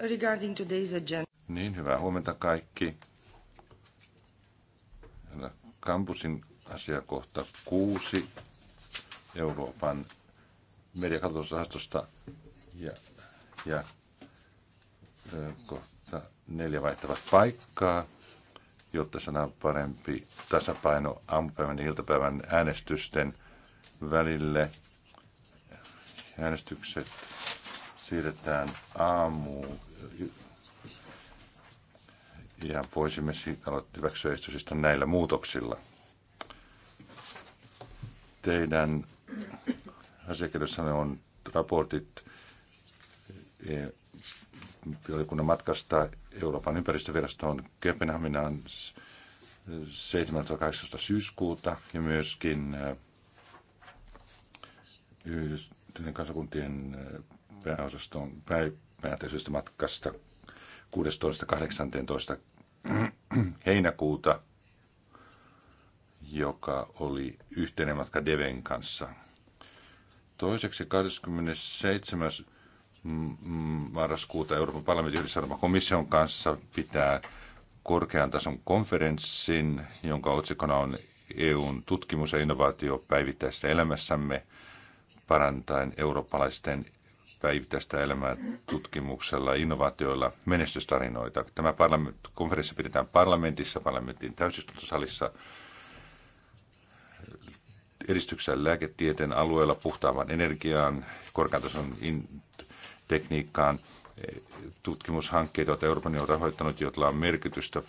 regarding today's agenda. Niin, hyvää huomenta kaikki. Kampusin asiakohta kuusi Euroopan mediakatosrahastosta ja, ja kohta neljä vaihtavat paikkaa, jotta saadaan parempi tasapaino aamupäivän ja iltapäivän äänestysten välille. Äänestykset siirretään aamuun ja voisimme hyväksyä näillä muutoksilla. Teidän asiakirjassanne on raportit e, valiokunnan matkasta Euroopan ympäristövirastoon Kööpenhaminaan 17.18. syyskuuta ja myöskin e, Yhdysvaltojen kansakuntien e, pääosaston, pää, päätösyystä matkasta 16.18. heinäkuuta, joka oli yhteinen matka Deven kanssa. Toiseksi 27. marraskuuta Euroopan parlamentin yhdessä komission kanssa pitää korkean tason konferenssin, jonka otsikona on EUn tutkimus ja innovaatio päivittäisessä elämässämme parantaen eurooppalaisten päivittäistä elämää tutkimuksella, innovaatioilla, menestystarinoita. Tämä parlament, konferenssi pidetään parlamentissa, parlamentin täysistuntosalissa, edistyksen lääketieteen alueella, puhtaamaan energiaan, korkean tason in- tekniikkaan, tutkimushankkeita, joita Euroopan on rahoittanut, joilla on merkitystä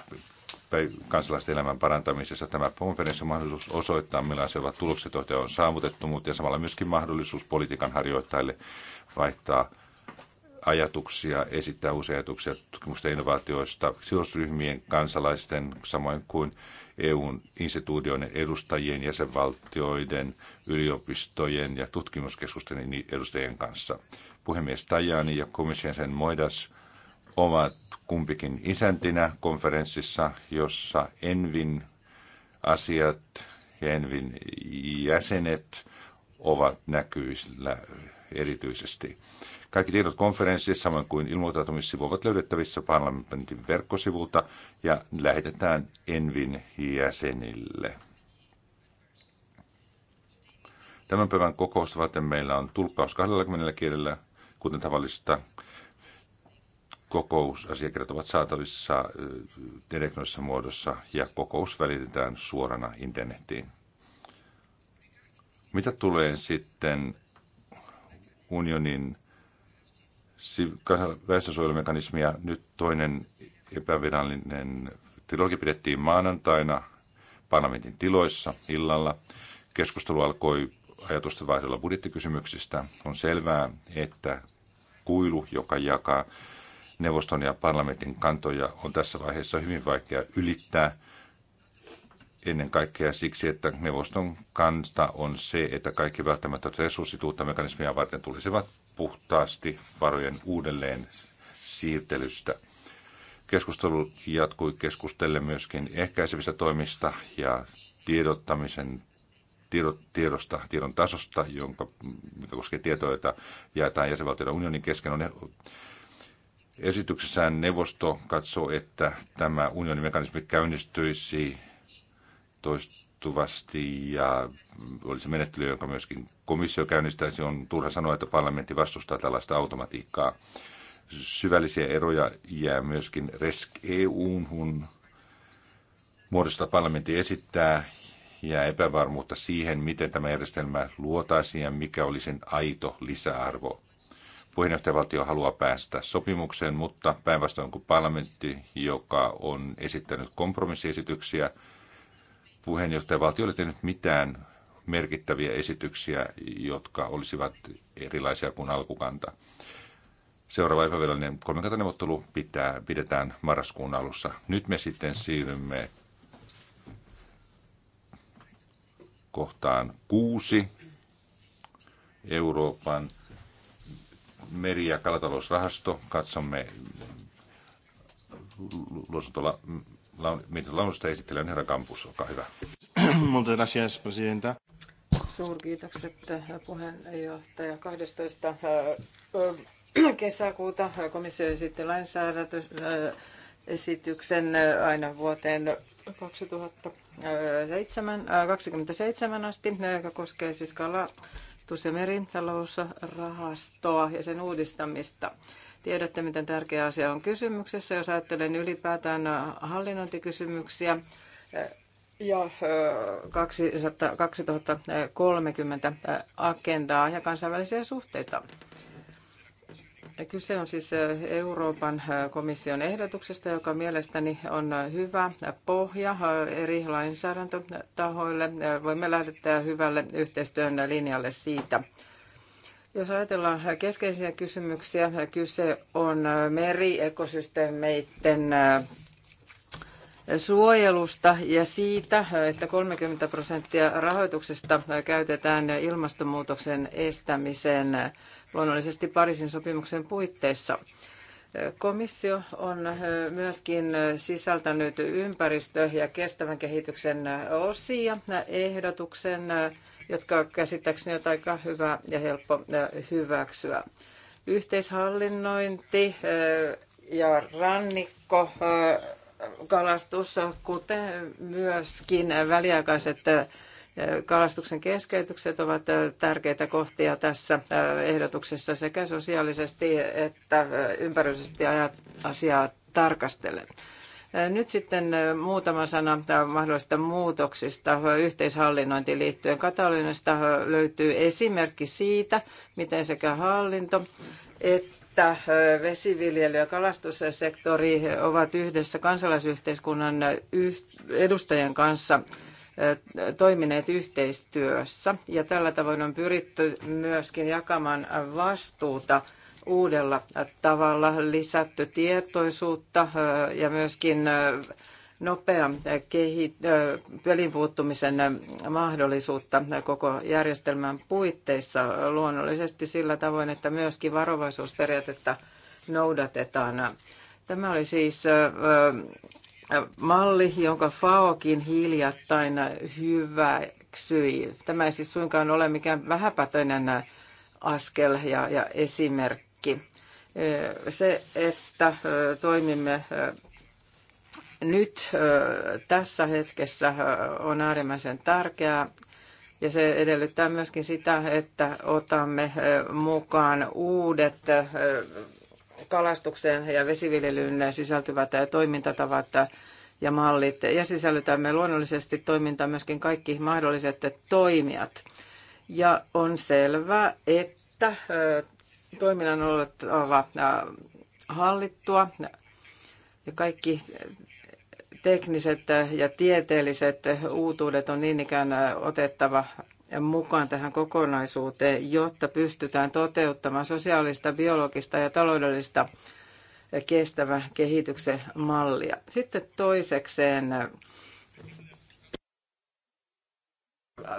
kansalaisten elämän parantamisessa. Tämä konferenssi on mahdollisuus osoittaa, millaisia ovat tulokset, joita on saavutettu, mutta ja samalla myöskin mahdollisuus politiikan harjoittajille vaihtaa ajatuksia, esittää uusia ajatuksia tutkimusta innovaatioista sidosryhmien, kansalaisten, samoin kuin EUn instituutioiden edustajien, jäsenvaltioiden, yliopistojen ja tutkimuskeskusten edustajien kanssa. Puhemies Tajani ja komission sen Moidas ovat kumpikin isäntinä konferenssissa, jossa Envin asiat ja Envin jäsenet ovat näkyvillä erityisesti. Kaikki tiedot konferenssissa samoin kuin ilmoitautumissivu, ovat löydettävissä parlamentin verkkosivulta ja lähetetään Envin jäsenille. Tämän päivän kokousta varten meillä on tulkkaus 20 kielellä, kuten tavallista kokousasiakirjat ovat saatavissa elektronisessa muodossa ja kokous välitetään suorana internetiin. Mitä tulee sitten unionin väestönsuojelumekanismia, nyt toinen epävirallinen trilogi pidettiin maanantaina parlamentin tiloissa illalla. Keskustelu alkoi ajatusten vaihdolla budjettikysymyksistä. On selvää, että kuilu, joka jakaa Neuvoston ja parlamentin kantoja on tässä vaiheessa hyvin vaikea ylittää ennen kaikkea siksi, että neuvoston kanta on se, että kaikki välttämättömät resurssit uutta mekanismia varten tulisivat puhtaasti varojen uudelleen siirtelystä. Keskustelu jatkui keskustelle myöskin ehkäisevistä toimista ja tiedottamisen tiedot, tiedosta, tiedon tasosta, jonka, mikä koskee tietoja, joita jaetaan jäsenvaltioiden unionin kesken. On Esityksessään neuvosto katsoo, että tämä unionin mekanismi käynnistyisi toistuvasti ja olisi menettely, jonka myöskin komissio käynnistäisi. On turha sanoa, että parlamentti vastustaa tällaista automatiikkaa. Syvällisiä eroja jää myöskin EU-hun muodosta parlamentti esittää ja epävarmuutta siihen, miten tämä järjestelmä luotaisiin ja mikä oli sen aito lisäarvo puheenjohtajavaltio haluaa päästä sopimukseen, mutta päinvastoin kuin parlamentti, joka on esittänyt kompromissiesityksiä, puheenjohtajavaltio ei ole tehnyt mitään merkittäviä esityksiä, jotka olisivat erilaisia kuin alkukanta. Seuraava epävirallinen kolmikantaneuvottelu pitää, pidetään marraskuun alussa. Nyt me sitten siirrymme kohtaan kuusi Euroopan meri- ja kalatalousrahasto. Katsomme la- mietintö lausunnosta esittelen herra Kampus, olkaa hyvä. Muuten gracias, presidenta. Suurkiitokset puheenjohtaja. 12. Äh, kesäkuuta komissio esitti lainsäädäntöesityksen äh, äh, aina vuoteen 2027, 27 asti, joka koskee siis kalaa kalastus- ja merintalousrahastoa ja sen uudistamista. Tiedätte, miten tärkeä asia on kysymyksessä, jos ajattelen ylipäätään hallinnointikysymyksiä ja 2030 agendaa ja kansainvälisiä suhteita. Kyse on siis eh, Euroopan eh, komission ehdotuksesta, joka mielestäni on eh, hyvä pohja eri lainsäädäntötahoille. Voimme lähteä hyvälle yhteistyön linjalle siitä. Jos ajatellaan keskeisiä kysymyksiä, kyse on meriekosysteemeiden suojelusta ja siitä, että 30 prosenttia rahoituksesta käytetään ilmastonmuutoksen estämiseen luonnollisesti Pariisin sopimuksen puitteissa. Komissio on myöskin sisältänyt ympäristö- ja kestävän kehityksen osia ehdotuksen, jotka käsittääkseni on aika hyvä ja helppo hyväksyä. Yhteishallinnointi eh, ja rannikko eh, kalastus, kuten myöskin väliaikaiset eh, Kalastuksen keskeytykset ovat tärkeitä kohtia tässä ehdotuksessa sekä sosiaalisesti että ympärillisesti asiaa tarkastellen. Nyt sitten muutama sana mahdollisista muutoksista yhteishallinnointiin liittyen. Katalonista löytyy esimerkki siitä, miten sekä hallinto että vesiviljely- ja kalastussektori ovat yhdessä kansalaisyhteiskunnan edustajien kanssa – toimineet yhteistyössä. Ja tällä tavoin on pyritty myöskin jakamaan vastuuta uudella tavalla, lisätty tietoisuutta ja myöskin nopea kehi, pelin puuttumisen mahdollisuutta koko järjestelmän puitteissa luonnollisesti sillä tavoin, että myöskin varovaisuusperiaatetta noudatetaan. Tämä oli siis malli, jonka FAOkin hiljattain hyväksyi. Tämä ei siis suinkaan ole mikään vähäpätöinen askel ja, ja esimerkki. Se, että toimimme nyt tässä hetkessä on äärimmäisen tärkeää. Ja se edellyttää myöskin sitä, että otamme mukaan uudet kalastukseen ja vesiviljelyyn sisältyvät toimintatavat ja mallit. Ja sisällytämme luonnollisesti toimintaan myöskin kaikki mahdolliset toimijat. Ja on selvää, että toiminnan on oltava hallittua ja kaikki tekniset ja tieteelliset uutuudet on niin ikään otettava mukaan tähän kokonaisuuteen, jotta pystytään toteuttamaan sosiaalista, biologista ja taloudellista kestävä kehityksen mallia. Sitten toisekseen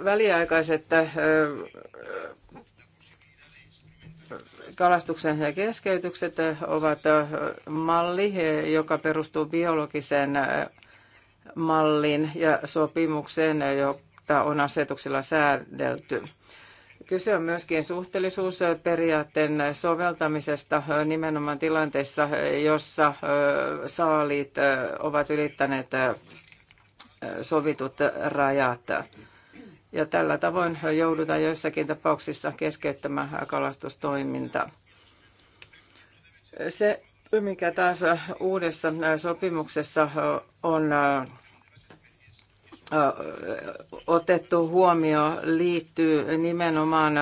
väliaikaiset kalastuksen keskeytykset ovat malli, joka perustuu biologiseen malliin ja sopimukseen, joka kohta on asetuksella säädelty. Kyse on myöskin suhteellisuusperiaatteen soveltamisesta nimenomaan tilanteessa, jossa saaliit ovat ylittäneet sovitut rajat. Ja tällä tavoin joudutaan joissakin tapauksissa keskeyttämään kalastustoiminta. Se, mikä taas uudessa sopimuksessa on otettu huomio liittyy nimenomaan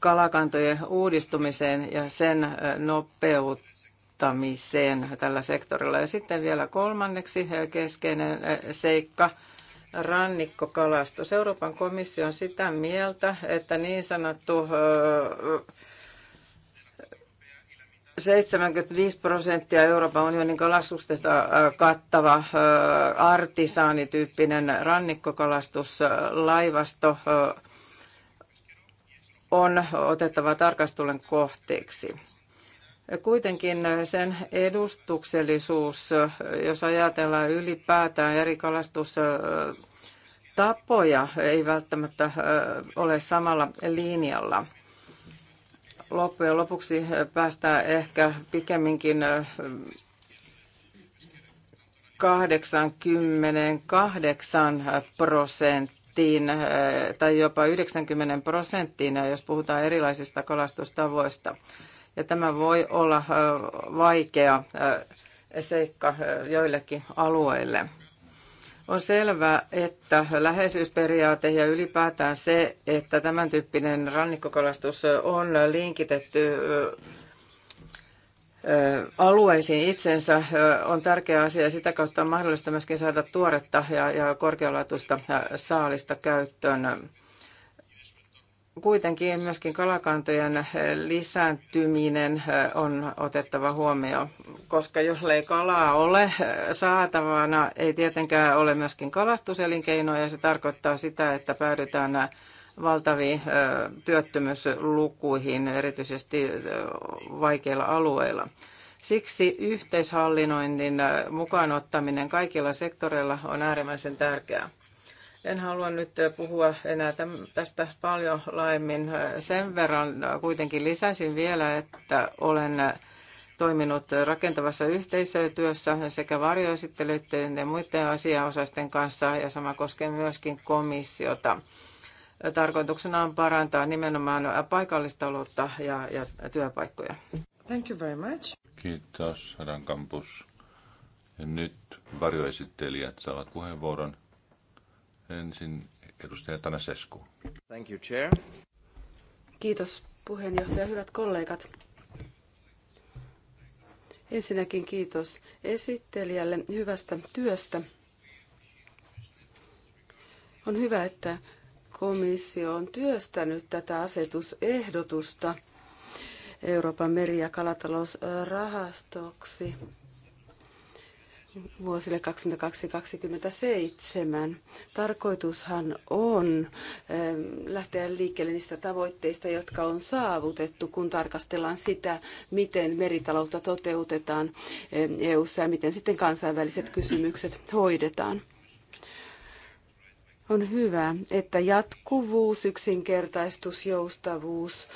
kalakantojen uudistumiseen ja sen nopeuttamiseen tällä sektorilla. Ja sitten vielä kolmanneksi keskeinen seikka, rannikkokalastus. Siis Euroopan komissio on sitä mieltä, että niin sanottu 75 prosenttia Euroopan unionin kalastuksesta äh, kattava äh, artisaanityyppinen rannikkokalastuslaivasto äh, on otettava tarkastelun kohteeksi. Kuitenkin sen edustuksellisuus, jos ajatellaan ylipäätään eri kalastustapoja, ei välttämättä ole samalla linjalla – loppujen lopuksi päästään ehkä pikemminkin 88 prosenttiin tai jopa 90 prosenttiin, jos puhutaan erilaisista kalastustavoista. Ja tämä voi olla vaikea seikka joillekin alueille. On selvää, että läheisyysperiaate ja ylipäätään se, että tämän tyyppinen rannikkokalastus on linkitetty alueisiin itsensä on tärkeä asia ja sitä kautta on mahdollista myöskin saada tuoretta ja, ja korkealaatuista saalista käyttöön. Kuitenkin myöskin kalakantojen eh, lisääntyminen eh, on otettava huomioon, koska jos ei kalaa ole eh, saatavana, ei tietenkään ole myöskin kalastuselinkeinoja. ja se tarkoittaa sitä, että päädytään valtaviin työttömyyslukuihin, erityisesti vaikeilla alueilla. Siksi yhteishallinnoinnin mukaan ottaminen kaikilla sektoreilla on äärimmäisen tärkeää. En halua nyt äh, puhua enää tästä paljon laajemmin. Äh, sen verran äh, kuitenkin lisäisin vielä, että olen toiminut rakentavassa yhteisötyössä sekä varjoesittelyiden ja muiden asiaosaisten kanssa ja sama koskee myöskin komissiota. Tarkoituksena on parantaa nimenomaan paikallistaloutta ja, ja työpaikkoja. Thank you very much. Kiitos, Rankampus. Ja nyt varjoesittelijät saavat puheenvuoron. Ensin edustaja Tanasescu. Thank you, chair. Kiitos puheenjohtaja, hyvät kollegat. Ensinnäkin kiitos esittelijälle hyvästä työstä. On hyvä, että komissio on työstänyt tätä asetusehdotusta Euroopan meri- ja kalatalousrahastoksi vuosille 2022-2027. Tarkoitushan on ähm, lähteä liikkeelle niistä tavoitteista, jotka on saavutettu, kun tarkastellaan sitä, miten meritaloutta toteutetaan ähm, EU:ssa ja miten sitten kansainväliset kysymykset hoidetaan. On hyvä, että jatkuvuus, yksinkertaistus, joustavuus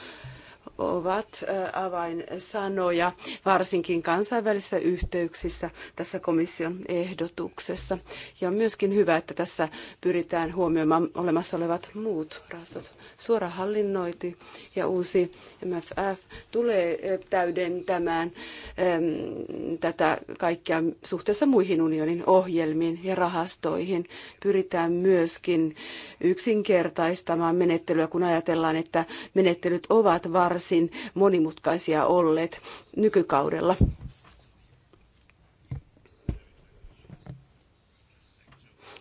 ovat avainsanoja, varsinkin kansainvälisissä yhteyksissä tässä komission ehdotuksessa. Ja on myöskin hyvä, että tässä pyritään huomioimaan olemassa olevat muut rahastot. Suora hallinnointi ja uusi MFF tulee täydentämään tätä kaikkea suhteessa muihin unionin ohjelmiin ja rahastoihin. Pyritään myöskin yksinkertaistamaan menettelyä, kun ajatellaan, että menettelyt ovat varsin varsin monimutkaisia olleet nykykaudella.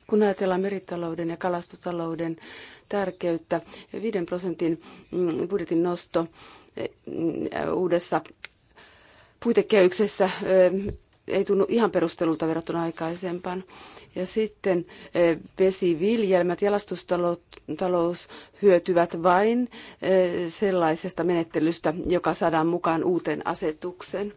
Kun ajatellaan meritalouden ja kalastotalouden tärkeyttä, 5 prosentin mm, budjetin nosto mm, uudessa puitekehyksessä mm, ei tunnu ihan perustelulta verrattuna aikaisempaan. Ja sitten eh, vesiviljelmät, jalastustalous hyötyvät vain eh, sellaisesta menettelystä, joka saadaan mukaan uuteen asetukseen.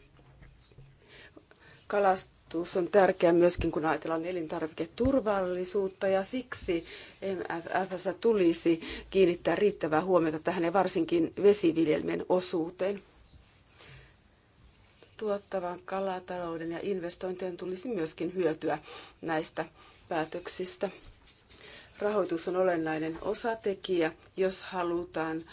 Kalastus on tärkeää myöskin, kun ajatellaan elintarviketurvallisuutta ja siksi MFFssä tulisi kiinnittää riittävää huomiota tähän ja varsinkin vesiviljelmien osuuteen tuottavan kalatalouden ja investointien tulisi myöskin hyötyä näistä päätöksistä. Rahoitus on olennainen osatekijä, jos halutaan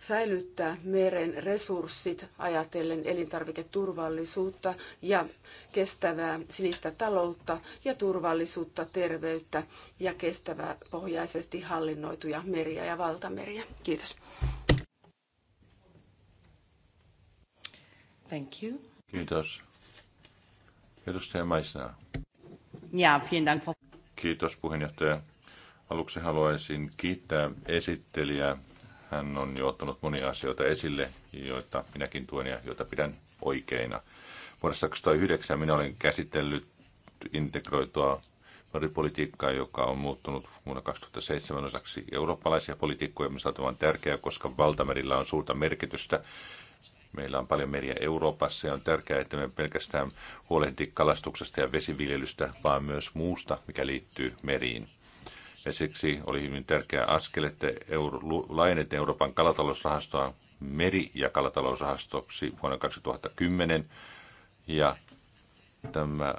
säilyttää meren resurssit ajatellen elintarviketurvallisuutta ja kestävää sinistä taloutta ja turvallisuutta, terveyttä ja kestävää pohjaisesti hallinnoituja meriä ja valtameriä. Kiitos. Thank you. Kiitos. Edustaja Maisnaa. Ja, vielen Kiitos puheenjohtaja. Aluksi haluaisin kiittää esittelijää. Hän on jo ottanut monia asioita esille, joita minäkin tuen ja joita pidän oikeina. Vuodessa 2009 minä olen käsitellyt integroitua politiikkaa, joka on muuttunut vuonna 2007 osaksi eurooppalaisia politiikkoja, missä on tärkeää, koska valtamerillä on suurta merkitystä Meillä on paljon meriä Euroopassa ja on tärkeää, että me pelkästään huolehdi kalastuksesta ja vesiviljelystä, vaan myös muusta, mikä liittyy meriin. Ja siksi oli hyvin tärkeä askel, että euro, laajennettiin Euroopan kalatalousrahastoa meri- ja kalatalousrahastoksi vuonna 2010. Ja tämä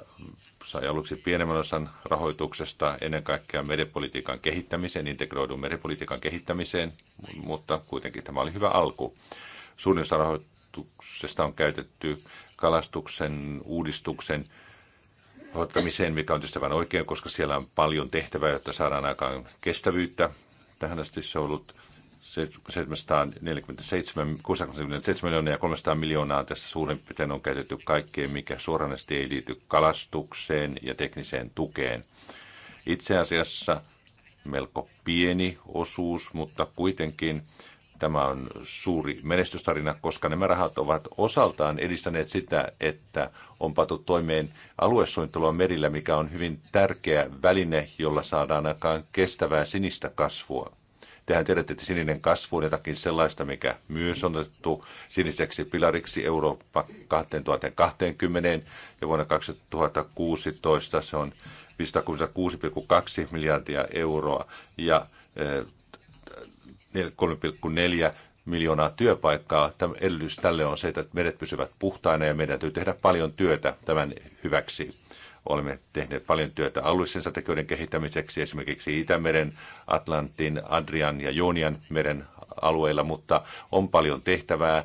sai aluksi pienemmän osan rahoituksesta ennen kaikkea meripolitiikan kehittämiseen, integroidun meripolitiikan kehittämiseen, mutta kuitenkin tämä oli hyvä alku. Suurin osa kalastuksesta on käytetty kalastuksen uudistuksen ottamiseen, mikä on tietysti vain oikein, koska siellä on paljon tehtävää, jotta saadaan aikaan kestävyyttä. Tähän asti se on ollut 747 miljoonaa ja 300 miljoonaa tässä suurin piirtein on käytetty kaikkeen, mikä suoranaisesti ei liity kalastukseen ja tekniseen tukeen. Itse asiassa melko pieni osuus, mutta kuitenkin Tämä on suuri menestystarina, koska nämä rahat ovat osaltaan edistäneet sitä, että on patu toimeen aluesuunnittelua merillä, mikä on hyvin tärkeä väline, jolla saadaan aikaan kestävää sinistä kasvua. Tehän tiedätte, että sininen kasvu on jotakin sellaista, mikä myös on otettu siniseksi pilariksi Eurooppa 2020 ja vuonna 2016 se on 566,2 miljardia euroa ja eh, 3,4 miljoonaa työpaikkaa. Tämä edellytys tälle on se, että meret pysyvät puhtaina ja meidän täytyy tehdä paljon työtä tämän hyväksi. Olemme tehneet paljon työtä alueellisen strategioiden kehittämiseksi esimerkiksi Itämeren, Atlantin, Adrian ja Joonian meren alueilla, mutta on paljon tehtävää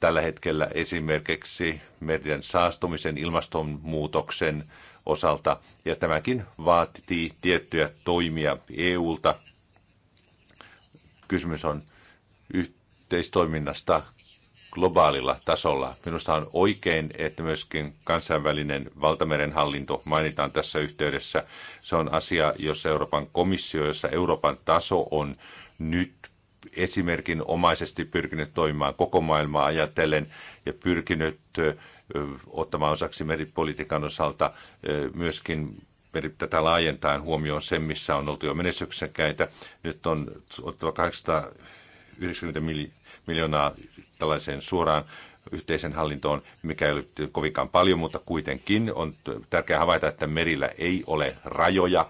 tällä hetkellä esimerkiksi merien saastumisen, ilmastonmuutoksen osalta. Ja tämäkin vaatii tiettyjä toimia EUlta kysymys on yhteistoiminnasta globaalilla tasolla. Minusta on oikein, että myöskin kansainvälinen valtameren hallinto mainitaan tässä yhteydessä. Se on asia, jossa Euroopan komissio, jossa Euroopan taso on nyt esimerkin omaisesti pyrkinyt toimimaan koko maailmaa ajatellen ja pyrkinyt ottamaan osaksi meripolitiikan osalta myöskin tätä laajentaen huomioon sen, missä on oltu jo menestyksekkäitä. Nyt on ottava 890 miljoonaa tällaiseen suoraan yhteisen hallintoon, mikä ei ole kovinkaan paljon, mutta kuitenkin on tärkeää havaita, että merillä ei ole rajoja.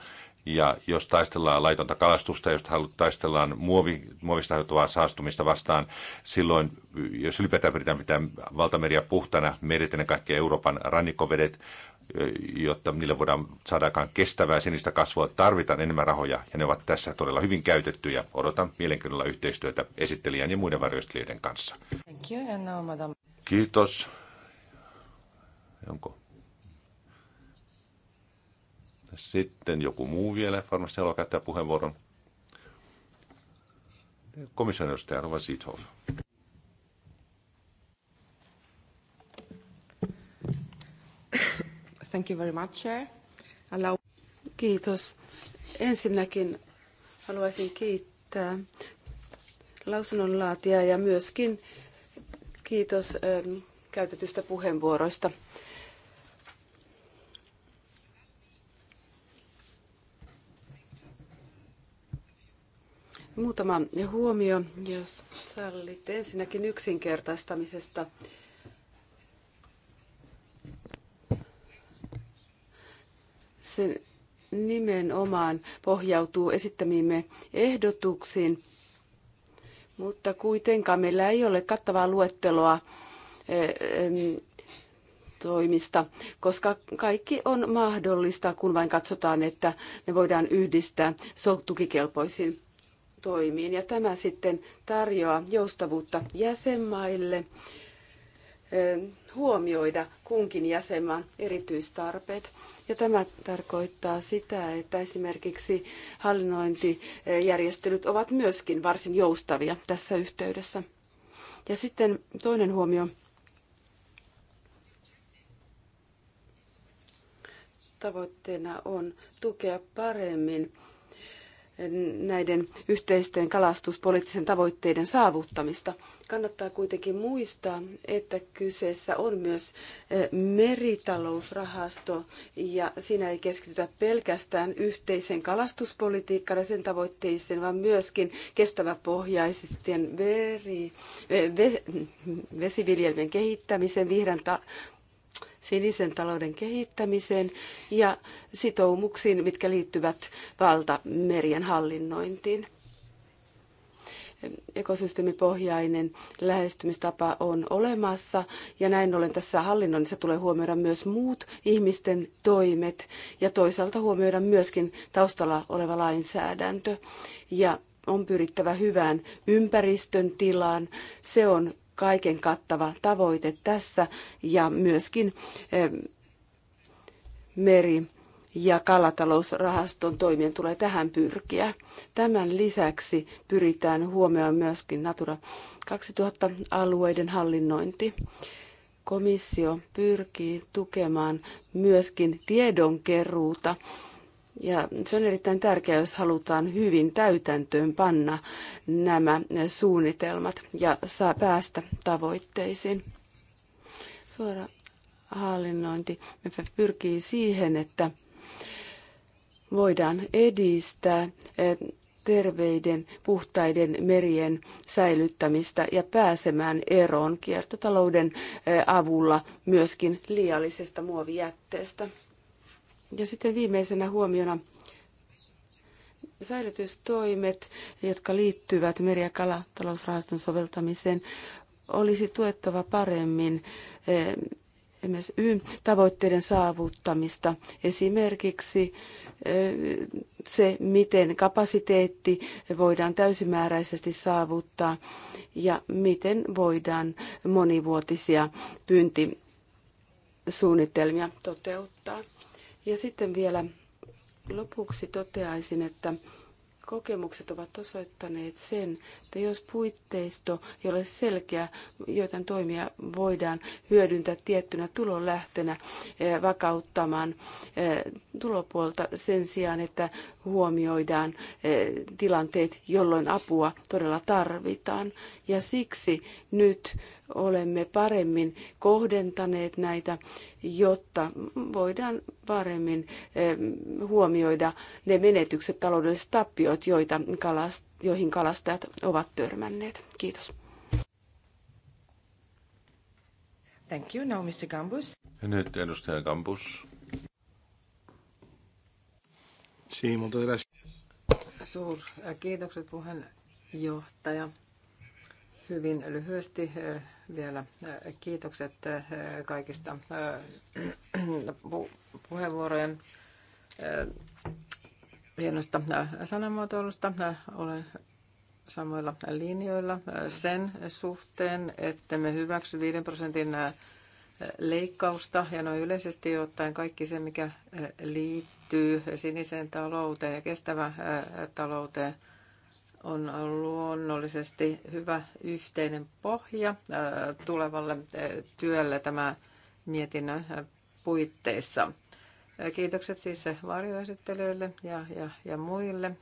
Ja jos taistellaan laitonta kalastusta, jos taistellaan muovi, muovista aiheutuvaa saastumista vastaan, silloin, jos ylipäätään pitää pitää valtameriä puhtana, meret ennen kaikkea Euroopan rannikkovedet jotta niille voidaan saada aikaan kestävää sinistä kasvua, tarvitaan enemmän rahoja ja ne ovat tässä todella hyvin käytettyjä. Odotan mielenkiinnolla yhteistyötä esittelijän ja muiden varjoistelijoiden kanssa. Kiitos. Onko? Sitten joku muu vielä varmasti haluaa käyttää puheenvuoron. Komission edustaja Rova Siithoff. Thank you very much, Chair. Allow... Kiitos. Ensinnäkin haluaisin kiittää laatia ja myöskin kiitos ähm, käytetystä puheenvuoroista. Muutama huomio, jos sallitte. Ensinnäkin yksinkertaistamisesta. se nimenomaan pohjautuu esittämiimme ehdotuksiin, mutta kuitenkaan meillä ei ole kattavaa luetteloa eh, toimista, koska kaikki on mahdollista, kun vain katsotaan, että ne voidaan yhdistää tukikelpoisiin toimiin. Ja tämä sitten tarjoaa joustavuutta jäsenmaille huomioida kunkin jäsenmaan erityistarpeet. Ja tämä tarkoittaa sitä, että esimerkiksi hallinnointijärjestelyt ovat myöskin varsin joustavia tässä yhteydessä. Ja sitten toinen huomio. Tavoitteena on tukea paremmin näiden yhteisten kalastuspoliittisen tavoitteiden saavuttamista. Kannattaa kuitenkin muistaa, että kyseessä on myös eh, meritalousrahasto ja siinä ei keskitytä pelkästään yhteisen kalastuspolitiikkaan ja sen tavoitteisiin, vaan myöskin kestäväpohjaisten veri, eh, vesiviljelmien kehittämisen, vihreän sinisen talouden kehittämiseen ja sitoumuksiin, mitkä liittyvät valtamerien hallinnointiin. Ekosysteemipohjainen lähestymistapa on olemassa ja näin ollen tässä hallinnoinnissa tulee huomioida myös muut ihmisten toimet ja toisaalta huomioida myöskin taustalla oleva lainsäädäntö. Ja on pyrittävä hyvään ympäristön tilaan. Se on kaiken kattava tavoite tässä ja myöskin eh, meri- ja kalatalousrahaston toimien tulee tähän pyrkiä. Tämän lisäksi pyritään huomioon myöskin Natura 2000-alueiden hallinnointi. Komissio pyrkii tukemaan myöskin tiedonkeruuta ja se on erittäin tärkeää, jos halutaan hyvin täytäntöön panna nämä suunnitelmat ja saa päästä tavoitteisiin. Suora hallinnointi MFF pyrkii siihen, että voidaan edistää eh, terveiden, puhtaiden merien säilyttämistä ja pääsemään eroon kiertotalouden eh, avulla myöskin liiallisesta muovijätteestä. Ja sitten viimeisenä huomiona säilytystoimet, jotka liittyvät meri- ja kalatalousrahaston soveltamiseen, olisi tuettava paremmin eh, MSY-tavoitteiden saavuttamista. Esimerkiksi eh, se, miten kapasiteetti voidaan täysimääräisesti saavuttaa ja miten voidaan monivuotisia pyyntisuunnitelmia toteuttaa. Ja sitten vielä lopuksi toteaisin, että kokemukset ovat osoittaneet sen, että jos puitteisto ei ole selkeä, joitain toimia voidaan hyödyntää tiettynä tulonlähteenä eh, vakauttamaan eh, tulopuolta sen sijaan, että huomioidaan eh, tilanteet, jolloin apua todella tarvitaan. Ja siksi nyt olemme paremmin kohdentaneet näitä, jotta voidaan paremmin eh, huomioida ne menetykset, taloudelliset tappiot, joita kalast, joihin kalastajat ovat törmänneet. Kiitos. Thank you. Now Mr. Gambus. Ja nyt edustaja Gambus. Suur äh, kiitokset puheenjohtaja hyvin lyhyesti vielä kiitokset kaikista puheenvuorojen hienosta sanamuotoilusta. Olen samoilla linjoilla sen suhteen, että me hyväksy 5 prosentin leikkausta ja noin yleisesti ottaen kaikki se, mikä liittyy siniseen talouteen ja kestävään talouteen – on luonnollisesti hyvä yhteinen pohja äh, tulevalle äh, työlle tämä mietinnön äh, puitteissa. Kiitokset siis varjoesittelijöille ja, ja, ja muille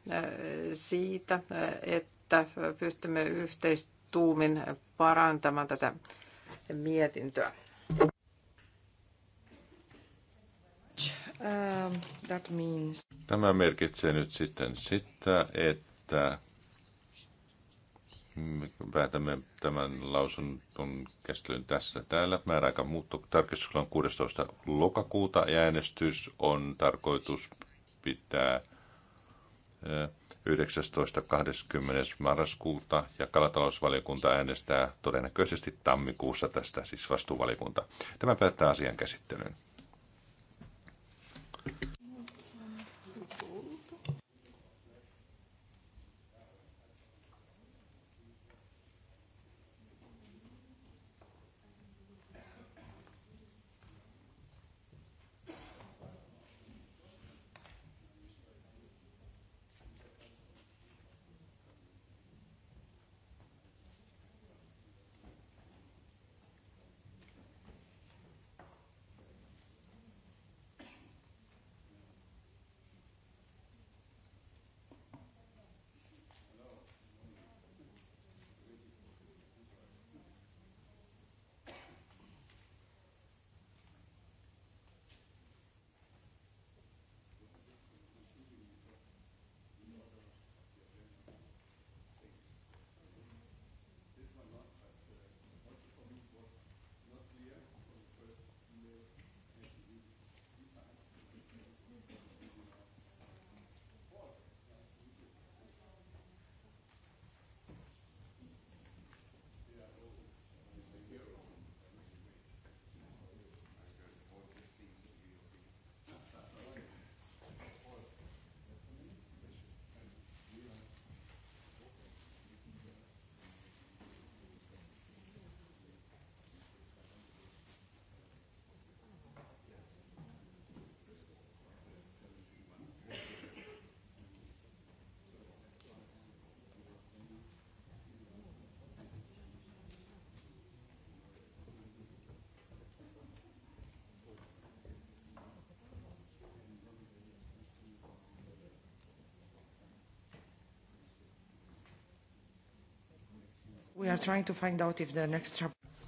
siitä, että pystymme yhteistuumin parantamaan tätä mietintöä. Ähm, tämä merkitsee nyt sitten sitä, että me päätämme tämän lausunnon käsittelyn tässä täällä. Määräaika muutto tarkistuksella on 16. lokakuuta ja äänestys on tarkoitus pitää 19.20. Eh, marraskuuta ja kalatalousvaliokunta äänestää todennäköisesti tammikuussa tästä, siis vastuuvaliokunta. Tämä päättää asian käsittelyn.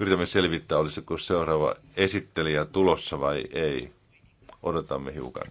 Yritämme selvittää, olisiko seuraava esittelijä tulossa vai ei. Odotamme hiukan.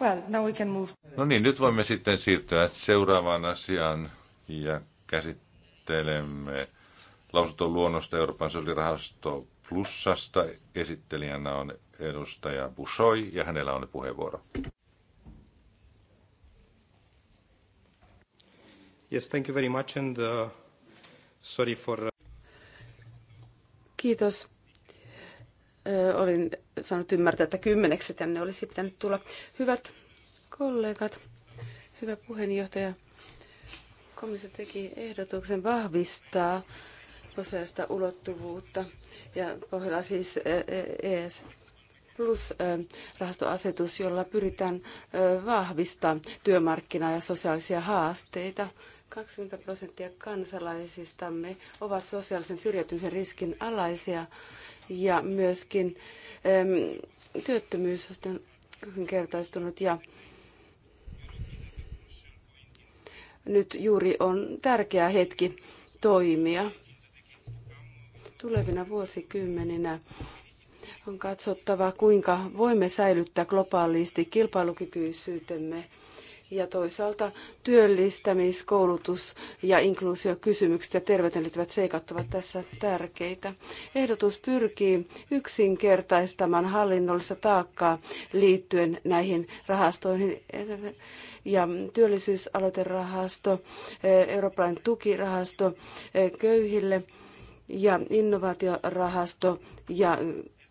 Well, now we can move. No niin, nyt voimme sitten siirtyä seuraavaan asiaan ja käsittelemme lausunton luonnosta Euroopan sosiaalirahasto Plussasta. Esittelijänä on edustaja Bushoi ja hänellä on puheenvuoro. Yes, thank you very much and uh, sorry for... Uh Kiitos olin saanut ymmärtää, että kymmeneksi tänne olisi pitänyt tulla. Hyvät kollegat, hyvä puheenjohtaja, komissio teki ehdotuksen vahvistaa osaista ulottuvuutta ja pohjalla siis ES plus rahastoasetus, jolla pyritään vahvistamaan työmarkkinaa ja sosiaalisia haasteita. 20 prosenttia kansalaisistamme ovat sosiaalisen syrjäytymisen riskin alaisia ja myöskin äm, työttömyys on kertaistunut ja nyt juuri on tärkeä hetki toimia. Tulevina vuosikymmeninä on katsottava, kuinka voimme säilyttää globaalisti kilpailukykyisyytemme ja toisaalta työllistämis, koulutus ja inkluusiokysymykset ja terveyteen liittyvät seikat ovat tässä tärkeitä. Ehdotus pyrkii yksinkertaistamaan hallinnollista taakkaa liittyen näihin rahastoihin ja työllisyysaloiterahasto, eurooppalainen tukirahasto köyhille ja innovaatiorahasto ja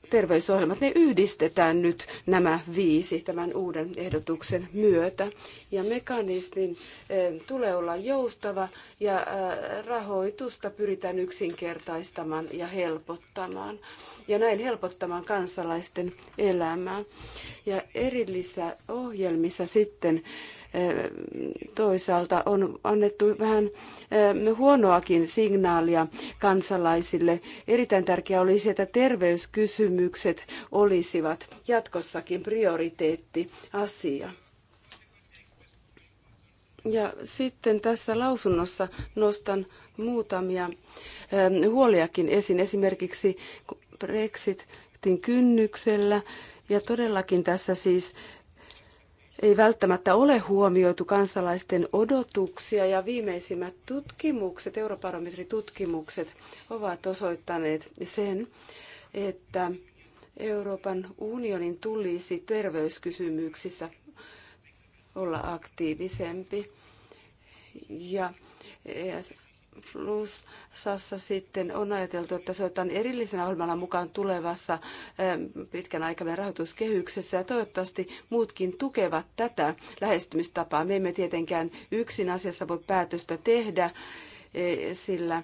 terveysohjelmat, ne yhdistetään nyt nämä viisi tämän uuden ehdotuksen myötä. Ja mekanismin eh, tulee olla joustava ja eh, rahoitusta pyritään yksinkertaistamaan ja helpottamaan. Ja näin helpottamaan kansalaisten elämää. Ja erillisissä ohjelmissa sitten toisaalta on annettu vähän eh, huonoakin signaalia kansalaisille. Erittäin tärkeää olisi, että terveyskysymykset olisivat jatkossakin prioriteettiasia. Ja sitten tässä lausunnossa nostan muutamia eh, huoliakin esiin, esimerkiksi Brexitin kynnyksellä. Ja todellakin tässä siis ei välttämättä ole huomioitu kansalaisten odotuksia ja viimeisimmät tutkimukset, eurobarometritutkimukset, ovat osoittaneet sen, että Euroopan unionin tulisi terveyskysymyksissä olla aktiivisempi. Ja Sassa sitten on ajateltu, että se otetaan erillisenä ohjelmana mukaan tulevassa ähm, pitkän aikavälin rahoituskehyksessä ja toivottavasti muutkin tukevat tätä lähestymistapaa. Me emme tietenkään yksin asiassa voi päätöstä tehdä, eh, sillä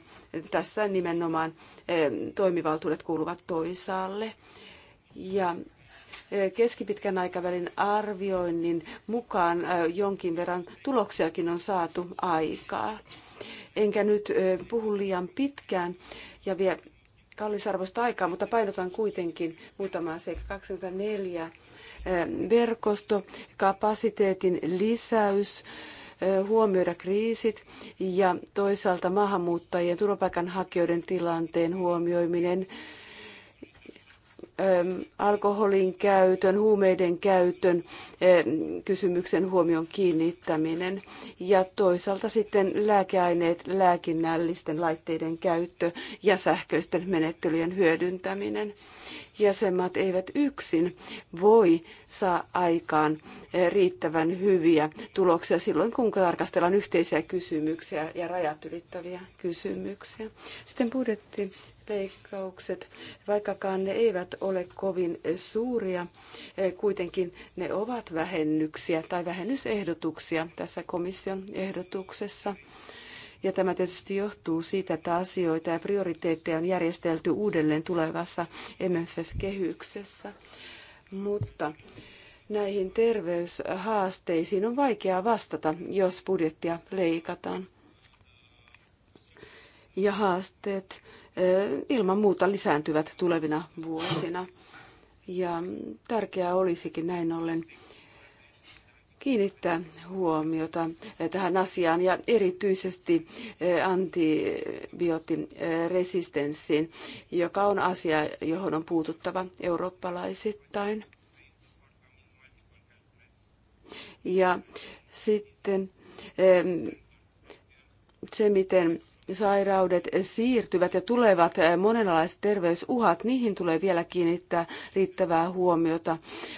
tässä nimenomaan eh, toimivaltuudet kuuluvat toisaalle. Ja eh, keskipitkän aikavälin arvioinnin mukaan jonkin verran tuloksiakin on saatu aikaa enkä nyt puhu liian pitkään ja vie kallisarvoista aikaa, mutta painotan kuitenkin muutamaa seikka 24 verkosto, kapasiteetin lisäys, huomioida kriisit ja toisaalta maahanmuuttajien turvapaikanhakijoiden tilanteen huomioiminen alkoholin käytön, huumeiden käytön ehm, kysymyksen huomion kiinnittäminen ja toisaalta sitten lääkeaineet, lääkinnällisten laitteiden käyttö ja sähköisten menettelyjen hyödyntäminen. Jäsenmaat eivät yksin voi saa aikaan eh, riittävän hyviä tuloksia silloin, kun tarkastellaan yhteisiä kysymyksiä ja rajat ylittäviä kysymyksiä. Sitten budjetti leikkaukset, vaikkakaan ne eivät ole kovin suuria, eh, kuitenkin ne ovat vähennyksiä tai vähennysehdotuksia tässä komission ehdotuksessa. Ja tämä tietysti johtuu siitä, että asioita ja prioriteetteja on järjestelty uudelleen tulevassa MFF-kehyksessä. Mutta näihin terveyshaasteisiin on vaikea vastata, jos budjettia leikataan. Ja haasteet ilman muuta lisääntyvät tulevina vuosina. Ja tärkeää olisikin näin ollen kiinnittää huomiota tähän asiaan ja erityisesti antibioottiresistenssiin, joka on asia, johon on puututtava eurooppalaisittain. Ja sitten se, miten sairaudet siirtyvät ja tulevat eh, monenlaiset terveysuhat, niihin tulee vielä kiinnittää riittävää huomiota.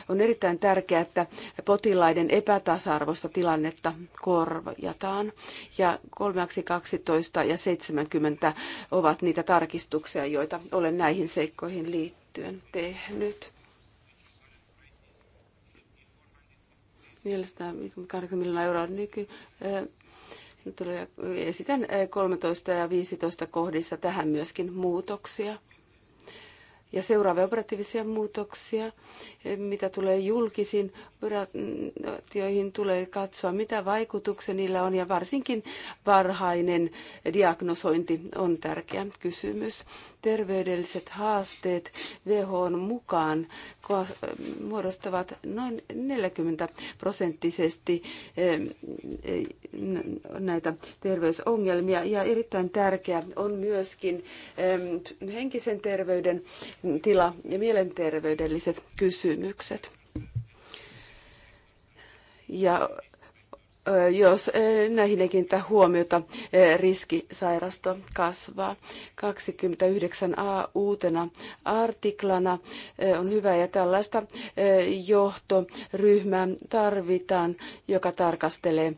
On erittäin tärkeää, että potilaiden epätasa-arvoista tilannetta korjataan. Ja 3, 12 ja 70 ovat niitä tarkistuksia, joita olen näihin seikkoihin liittyen tehnyt. 480 miljoonaa euroa nyky eh, tulee, esitän 13 eh, ja 15 kohdissa tähän myöskin muutoksia. Ja seuraavia operatiivisia muutoksia, eh, mitä tulee julkisiin operaatioihin, tulee katsoa, mitä vaikutuksia niillä on. Ja varsinkin varhainen diagnosointi on tärkeä kysymys terveydelliset haasteet WHOn mukaan muodostavat noin 40 prosenttisesti eh, näitä terveysongelmia. Ja erittäin tärkeä on myöskin eh, henkisen terveyden tila ja mielenterveydelliset kysymykset. Ja jos näihin ei kiinnitä huomiota, riski sairastua kasvaa. 29a uutena artiklana on hyvä ja tällaista johtoryhmää tarvitaan, joka tarkastelee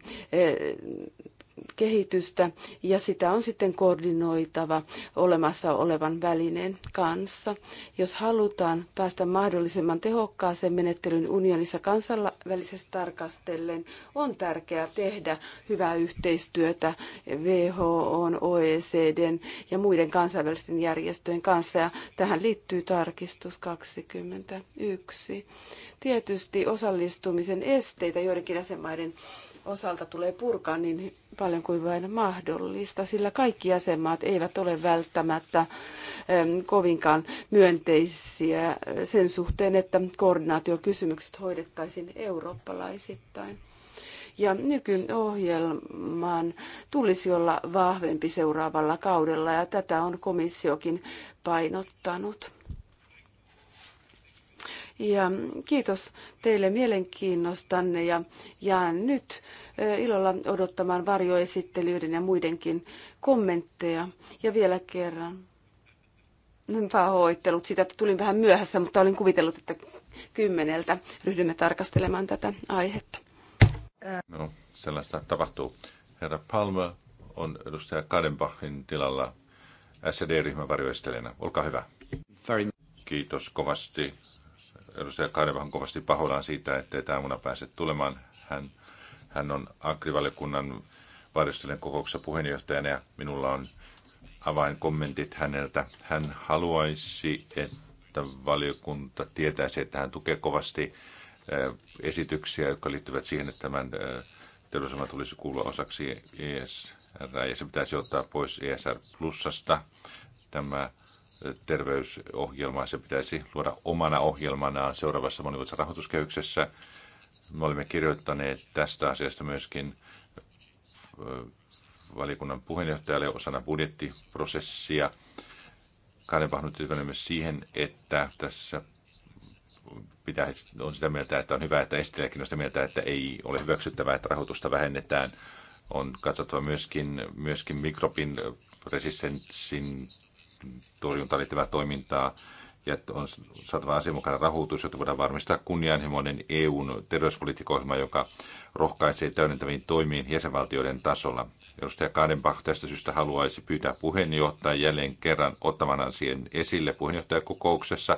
kehitystä ja sitä on sitten koordinoitava olemassa olevan välineen kanssa. Jos halutaan päästä mahdollisimman tehokkaaseen menettelyyn unionissa kansainvälisesti tarkastellen, on tärkeää tehdä hyvää yhteistyötä WHO, OECD ja muiden kansainvälisten järjestöjen kanssa ja tähän liittyy tarkistus 21. Tietysti osallistumisen esteitä joidenkin jäsenmaiden osalta tulee purkaa niin paljon kuin vain mahdollista, sillä kaikki jäsenmaat eivät ole välttämättä kovinkaan myönteisiä eh, sen suhteen, että koordinaatiokysymykset hoidettaisiin eurooppalaisittain. Ja nykyohjelman tulisi olla vahvempi seuraavalla kaudella ja tätä on komissiokin painottanut. Ja kiitos teille mielenkiinnostanne ja jään nyt ilolla odottamaan varjoesittelyiden ja muidenkin kommentteja. Ja vielä kerran pahoittelut siitä, että tulin vähän myöhässä, mutta olin kuvitellut, että kymmeneltä ryhdymme tarkastelemaan tätä aihetta. No, sellaista tapahtuu. Herra Palma on edustaja Kadenbachin tilalla SED-ryhmän varjoistelijana. Olkaa hyvä. Kiitos kovasti edustaja on kovasti pahoillaan siitä, ettei tämä aamuna pääse tulemaan. Hän, hän on akrivaliokunnan varjostelijan kokouksessa puheenjohtajana ja minulla on avainkommentit häneltä. Hän haluaisi, että valiokunta tietäisi, että hän tukee kovasti eh, esityksiä, jotka liittyvät siihen, että tämän eh, terrorismilla tulisi kuulua osaksi ESR ja se pitäisi ottaa pois ESR plussasta. Tämä terveysohjelmaa. Se pitäisi luoda omana ohjelmanaan seuraavassa monivuotisessa rahoituskehyksessä. Me olemme kirjoittaneet tästä asiasta myöskin valiokunnan puheenjohtajalle osana budjettiprosessia. Kaiden pahnut myös siihen, että tässä pitää, on sitä mieltä, että on hyvä, että Estiläkin on sitä mieltä, että ei ole hyväksyttävää, että rahoitusta vähennetään. On katsottava myöskin, myöskin mikrobin resistenssin torjuntaan liittyvää toimintaa ja on saatava asianmukainen rahoitus, jotta voidaan varmistaa kunnianhimoinen EUn terveyspolitiikkaohjelma, joka rohkaisee täydentäviin toimiin jäsenvaltioiden tasolla. Edustaja Kadenbach tästä syystä haluaisi pyytää puheenjohtajan jälleen kerran ottamaan asian esille puheenjohtajakokouksessa.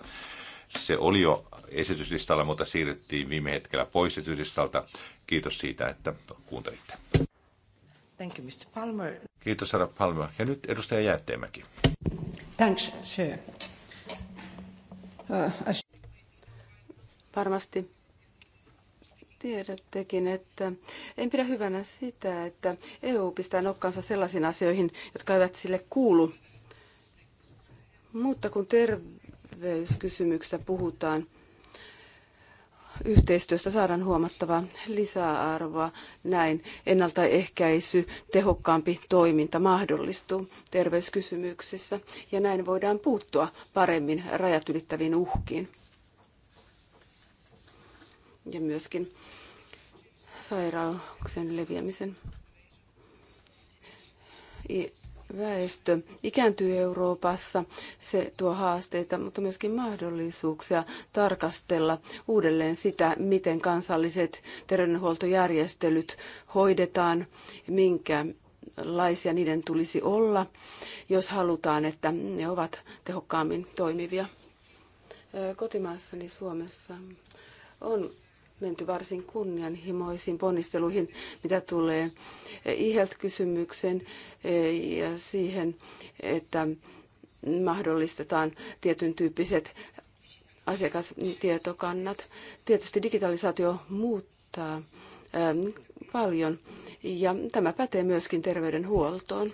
Se oli jo esityslistalla, mutta siirrettiin viime hetkellä pois esityslistalta. Kiitos siitä, että kuuntelitte. Thank you, Mr. Palmer. Kiitos, herra Palmer. Ja nyt edustaja Jäätteenmäki. Thanks, sir. Varmasti tiedättekin, että en pidä hyvänä sitä, että EU pistää nokkansa sellaisiin asioihin, jotka eivät sille kuulu. Mutta kun terveyskysymyksestä puhutaan, yhteistyöstä saadaan huomattavaa lisäarvoa. Näin ennaltaehkäisy, tehokkaampi toiminta mahdollistuu terveyskysymyksissä ja näin voidaan puuttua paremmin rajat ylittäviin uhkiin. Ja myöskin sairauksen leviämisen väestö ikääntyy Euroopassa. Se tuo haasteita, mutta myöskin mahdollisuuksia tarkastella uudelleen sitä, miten kansalliset terveydenhuoltojärjestelyt hoidetaan, minkä laisia niiden tulisi olla, jos halutaan, että ne ovat tehokkaammin toimivia. Kotimaassani Suomessa on menty varsin kunnianhimoisiin ponnisteluihin, mitä tulee IHELT-kysymykseen e, ja siihen, että mahdollistetaan tietyn tyyppiset asiakastietokannat. Tietysti digitalisaatio muuttaa e, paljon ja tämä pätee myöskin terveydenhuoltoon.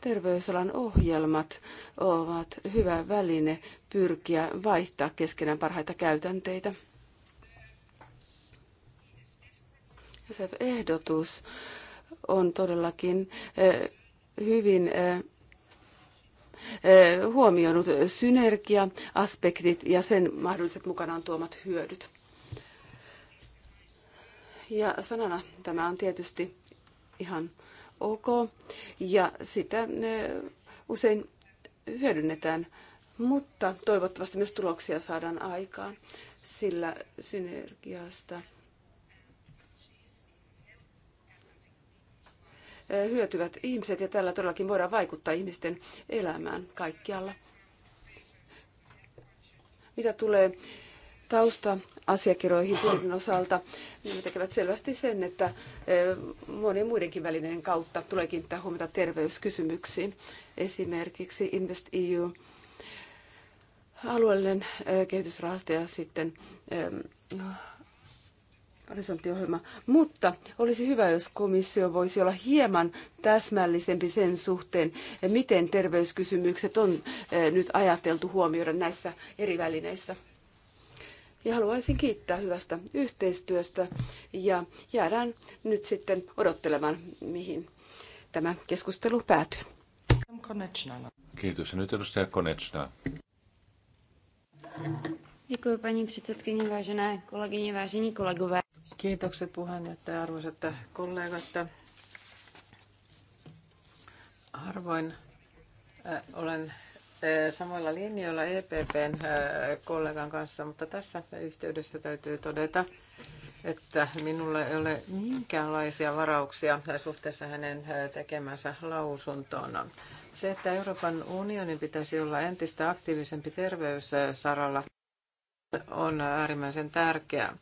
Terveysalan ohjelmat ovat hyvä väline pyrkiä vaihtaa keskenään parhaita käytänteitä. ehdotus on todellakin eh, hyvin eh, eh, huomioinut synergia-aspektit ja sen mahdolliset mukanaan tuomat hyödyt. Ja sanana tämä on tietysti ihan ok ja sitä usein hyödynnetään, mutta toivottavasti myös tuloksia saadaan aikaan, sillä synergiasta – hyötyvät ihmiset ja tällä todellakin voidaan vaikuttaa ihmisten elämään kaikkialla. Mitä tulee tausta-asiakirjoihin budjetin osalta, niin ne tekevät selvästi sen, että e, monien muidenkin välineiden kautta tulee kiinnittää huomiota terveyskysymyksiin. Esimerkiksi Invest EU, alueellinen e, kehitysrahasto ja sitten e, horisonttiohjelma, mutta olisi hyvä, jos komissio voisi olla hieman täsmällisempi sen suhteen, miten terveyskysymykset on eh, nyt ajateltu huomioida näissä eri välineissä. Ja haluaisin kiittää hyvästä yhteistyöstä ja jäädään nyt sitten odottelemaan, mihin tämä keskustelu päätyy. Kiitos. Ja nyt edustaja Konechna. Děkuji paní předsedkyně, vážené kolegyně, vážení kolegové. Kiitokset puheenjohtaja, arvoisat kollegat. Harvoin äh, olen äh, samoilla linjoilla EPPn äh, kollegan kanssa, mutta tässä yhteydessä täytyy todeta, että minulla ei ole minkäänlaisia varauksia suhteessa hänen äh, tekemänsä lausuntoon. Se, että Euroopan unionin pitäisi olla entistä aktiivisempi terveyssaralla, on äärimmäisen tärkeää.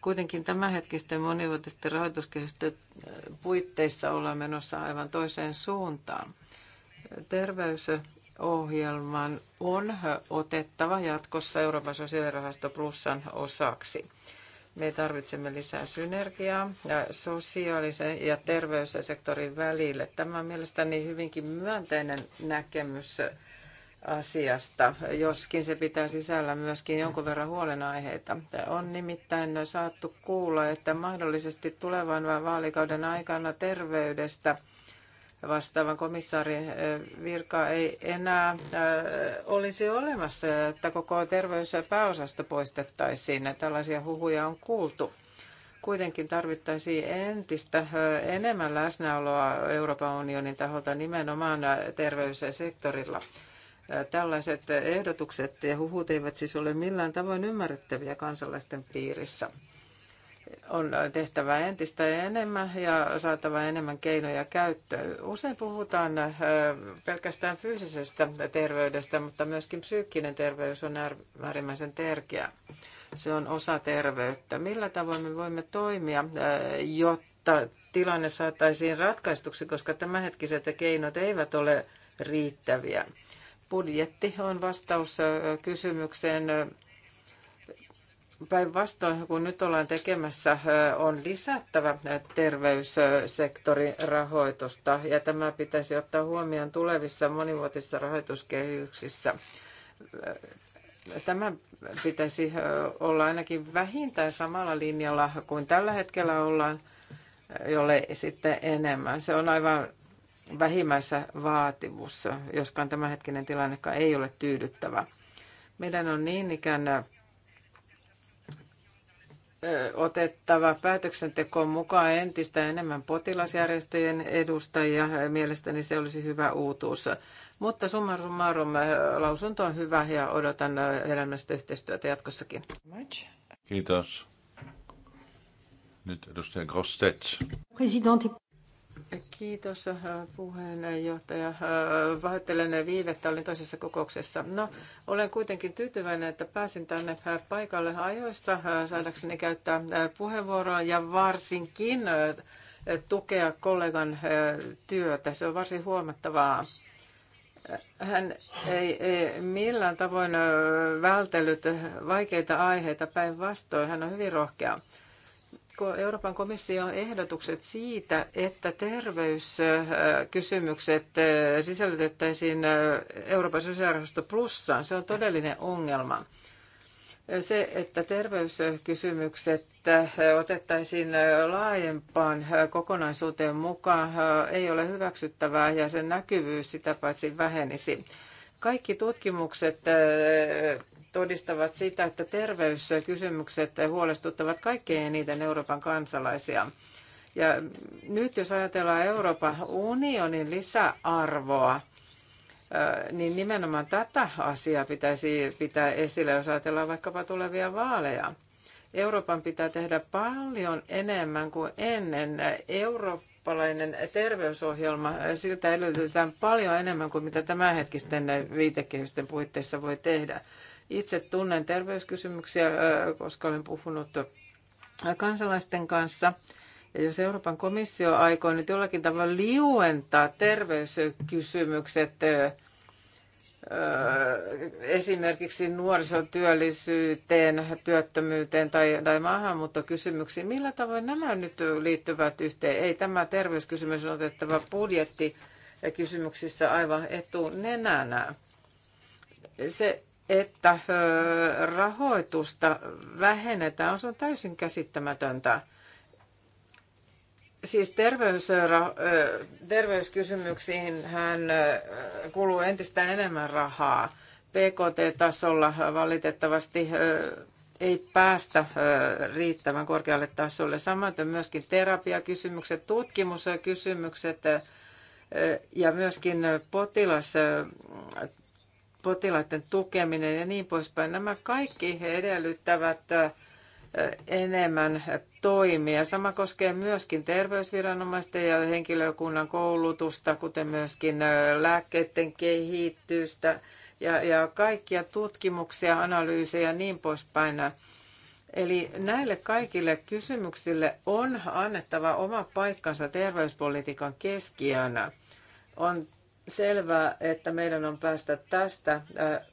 Kuitenkin tämänhetkisten monivuotisten rahoituskehysten äh, puitteissa ollaan menossa aivan toiseen suuntaan. Terveysohjelman on otettava jatkossa Euroopan sosiaalirahasto plussan osaksi. Me tarvitsemme lisää synergiaa äh, sosiaalisen ja terveyssektorin välille. Tämä on mielestäni hyvinkin myönteinen näkemys asiasta, joskin se pitää sisällä myöskin jonkun verran huolenaiheita. On nimittäin saattu kuulla, että mahdollisesti tulevan vaalikauden aikana terveydestä vastaavan komissaarin virka ei enää olisi olemassa että koko terveys- ja pääosasta poistettaisiin. Tällaisia huhuja on kuultu. Kuitenkin tarvittaisiin entistä enemmän läsnäoloa Euroopan unionin taholta nimenomaan terveyssektorilla. sektorilla Tällaiset ehdotukset ja huhut eivät siis ole millään tavoin ymmärrettäviä kansalaisten piirissä. On tehtävä entistä enemmän ja saatava enemmän keinoja käyttöön. Usein puhutaan pelkästään fyysisestä terveydestä, mutta myöskin psyykkinen terveys on äärimmäisen tärkeä. Se on osa terveyttä. Millä tavoin me voimme toimia, jotta tilanne saataisiin ratkaistuksi, koska tämänhetkiset keinot eivät ole riittäviä budjetti on vastaus kysymykseen. Päinvastoin, kun nyt ollaan tekemässä, on lisättävä terveyssektorin rahoitusta ja tämä pitäisi ottaa huomioon tulevissa monivuotisissa rahoituskehyksissä. Tämä pitäisi olla ainakin vähintään samalla linjalla kuin tällä hetkellä ollaan, jolle sitten enemmän. Se on aivan vähimmäisä vaatimus, joskaan tämänhetkinen tilanne ei ole tyydyttävä. Meidän on niin ikään otettava päätöksentekoon mukaan entistä enemmän potilasjärjestöjen edustajia. Mielestäni se olisi hyvä uutuus. Mutta summa summarum, lausunto on hyvä ja odotan elämästä yhteistyötä jatkossakin. Kiitos. Nyt edustaja Grostet. Kiitos äh, puheenjohtaja. Äh, pahoittelen viivettä, olin toisessa kokouksessa. No, olen kuitenkin tyytyväinen, että pääsin tänne äh, paikalle ajoissa saadakseni käyttää puheenvuoroa ja varsinkin tukea kollegan työtä. Se on varsin huomattavaa. Hän ei, ei millään tavoin vältellyt vaikeita aiheita, päinvastoin hän on hyvin rohkea. Euroopan komission ehdotukset siitä, että terveyskysymykset sisällytettäisiin Euroopan sosiaalirahasto plussaan, se on todellinen ongelma. Se, että terveyskysymykset otettaisiin laajempaan kokonaisuuteen mukaan, ei ole hyväksyttävää ja sen näkyvyys sitä paitsi vähenisi. Kaikki tutkimukset todistavat sitä, että terveyskysymykset huolestuttavat kaikkein eniten Euroopan kansalaisia. Ja nyt jos ajatellaan Euroopan unionin lisäarvoa, niin nimenomaan tätä asiaa pitäisi pitää esille, jos ajatellaan vaikkapa tulevia vaaleja. Euroopan pitää tehdä paljon enemmän kuin ennen. Eurooppalainen terveysohjelma, siltä edellytetään paljon enemmän kuin mitä tämänhetkisten viitekehysten puitteissa voi tehdä. Itse tunnen terveyskysymyksiä, koska olen puhunut kansalaisten kanssa. Ja jos Euroopan komissio aikoo nyt jollakin tavalla liuentaa terveyskysymykset esimerkiksi nuorisotyöllisyyteen, työttömyyteen tai, tai maahanmuuttokysymyksiin. Millä tavoin nämä nyt liittyvät yhteen? Ei tämä terveyskysymys on otettava budjetti kysymyksissä aivan etunenänä. Se että rahoitusta vähennetään, se on täysin käsittämätöntä. Siis terveyskysymyksiin hän kuluu entistä enemmän rahaa. PKT-tasolla valitettavasti ei päästä riittävän korkealle tasolle. Samaten myöskin terapiakysymykset, tutkimuskysymykset ja myöskin potilas potilaiden tukeminen ja niin poispäin. Nämä kaikki he edellyttävät enemmän toimia. Sama koskee myöskin terveysviranomaisten ja henkilökunnan koulutusta, kuten myöskin lääkkeiden kehitystä ja, ja kaikkia tutkimuksia, analyysejä ja niin poispäin. Eli näille kaikille kysymyksille on annettava oma paikkansa terveyspolitiikan keskiönä. On selvää, että meidän on päästä tästä äh,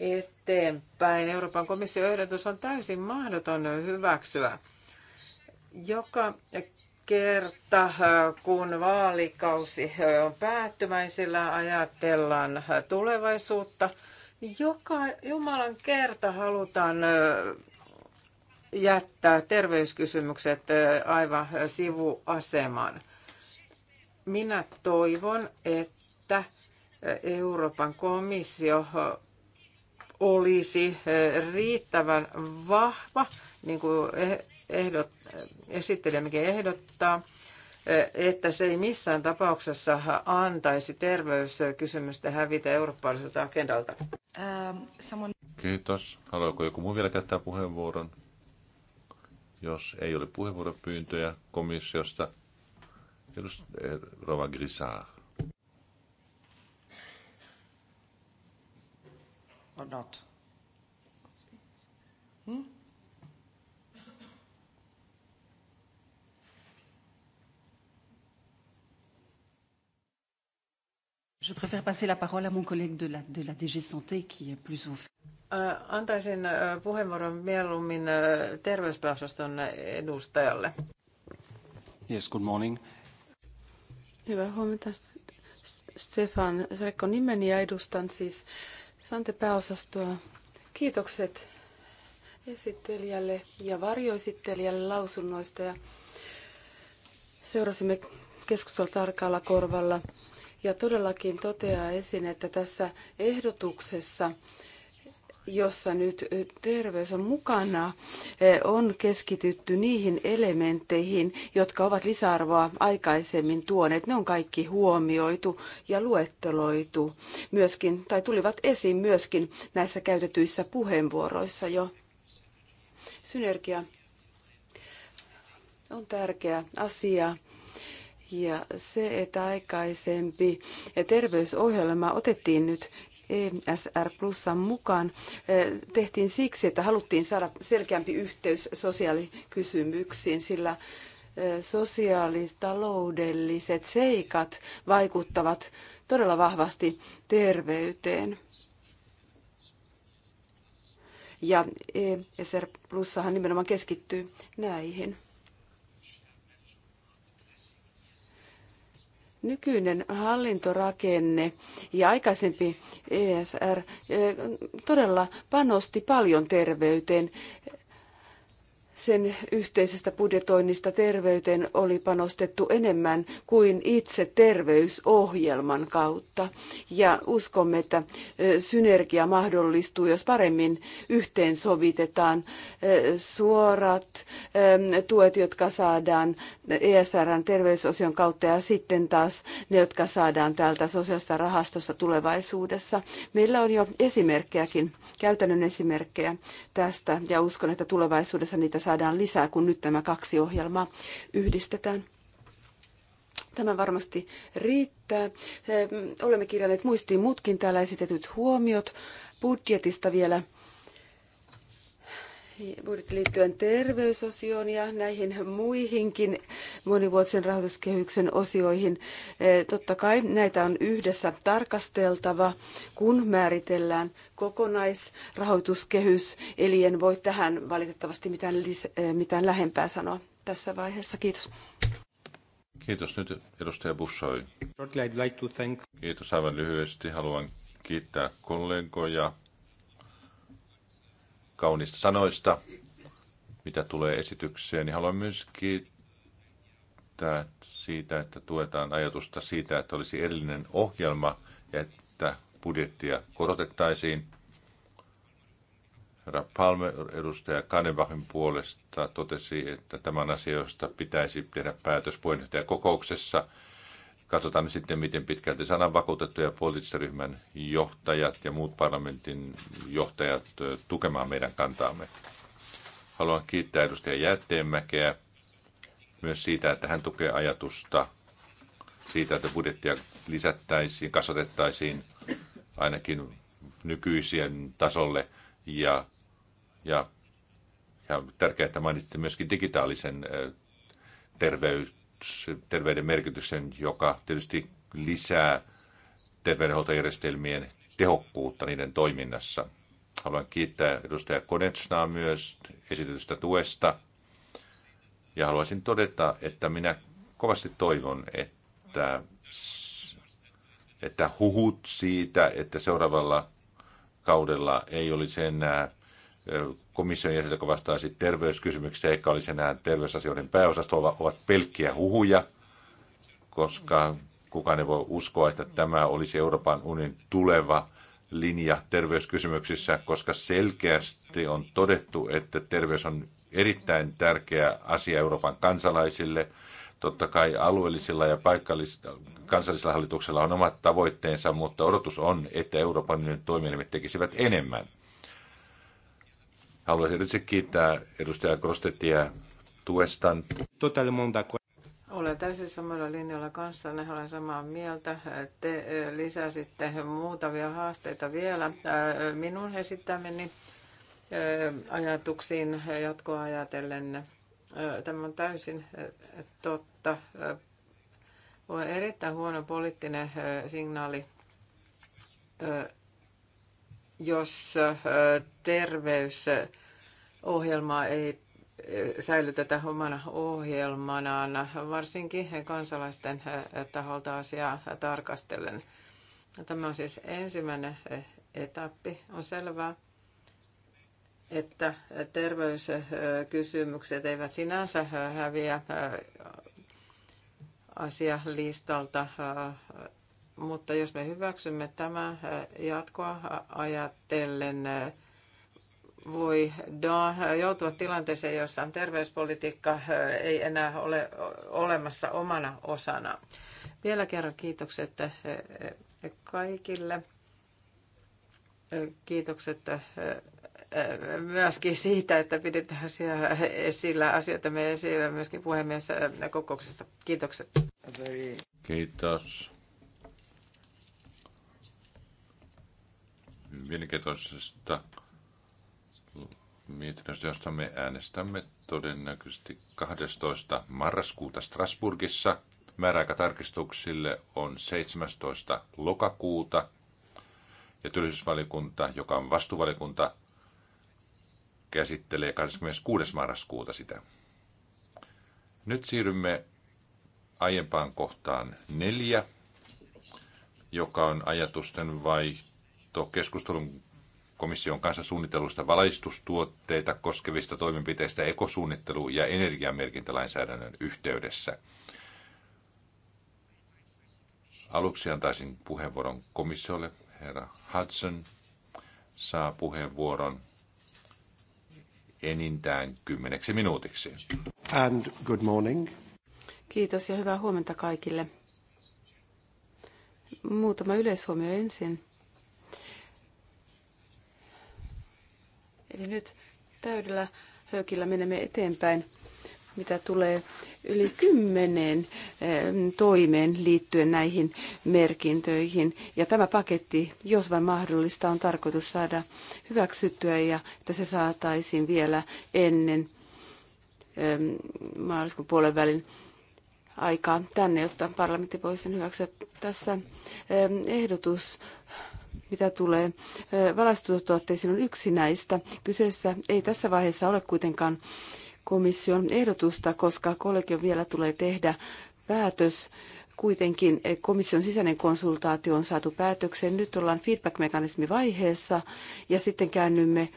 eteenpäin. Euroopan komission ehdotus on täysin mahdoton hyväksyä. Joka kerta, äh, kun vaalikausi äh, on päättymäisillä, ajatellaan tulevaisuutta. Joka Jumalan kerta halutaan jättää terveyskysymykset aivan sivuasemaan. Minä toivon, että että Euroopan komissio olisi riittävän vahva, niin kuin eh, ehdot, esittelijämmekin ehdottaa, että se ei missään tapauksessa antaisi terveyskysymystä hävitä eurooppalaiselta agendalta. Ähm, Kiitos. Haluaako joku muu vielä käyttää puheenvuoron? Jos ei ole puheenvuoropyyntöjä komissiosta, eh, Rova Grisard. or not? Hmm? Je préfère passer la parole à mon collègue de la, de la DG Santé qui est plus au fait. Äh, antaisin äh, puheenvuoron mieluummin äh, terveyspääosaston edustajalle. Yes, good morning. Hyvää huomenta. Stefan Srekko nimeni ja edustan siis Sante pääosastoa. Kiitokset esittelijälle ja varjoesittelijälle lausunnoista ja seurasimme keskustelua tarkalla korvalla. Ja todellakin toteaa esiin, että tässä ehdotuksessa jossa nyt terveys on mukana, on keskitytty niihin elementteihin, jotka ovat lisäarvoa aikaisemmin tuoneet. Ne on kaikki huomioitu ja luetteloitu myöskin, tai tulivat esiin myöskin näissä käytetyissä puheenvuoroissa jo. Synergia on tärkeä asia. Ja se, että aikaisempi terveysohjelma otettiin nyt ESR Plusan mukaan e, tehtiin siksi, että haluttiin saada selkeämpi yhteys sosiaalikysymyksiin, sillä e, sosiaalistaloudelliset seikat vaikuttavat todella vahvasti terveyteen. Ja ESR Plussahan nimenomaan keskittyy näihin. Nykyinen hallintorakenne ja aikaisempi ESR eh, todella panosti paljon terveyteen sen yhteisestä budjetoinnista terveyteen oli panostettu enemmän kuin itse terveysohjelman kautta. Ja uskomme, että synergia mahdollistuu, jos paremmin yhteensovitetaan suorat tuet, jotka saadaan ESRn terveysosion kautta ja sitten taas ne, jotka saadaan täältä sosiaalista rahastosta tulevaisuudessa. Meillä on jo esimerkkejäkin, käytännön esimerkkejä tästä ja uskon, että tulevaisuudessa niitä saadaan lisää, kun nyt tämä kaksi ohjelmaa yhdistetään. Tämä varmasti riittää. Olemme kirjanneet muistiin mutkin täällä esitetyt huomiot budjetista vielä budjetti liittyen terveysosioon ja näihin muihinkin monivuotisen rahoituskehyksen osioihin. Eh, totta kai näitä on yhdessä tarkasteltava, kun määritellään kokonaisrahoituskehys, eli en voi tähän valitettavasti mitään, lis- eh, mitään lähempää sanoa tässä vaiheessa. Kiitos. Kiitos nyt edustaja Bussoi. Kiitos aivan lyhyesti. Haluan kiittää kollegoja kaunista sanoista, mitä tulee esitykseen. haluan myös kiittää siitä, että tuetaan ajatusta siitä, että olisi erillinen ohjelma ja että budjettia korotettaisiin. Herra Palme edustaja Kanevahin puolesta totesi, että tämän asioista pitäisi tehdä päätös puheenjohtajakokouksessa kokouksessa Katsotaan sitten, miten pitkälti sananvakuutettuja poliittisen johtajat ja muut parlamentin johtajat tukemaan meidän kantaamme. Haluan kiittää edustaja Jäätteenmäkeä myös siitä, että hän tukee ajatusta siitä, että budjettia lisättäisiin, kasvatettaisiin ainakin nykyisien tasolle ja, ja, ja tärkeää, että mainitsitte myöskin digitaalisen terveys, terveyden merkityksen, joka tietysti lisää terveydenhuoltojärjestelmien tehokkuutta niiden toiminnassa. Haluan kiittää edustaja Konetsnaa myös esitetystä tuesta. Ja haluaisin todeta, että minä kovasti toivon, että että huhut siitä, että seuraavalla kaudella ei olisi enää komission jäsen, joka vastaisi terveyskysymyksiä eikä olisi enää terveysasioiden pääosastolla, ovat pelkkiä huhuja, koska kukaan ei voi uskoa, että tämä olisi Euroopan unionin tuleva linja terveyskysymyksissä, koska selkeästi on todettu, että terveys on erittäin tärkeä asia Euroopan kansalaisille – Totta kai alueellisilla ja paikallisilla kansallisilla hallituksilla on omat tavoitteensa, mutta odotus on, että Euroopan unionin toimielimet tekisivät enemmän. Haluaisin nyt kiittää edustaja Krostettia tuestan. Olen täysin samalla linjalla kanssanne, olen samaa mieltä. Te eh, lisäsitte muutamia haasteita vielä eh, minun esittämäni eh, ajatuksiin jatkoa ajatellen Tämä on täysin totta. On erittäin huono poliittinen signaali, jos terveysohjelmaa ei säilytetä omana ohjelmanaan, varsinkin kansalaisten taholta asiaa tarkastellen. Tämä on siis ensimmäinen etappi. On selvää, että terveyskysymykset eivät sinänsä häviä äh, asialistalta, äh, mutta jos me hyväksymme tämä äh, jatkoa ajatellen, voi joutua tilanteeseen, jossa terveyspolitiikka ei enää ole olemassa omana osana. Vielä kerran kiitokset kaikille. Kiitokset myöskin siitä, että pidetään siellä esillä, asioita me esillä myöskin puhemies äh, kokouksessa. Kiitokset. Kiitos. Mielenkiintoisesta mietinnöstä, josta me äänestämme todennäköisesti 12. marraskuuta Strasburgissa. tarkistuksille on 17. lokakuuta ja työllisyysvaliokunta, joka on vastuvaliokunta, käsittelee 26. marraskuuta sitä. Nyt siirrymme aiempaan kohtaan neljä, joka on ajatusten vaihto keskustelun komission kanssa suunnittelusta valaistustuotteita koskevista toimenpiteistä ekosuunnittelu- ja energiamerkintälainsäädännön yhteydessä. Aluksi antaisin puheenvuoron komissiolle. Herra Hudson saa puheenvuoron enintään kymmeneksi minuutiksi. And good morning. Kiitos ja hyvää huomenta kaikille. Muutama yleishuomio ensin. Eli nyt täydellä höykillä menemme eteenpäin, mitä tulee yli kymmenen toimeen liittyen näihin merkintöihin. Ja tämä paketti, jos vain mahdollista, on tarkoitus saada hyväksyttyä ja että se saataisiin vielä ennen maaliskuun puolen välin aikaa tänne, jotta parlamentti voi sen hyväksyä. Tässä ehdotus mitä tulee valaistutuotteisiin on yksi näistä. Kyseessä ei tässä vaiheessa ole kuitenkaan komission ehdotusta, koska kollegio vielä tulee tehdä päätös. Kuitenkin eh, komission sisäinen konsultaatio on saatu päätökseen. Nyt ollaan feedback-mekanismivaiheessa ja sitten käännymme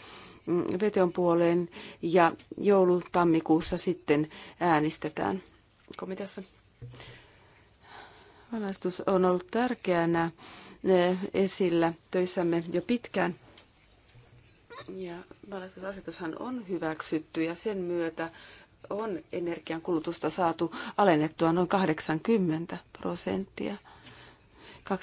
mm, veteon puoleen ja joulu-tammikuussa sitten äänestetään komiteassa. Valaistus on ollut tärkeänä eh, esillä töissämme jo pitkään. Ja valaistusasetushan on hyväksytty ja sen myötä on energiankulutusta saatu alennettua noin 80 prosenttia. 22,5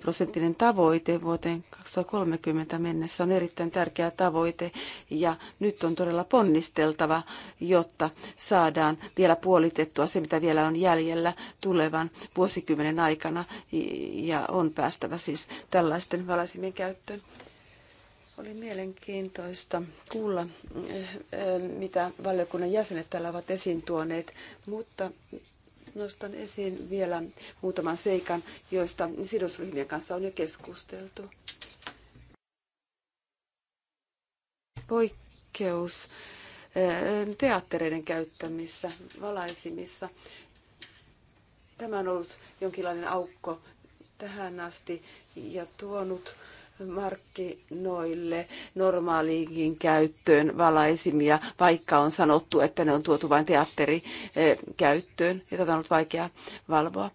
prosenttinen tavoite vuoteen 2030 mennessä on erittäin tärkeä tavoite ja nyt on todella ponnisteltava, jotta saadaan vielä puolitettua se, mitä vielä on jäljellä tulevan vuosikymmenen aikana ja on päästävä siis tällaisten valaisimien käyttöön. Oli mielenkiintoista kuulla, eh, eh, mitä valiokunnan jäsenet täällä ovat esiin tuoneet, mutta nostan esiin vielä muutaman seikan, joista sidosryhmien kanssa on jo keskusteltu. Poikkeus eh, teattereiden käyttämissä, valaisimissa. Tämä on ollut jonkinlainen aukko tähän asti ja tuonut markkinoille normaaliinkin käyttöön valaisimia, vaikka on sanottu, että ne on tuotu vain teatterikäyttöön, eh, ja tätä on ollut vaikea valvoa.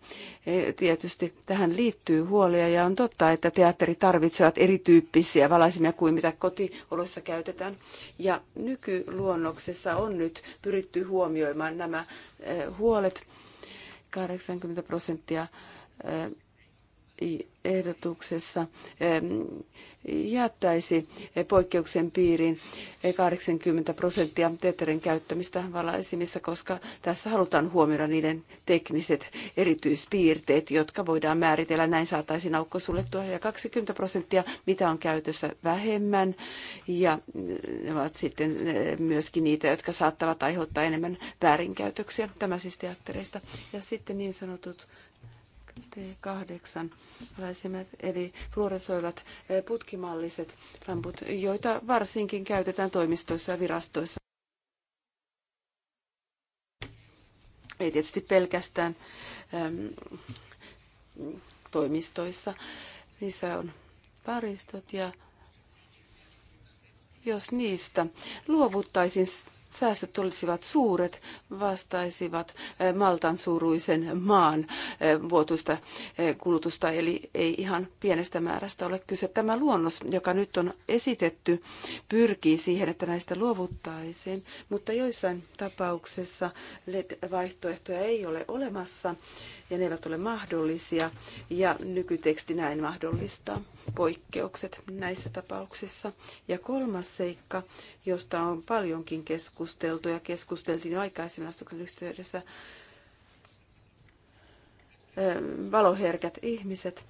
Eh, tietysti tähän liittyy huolia, ja on totta, että teatteri tarvitsevat erityyppisiä valaisimia kuin mitä kotioloissa käytetään. Ja nykyluonnoksessa on nyt pyritty huomioimaan nämä eh, huolet. 80 prosenttia ehdotuksessa jättäisi poikkeuksen piiriin 80 prosenttia teatterin käyttämistä valaisimissa, koska tässä halutaan huomioida niiden tekniset erityispiirteet, jotka voidaan määritellä. Näin saataisiin aukko suljettua ja 20 prosenttia, mitä on käytössä vähemmän. Ja ne ovat sitten eh, myöskin niitä, jotka saattavat aiheuttaa enemmän väärinkäytöksiä. Tämä siis teattereista. Ja sitten niin sanotut T8 eli fluoresoivat eh, putkimalliset lamput, joita varsinkin käytetään toimistoissa ja virastoissa. Ei tietysti pelkästään äm, ehm, toimistoissa. Niissä on paristot ja jos niistä luovuttaisiin säästöt olisivat suuret, vastaisivat eh, Maltan suuruisen maan eh, vuotuista eh, kulutusta, eli ei ihan pienestä määrästä ole kyse. Tämä luonnos, joka nyt on esitetty, pyrkii siihen, että näistä luovuttaisiin, mutta joissain tapauksessa LED-vaihtoehtoja ei ole olemassa ja ne eivät ole mahdollisia, ja nykyteksti näin mahdollistaa poikkeukset näissä tapauksissa. Ja kolmas seikka, josta on paljonkin keskusteltu ja keskusteltiin jo aikaisemmin astuksen yhteydessä, valoherkät ihmiset.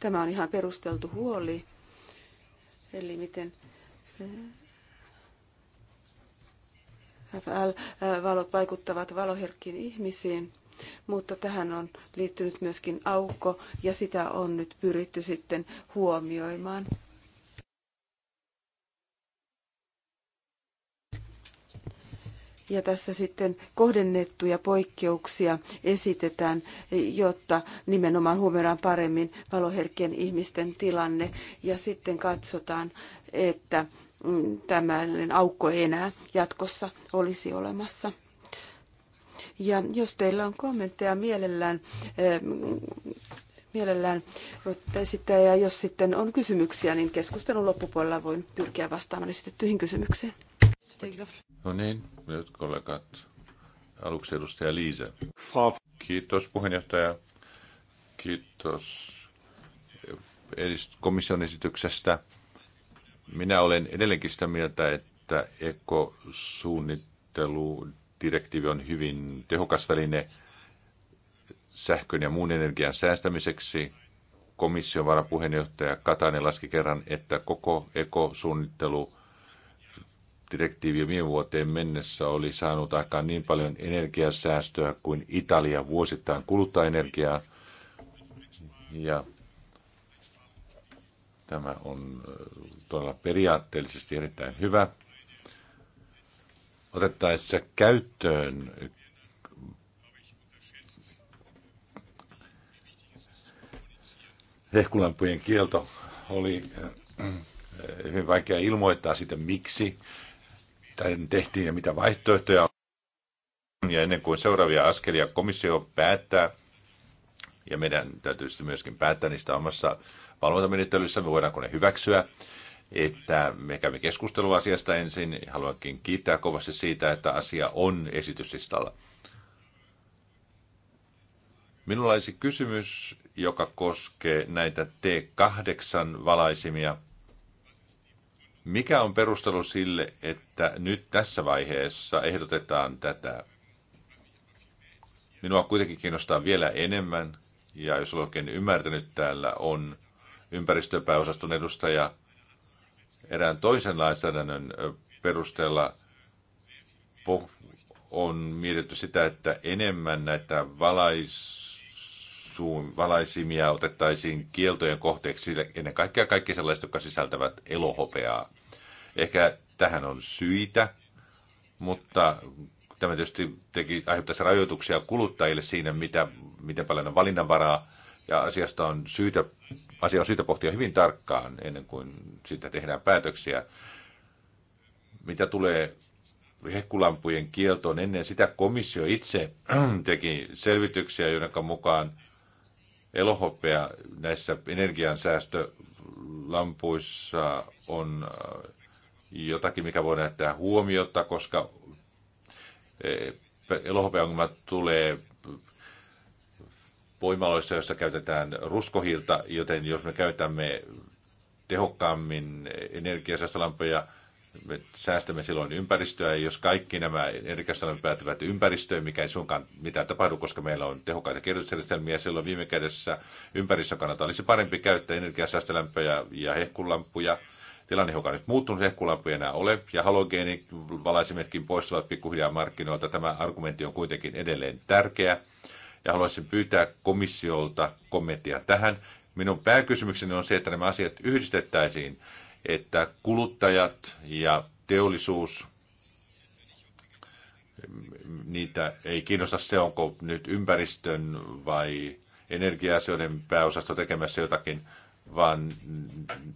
Tämä on ihan perusteltu huoli. Eli miten FL-valot vaikuttavat valoherkkiin ihmisiin. Mutta tähän on liittynyt myöskin aukko ja sitä on nyt pyritty sitten huomioimaan. Ja tässä sitten kohdennettuja poikkeuksia esitetään, jotta nimenomaan huomioidaan paremmin valoherkkien ihmisten tilanne ja sitten katsotaan, että mm, tämmöinen aukko ei enää jatkossa olisi olemassa. Ja jos teillä on kommentteja mielellään, eh, mielellään voitte esittää, ja jos sitten on kysymyksiä, niin keskustelun loppupuolella voin pyrkiä vastaamaan esitettyihin kysymyksiin. No niin, nyt kollegat. Aluksi edustaja Liise. Kiitos puheenjohtaja. Kiitos komission esityksestä. Minä olen edelleenkin sitä mieltä, että ekosuunnittelu direktiivi on hyvin tehokas väline sähkön ja muun energian säästämiseksi. Komission varapuheenjohtaja Katainen laski kerran, että koko ekosuunnittelu direktiivi viime vuoteen mennessä oli saanut aikaan niin paljon energiasäästöä kuin Italia vuosittain kuluttaa energiaa. Ja tämä on äh, todella periaatteellisesti erittäin hyvä otettaessa käyttöön hehkulampujen kielto oli äh, hyvin vaikea ilmoittaa sitä, miksi tämän tehtiin ja mitä vaihtoehtoja on. Ja ennen kuin seuraavia askelia komissio päättää, ja meidän täytyy sitten myöskin päättää niistä omassa me voidaanko ne hyväksyä, että me käymme keskustelua asiasta ensin. Haluankin kiittää kovasti siitä, että asia on esityslistalla. Minulla olisi kysymys, joka koskee näitä T8-valaisimia. Mikä on perustelu sille, että nyt tässä vaiheessa ehdotetaan tätä? Minua kuitenkin kiinnostaa vielä enemmän, ja jos olen oikein ymmärtänyt, täällä on ympäristöpääosaston edustaja erään toisen lainsäädännön perusteella on mietitty sitä, että enemmän näitä valaisuun, valaisimia otettaisiin kieltojen kohteeksi, ennen kaikkea kaikki sellaiset, jotka sisältävät elohopeaa. Ehkä tähän on syitä, mutta tämä tietysti teki, aiheuttaisi rajoituksia kuluttajille siinä, mitä, miten paljon on valinnanvaraa. Ja asiasta on syytä, asia on syytä pohtia hyvin tarkkaan ennen kuin siitä tehdään päätöksiä. Mitä tulee hehkulampujen kieltoon, ennen sitä komissio itse teki selvityksiä, joiden mukaan elohopea näissä energiansäästölampuissa on äh, jotakin, mikä voi näyttää huomiota, koska eh, elohopeaongelmat tulee voimaloissa, joissa käytetään ruskohiilta, joten jos me käytämme tehokkaammin energiasäästölampoja, me säästämme silloin ympäristöä, ja jos kaikki nämä energiasäästölampoja päätyvät ympäristöön, mikä ei suinkaan mitään tapahdu, koska meillä on tehokkaita kierrätysjärjestelmiä, silloin viime kädessä ympäristön kannalta olisi parempi käyttää energiasäästölampoja ja hehkulampuja, tilanne on nyt muuttunut, hehkulampuja enää ole, ja halogeenivalaisimetkin poistuvat pikkuhiljaa markkinoilta. Tämä argumentti on kuitenkin edelleen tärkeä, ja haluaisin pyytää komissiolta kommenttia tähän. Minun pääkysymykseni on se, että nämä asiat yhdistettäisiin, että kuluttajat ja teollisuus, niitä ei kiinnosta se, onko nyt ympäristön vai energia-asioiden pääosasto tekemässä jotakin, vaan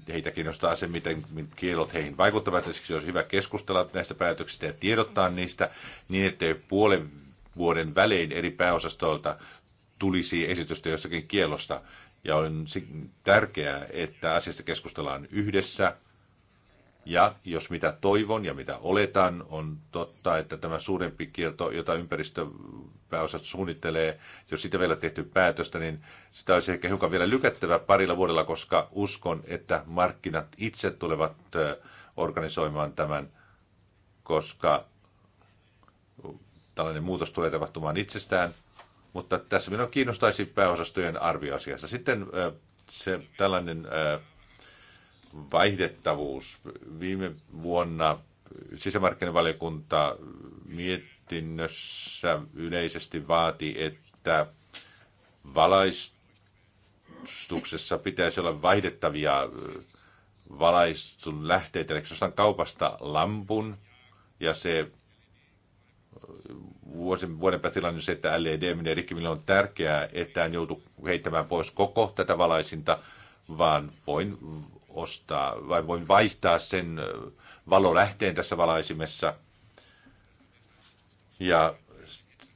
heitä kiinnostaa se, miten kielot heihin vaikuttavat. Siksi olisi hyvä keskustella näistä päätöksistä ja tiedottaa niistä niin, ettei puolen vuoden välein eri pääosastoilta tulisi esitystä jossakin kielosta. Ja on tärkeää, että asiasta keskustellaan yhdessä. Ja jos mitä toivon ja mitä oletan, on totta, että tämä suurempi kielto, jota ympäristöpääosat suunnittelee, jos sitä vielä tehty päätöstä, niin sitä olisi ehkä hiukan vielä lykättävä parilla vuodella, koska uskon, että markkinat itse tulevat organisoimaan tämän, koska tällainen muutos tulee tapahtumaan itsestään, mutta tässä minua kiinnostaisi pääosastojen arvioasiasta. Sitten se tällainen vaihdettavuus. Viime vuonna sisämarkkinavaliokunta mietinnössä yleisesti vaati, että valaistuksessa pitäisi olla vaihdettavia valaistun lähteitä. Eli jos kaupasta lampun ja se vuosin, vuoden tilanne se, että LED menee rikki, millä on tärkeää, että en joutu heittämään pois koko tätä valaisinta, vaan voin ostaa, vai voin vaihtaa sen valolähteen tässä valaisimessa. Ja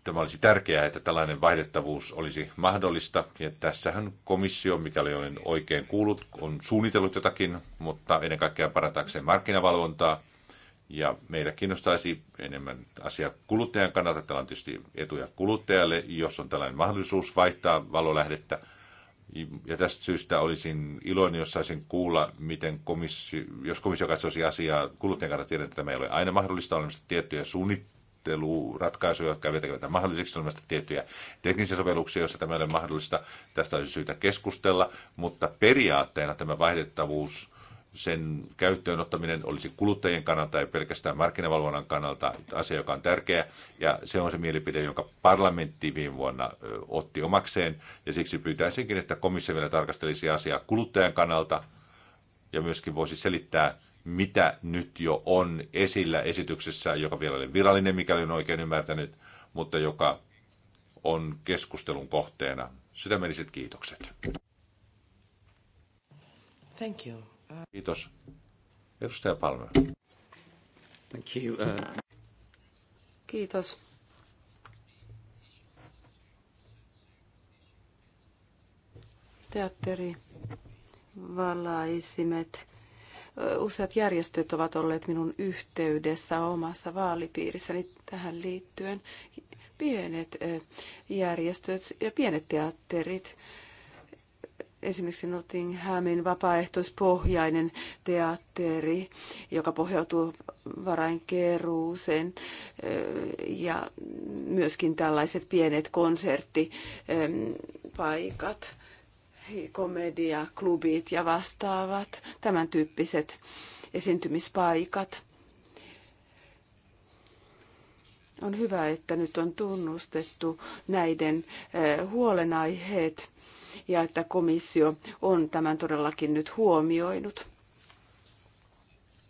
tämä olisi tärkeää, että tällainen vaihdettavuus olisi mahdollista. Ja tässähän komissio, mikäli olen oikein kuullut, on suunnitellut jotakin, mutta ennen kaikkea parantaakseen markkinavalvontaa – ja meitä kiinnostaisi enemmän asia kuluttajan kannalta. Tällä on tietysti etuja kuluttajalle, jos on tällainen mahdollisuus vaihtaa valolähdettä. Ja tästä syystä olisin iloinen, jos saisin kuulla, miten komissio, jos komissio katsoisi asiaa kuluttajan kannalta, tiedän, että tämä ei ole aina mahdollista, on tiettyjä suunnitteluratkaisuja, jotka vetävät tämän mahdolliseksi, on tiettyjä teknisiä sovelluksia, joissa tämä ei ole mahdollista. Tästä olisi syytä keskustella, mutta periaatteena tämä vaihdettavuus sen käyttöön ottaminen olisi kuluttajien kannalta ja pelkästään markkinavalvonnan kannalta asia, joka on tärkeä. Ja se on se mielipide, jonka parlamentti viime vuonna otti omakseen. Ja siksi pyytäisinkin, että komissio vielä tarkastelisi asiaa kuluttajan kannalta ja myöskin voisi selittää, mitä nyt jo on esillä esityksessä, joka vielä oli virallinen, mikäli on oikein ymmärtänyt, mutta joka on keskustelun kohteena. Sydämelliset kiitokset. Thank you. Kiitos. Edustaja Palme. Thank you. Uh... Kiitos. Teatteri, valaisimet. Useat järjestöt ovat olleet minun yhteydessä omassa vaalipiirissäni tähän liittyen. Pienet järjestöt ja pienet teatterit esimerkiksi Nottinghamin vapaaehtoispohjainen teatteri, joka pohjautuu varainkeruuseen eh, ja myöskin tällaiset pienet konserttipaikat, eh, komediaklubit ja vastaavat, tämän tyyppiset esiintymispaikat. On hyvä, että nyt on tunnustettu näiden eh, huolenaiheet ja että komissio on tämän todellakin nyt huomioinut.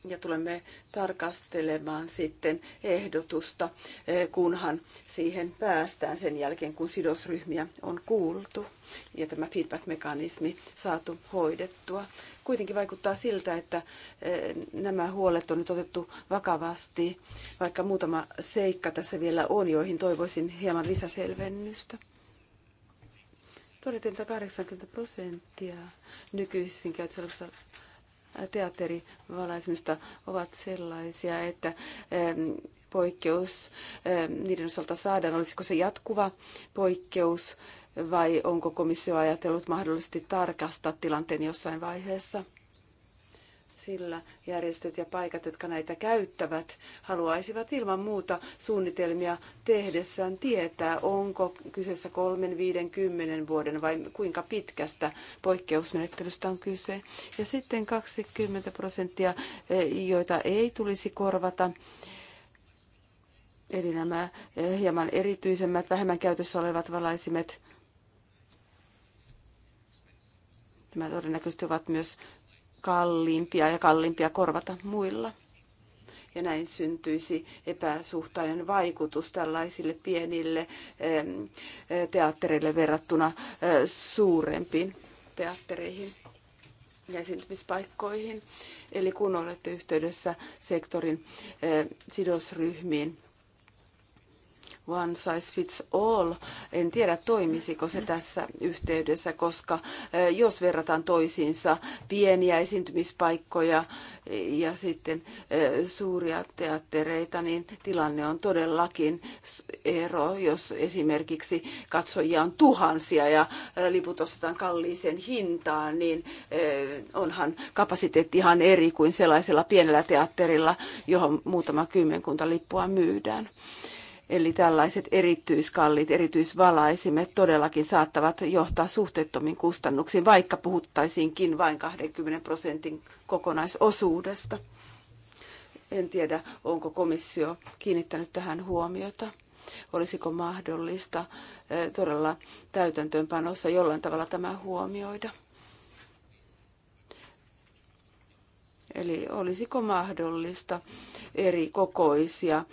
Ja tulemme tarkastelemaan sitten ehdotusta, eh, kunhan siihen päästään sen jälkeen, kun sidosryhmiä on kuultu ja tämä feedback-mekanismi saatu hoidettua. Kuitenkin vaikuttaa siltä, että eh, nämä huolet on nyt otettu vakavasti, vaikka muutama seikka tässä vielä on, joihin toivoisin hieman lisäselvennystä. Todettiin, että 80 prosenttia nykyisin käytössä olevista teatterivalaisimista ovat sellaisia, että poikkeus niiden osalta saadaan. Olisiko se jatkuva poikkeus vai onko komissio ajatellut mahdollisesti tarkastaa tilanteen jossain vaiheessa? sillä järjestöt ja paikat, jotka näitä käyttävät, haluaisivat ilman muuta suunnitelmia tehdessään tietää, onko kyseessä kolmen, viiden, kymmenen vuoden vai kuinka pitkästä poikkeusmenettelystä on kyse. Ja sitten 20 prosenttia, e, joita ei tulisi korvata. Eli nämä e, hieman erityisemmät, vähemmän käytössä olevat valaisimet Nämä todennäköisesti ovat myös kalliimpia ja kalliimpia korvata muilla. Ja näin syntyisi epäsuhtainen vaikutus tällaisille pienille teattereille verrattuna suurempiin teattereihin ja esiintymispaikkoihin. Eli kun olette yhteydessä sektorin sidosryhmiin, one size fits all. En tiedä, toimisiko se tässä yhteydessä, koska eh, jos verrataan toisiinsa pieniä esiintymispaikkoja eh, ja sitten eh, suuria teattereita, niin tilanne on todellakin ero, jos esimerkiksi katsojia on tuhansia ja liput ostetaan kalliiseen hintaan, niin onhan kapasiteetti ihan eri kuin sellaisella pienellä teatterilla, johon muutama kymmenkunta lippua myydään. Eli tällaiset erityiskallit, erityisvalaisimet todellakin saattavat johtaa suhteettomiin kustannuksiin, vaikka puhuttaisiinkin vain 20 prosentin kokonaisosuudesta. En tiedä, onko komissio kiinnittänyt tähän huomiota. Olisiko mahdollista eh, todella täytäntöönpanossa jollain tavalla tämä huomioida? Eli olisiko mahdollista eri kokoisia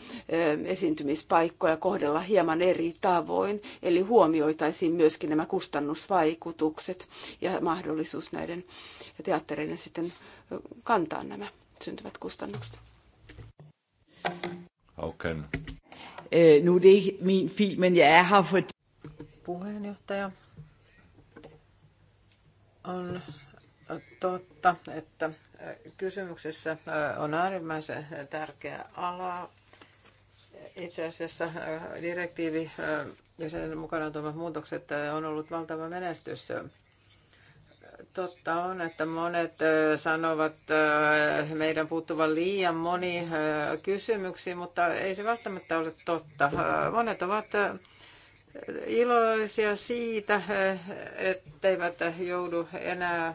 esiintymispaikkoja kohdella hieman eri tavoin, eli huomioitaisiin myöskin nämä kustannusvaikutukset ja mahdollisuus näiden teattereiden sitten kantaa nämä syntyvät kustannukset. Okay. Uh, Nu er det ikke min fil, men jeg er her for... Puheenjohtaja on totta, että äh, kysymyksessä äh, on äärimmäisen tärkeä ala. Itse asiassa äh, direktiivi ja sen mukana tuomat muutokset on ollut valtava menestys. Totta on, että monet sanovat meidän puuttuvan liian moni kysymyksiin, mutta ei se välttämättä ole totta. Monet ovat iloisia siitä, etteivät joudu enää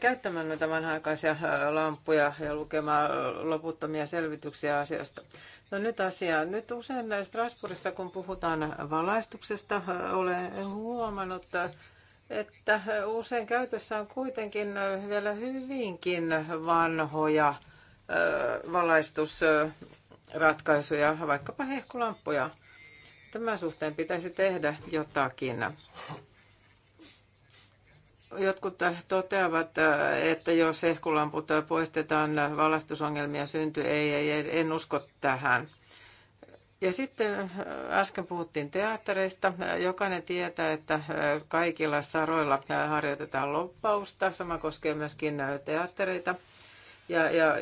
käyttämään noita vanha-aikaisia lampuja ja lukemaan loputtomia selvityksiä asiasta. No nyt asia. Nyt usein Strasbourgissa, kun puhutaan valaistuksesta, olen huomannut, että usein käytössä on kuitenkin vielä hyvinkin vanhoja valaistusratkaisuja, vaikkapa hehkulampuja. Tämän suhteen pitäisi tehdä jotakin. Jotkut toteavat, että jos ehkulamput poistetaan, valastusongelmia syntyy. Ei, ei, en usko tähän. Ja sitten äh, äsken puhuttiin teattereista. Jokainen tietää, että äh, kaikilla saroilla äh, harjoitetaan loppausta. Sama koskee myöskin teattereita. Ja, ja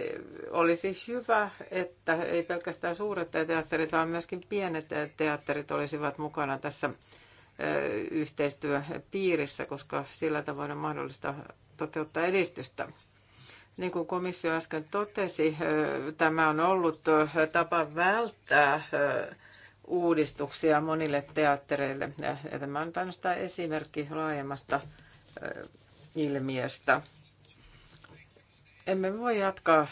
olisi hyvä, että ei pelkästään suuret teatterit, vaan myöskin pienet teatterit olisivat mukana tässä yhteistyöpiirissä, koska sillä tavoin on mahdollista toteuttaa edistystä. Niin kuin komissio äsken totesi, tämä on ollut tapa välttää uudistuksia monille teattereille. Ja tämä on ainoastaan esimerkki laajemmasta ilmiöstä. Emme voi jatkaa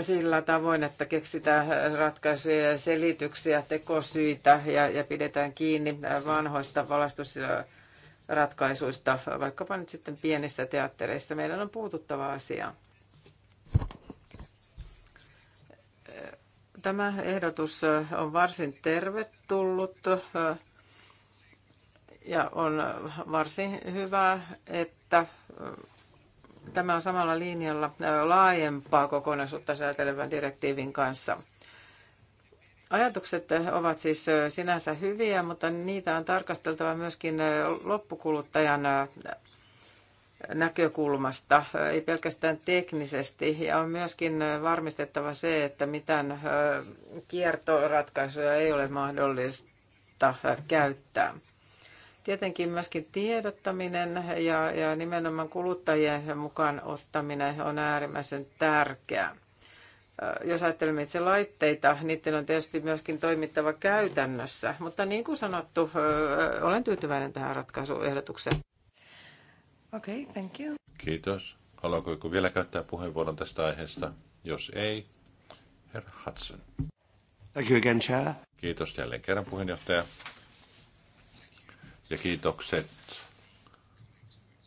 sillä tavoin, että keksitään ratkaisuja ja selityksiä, tekosyitä ja, ja pidetään kiinni vanhoista valastusratkaisuista, vaikkapa nyt sitten pienissä teattereissa. Meidän on puututtava asia. Tämä ehdotus on varsin tervetullut ja on varsin hyvä, että Tämä on samalla linjalla laajempaa kokonaisuutta säätelevän direktiivin kanssa. Ajatukset ovat siis sinänsä hyviä, mutta niitä on tarkasteltava myöskin loppukuluttajan näkökulmasta, ei pelkästään teknisesti. Ja on myöskin varmistettava se, että mitään kiertoratkaisuja ei ole mahdollista käyttää. Tietenkin myöskin tiedottaminen ja, ja nimenomaan kuluttajien mukaan ottaminen on äärimmäisen tärkeää. Jos ajattelemme itse laitteita, niiden on tietysti myöskin toimittava käytännössä. Mutta niin kuin sanottu, olen tyytyväinen tähän ratkaisuehdotukseen. Okei, okay, thank you. Kiitos. Haluanko joku vielä käyttää puheenvuoron tästä aiheesta? Jos ei, herra Hudson. Thank you again, Chair. Kiitos jälleen kerran puheenjohtaja ja kiitokset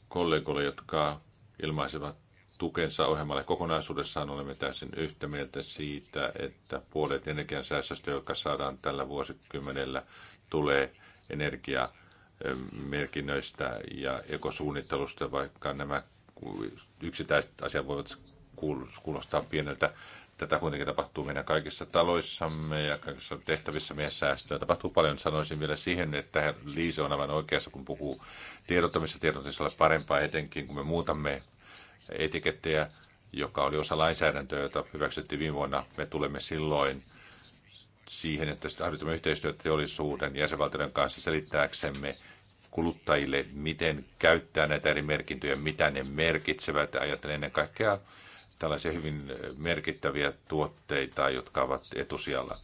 kollegoille, jotka ilmaisivat tukensa ohjelmalle. Kokonaisuudessaan olemme täysin yhtä mieltä siitä, että puolet energiansäästöstä, joka saadaan tällä vuosikymmenellä, tulee energiamerkinnöistä ja ekosuunnittelusta, vaikka nämä yksittäiset asiat voivat kuulostaa pieneltä Tätä kuitenkin tapahtuu meidän kaikissa taloissamme ja kaikissa tehtävissä meidän säästöä. Tapahtuu paljon, sanoisin vielä siihen, että Liise on aivan oikeassa, kun puhuu Tiedottamista Tiedottamisella parempaa etenkin, kun me muutamme etikettejä, joka oli osa lainsäädäntöä, jota hyväksyttiin viime vuonna. Me tulemme silloin siihen, että harjoitamme yhteistyötä teollisuuden jäsenvaltioiden kanssa selittääksemme kuluttajille, miten käyttää näitä eri merkintöjä, mitä ne merkitsevät. Ajattelen ennen kaikkea tällaisia hyvin merkittäviä tuotteita, jotka ovat etusijalla.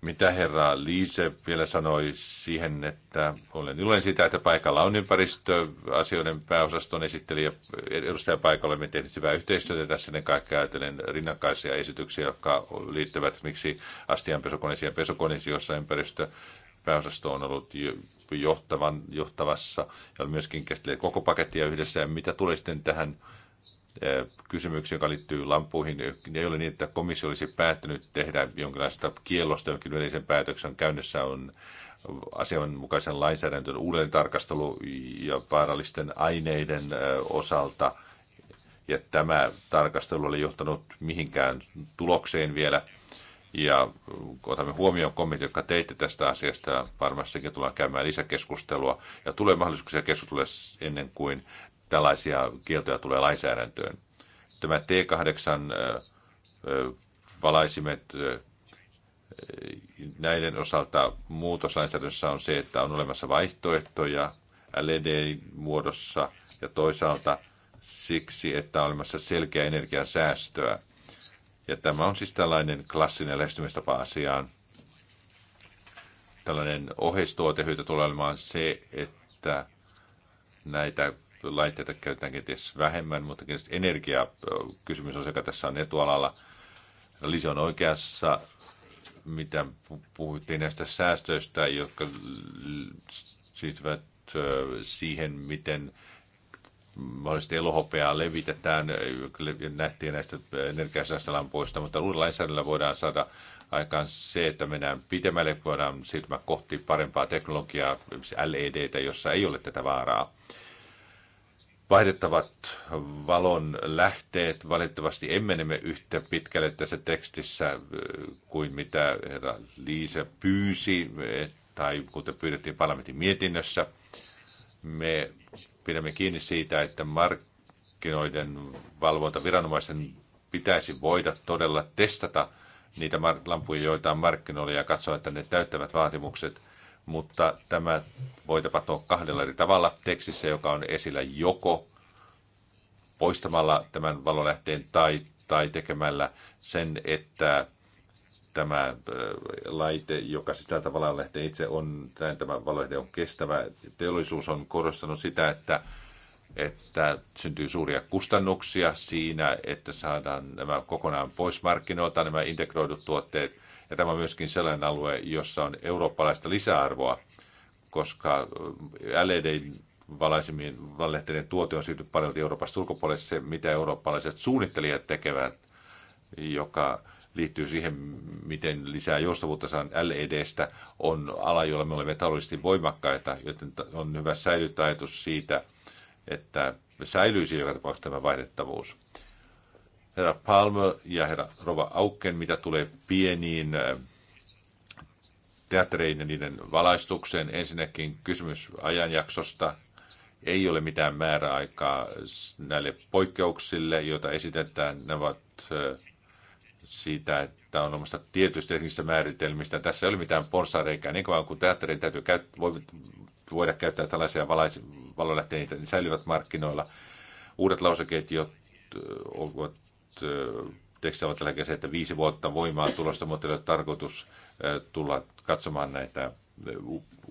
Mitä herra Liise vielä sanoi siihen, että olen iloinen siitä, että paikalla on ympäristöasioiden pääosaston esittelijä edustaja paikalla. Me tehnyt hyvää yhteistyötä tässä ennen kaikkea ajatellen rinnakkaisia esityksiä, jotka liittyvät miksi astianpesukoneisiin ja pesukoneisiin, joissa ympäristö pääosasto on ollut johtavan, johtavassa ja myöskin käsitelleet koko pakettia yhdessä. Ja mitä tulee sitten tähän kysymyksiä, joka liittyy lampuihin. Ei ole niin, että komissio olisi päättänyt tehdä jonkinlaista kiellosta, jonkin yleisen päätöksen käynnissä on asianmukaisen lainsäädäntön uudelleen tarkastelu ja vaarallisten aineiden osalta. Ja tämä tarkastelu oli johtanut mihinkään tulokseen vielä. Ja otamme huomioon kommentit, jotka teitte tästä asiasta. Varmastikin tullaan käymään lisäkeskustelua ja tulee mahdollisuuksia keskustella ennen kuin tällaisia kieltoja tulee lainsäädäntöön. Tämä T8 valaisimet näiden osalta muutoslainsäädännössä on se, että on olemassa vaihtoehtoja LED-muodossa ja toisaalta siksi, että on olemassa selkeä energiansäästöä. Ja tämä on siis tällainen klassinen lähestymistapa asiaan. Tällainen oheistuotehyöty tulee olemaan se, että näitä laitteita käytetään kenties vähemmän, mutta kenties energiakysymys on sekä tässä on etualalla. Lisi on oikeassa, mitä puhuttiin näistä säästöistä, jotka siirtyvät siihen, miten mahdollisesti elohopeaa levitetään, nähtiin näistä energiasäästölampuista, mutta uudella lainsäädännöllä voidaan saada aikaan se, että mennään pitemmälle, voidaan siirtymään kohti parempaa teknologiaa, LED, jossa ei ole tätä vaaraa vaihdettavat valon lähteet. Valitettavasti emme mene yhtä pitkälle tässä tekstissä äh, kuin mitä herra Liisa pyysi eh, tai kuten pyydettiin parlamentin mietinnössä. Me pidämme kiinni siitä, että markkinoiden valvonta viranomaisen pitäisi voida todella testata niitä lampuja, joita on markkinoilla ja katsoa, että ne täyttävät vaatimukset – mutta tämä voi tapahtua kahdella eri tavalla tekstissä, joka on esillä joko poistamalla tämän valolähteen tai, tai tekemällä sen, että tämä laite, joka sisältää valolähteen itse on, tämä valolähde on kestävä. Teollisuus on korostanut sitä, että että syntyy suuria kustannuksia siinä, että saadaan nämä kokonaan pois markkinoilta, nämä integroidut tuotteet – ja tämä on myöskin sellainen alue, jossa on eurooppalaista lisäarvoa, koska LED valaisimien valehteiden tuote on siirtynyt paljon Euroopasta ulkopuolelle se, mitä eurooppalaiset suunnittelijat tekevät, joka liittyy siihen, miten lisää joustavuutta saan LEDstä, on ala, jolla me olemme taloudellisesti voimakkaita, joten on hyvä säilyttää ajatus siitä, että säilyisi joka tapauksessa tämä vaihdettavuus herra Palmer ja herra Rova Auken, mitä tulee pieniin äh, teattereihin ja niiden valaistukseen. Ensinnäkin kysymys ajanjaksosta. Ei ole mitään määräaikaa näille poikkeuksille, joita esitetään. Ne ovat äh, siitä, että on omasta tietystä teknisistä määritelmistä. Tässä ei ole mitään porsareikää. Niin kuin kun teatterin täytyy voi voida käyttää tällaisia valais- valolähteitä, niin säilyvät markkinoilla. Uudet lauseketjot äh, ovat tekstissä ovat tällä se, että viisi vuotta voimaa tulosta, mutta ei ole tarkoitus tulla katsomaan näitä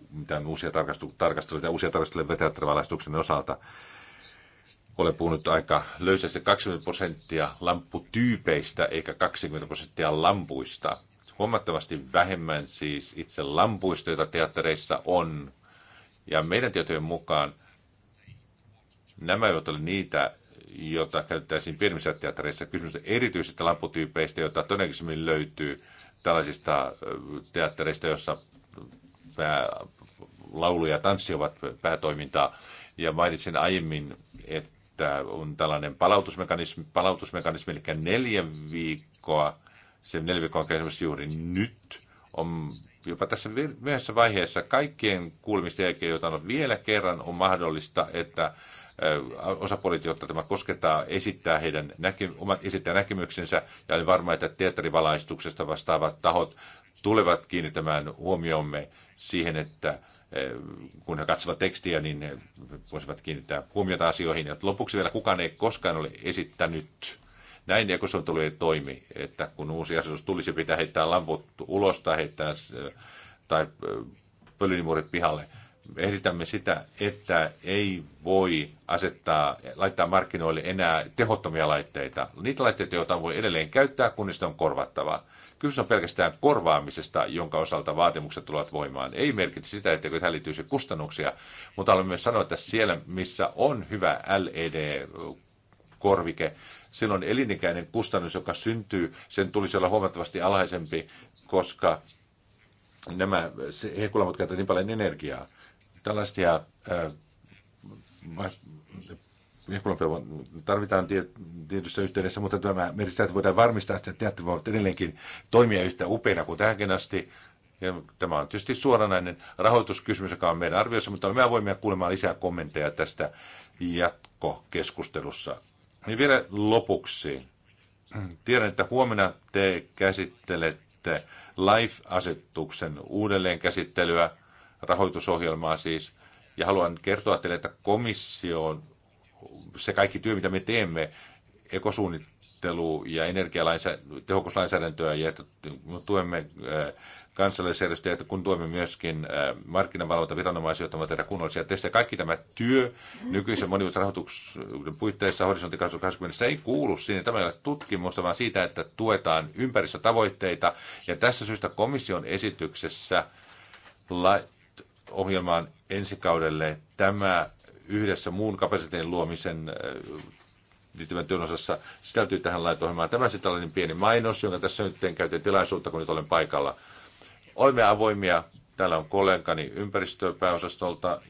mitään uusia tarkasteluja uusia tarkasteluja vetäjätravalaistuksen osalta. Olen puhunut aika löysästi 20 prosenttia lamputyypeistä eikä 20 prosenttia lampuista. Huomattavasti vähemmän siis itse lampuista, joita teattereissa on. Ja meidän tietojen mukaan nämä eivät ole niitä jota käytettäisiin pienemmissä teattereissa. Kysymys on erityisistä lamputyypeistä, joita todennäköisemmin löytyy tällaisista teattereista, joissa pää, laulu ja tanssi ovat päätoimintaa. Ja mainitsin aiemmin, että on tällainen palautusmekanismi, palautusmekanismi eli neljä viikkoa, se neljä viikkoa on esimerkiksi juuri nyt, on jopa tässä myöhässä vaiheessa kaikkien kuulemisten jälkeen, joita on vielä kerran, on mahdollista, että osapuolet, jotta tämä koskettaa, esittää heidän näke- omat esittää näkemyksensä ja olen varma, että teatterivalaistuksesta vastaavat tahot tulevat kiinnittämään huomiomme siihen, että kun he katsovat tekstiä, niin he voisivat kiinnittää huomiota asioihin. Ja lopuksi vielä kukaan ei koskaan ole esittänyt näin ekosuunnittelu ei toimi, että kun uusi asetus tulisi, pitää heittää lamput ulos tai heittää tai pölynimuurit pihalle ehditämme sitä, että ei voi asettaa, laittaa markkinoille enää tehottomia laitteita. Niitä laitteita, joita voi edelleen käyttää, kun niistä on korvattava. Kysymys on pelkästään korvaamisesta, jonka osalta vaatimukset tulevat voimaan. Ei merkitse sitä, että tähän liittyisi kustannuksia, mutta haluan myös sanoa, että siellä, missä on hyvä LED-korvike, silloin elinikäinen kustannus, joka syntyy, sen tulisi olla huomattavasti alhaisempi, koska nämä hekulamot käyttävät niin paljon energiaa tällaisia tarvitaan tietystä yhteydessä, mutta tämä merkitsee, että voidaan varmistaa, että teatteri voivat edelleenkin toimia yhtä upeina kuin tähänkin asti. Ja tämä on tietysti suoranainen rahoituskysymys, joka on meidän arviossa, mutta me voimme kuulemaan lisää kommentteja tästä jatkokeskustelussa. Ja niin vielä lopuksi. Tiedän, että huomenna te käsittelette LIFE-asetuksen uudelleenkäsittelyä rahoitusohjelmaa siis. Ja haluan kertoa teille, että on se kaikki työ, mitä me teemme, ekosuunnittelu ja energiatehokuslainsäädäntöä, ja että tuemme äh, kansallisjärjestöjä, että kun tuemme myöskin äh, viranomaisia, jotta tehdä kunnollisia testejä. Kaikki tämä työ nykyisen monivuotisen rahoituksen puitteissa horisontti 2020 ei kuulu sinne. Tämä ei ole tutkimusta, vaan siitä, että tuetaan ympäristötavoitteita. Ja tässä syystä komission esityksessä ohjelmaan ensi kaudelle. Tämä yhdessä muun kapasiteetin luomisen äh, liittyvän työn osassa sisältyy tähän laitohjelmaan. Tämä sitten tällainen pieni mainos, jonka tässä nyt en käytä tilaisuutta, kun nyt olen paikalla. Olemme avoimia. Täällä on kollegani ympäristöpääosastolta,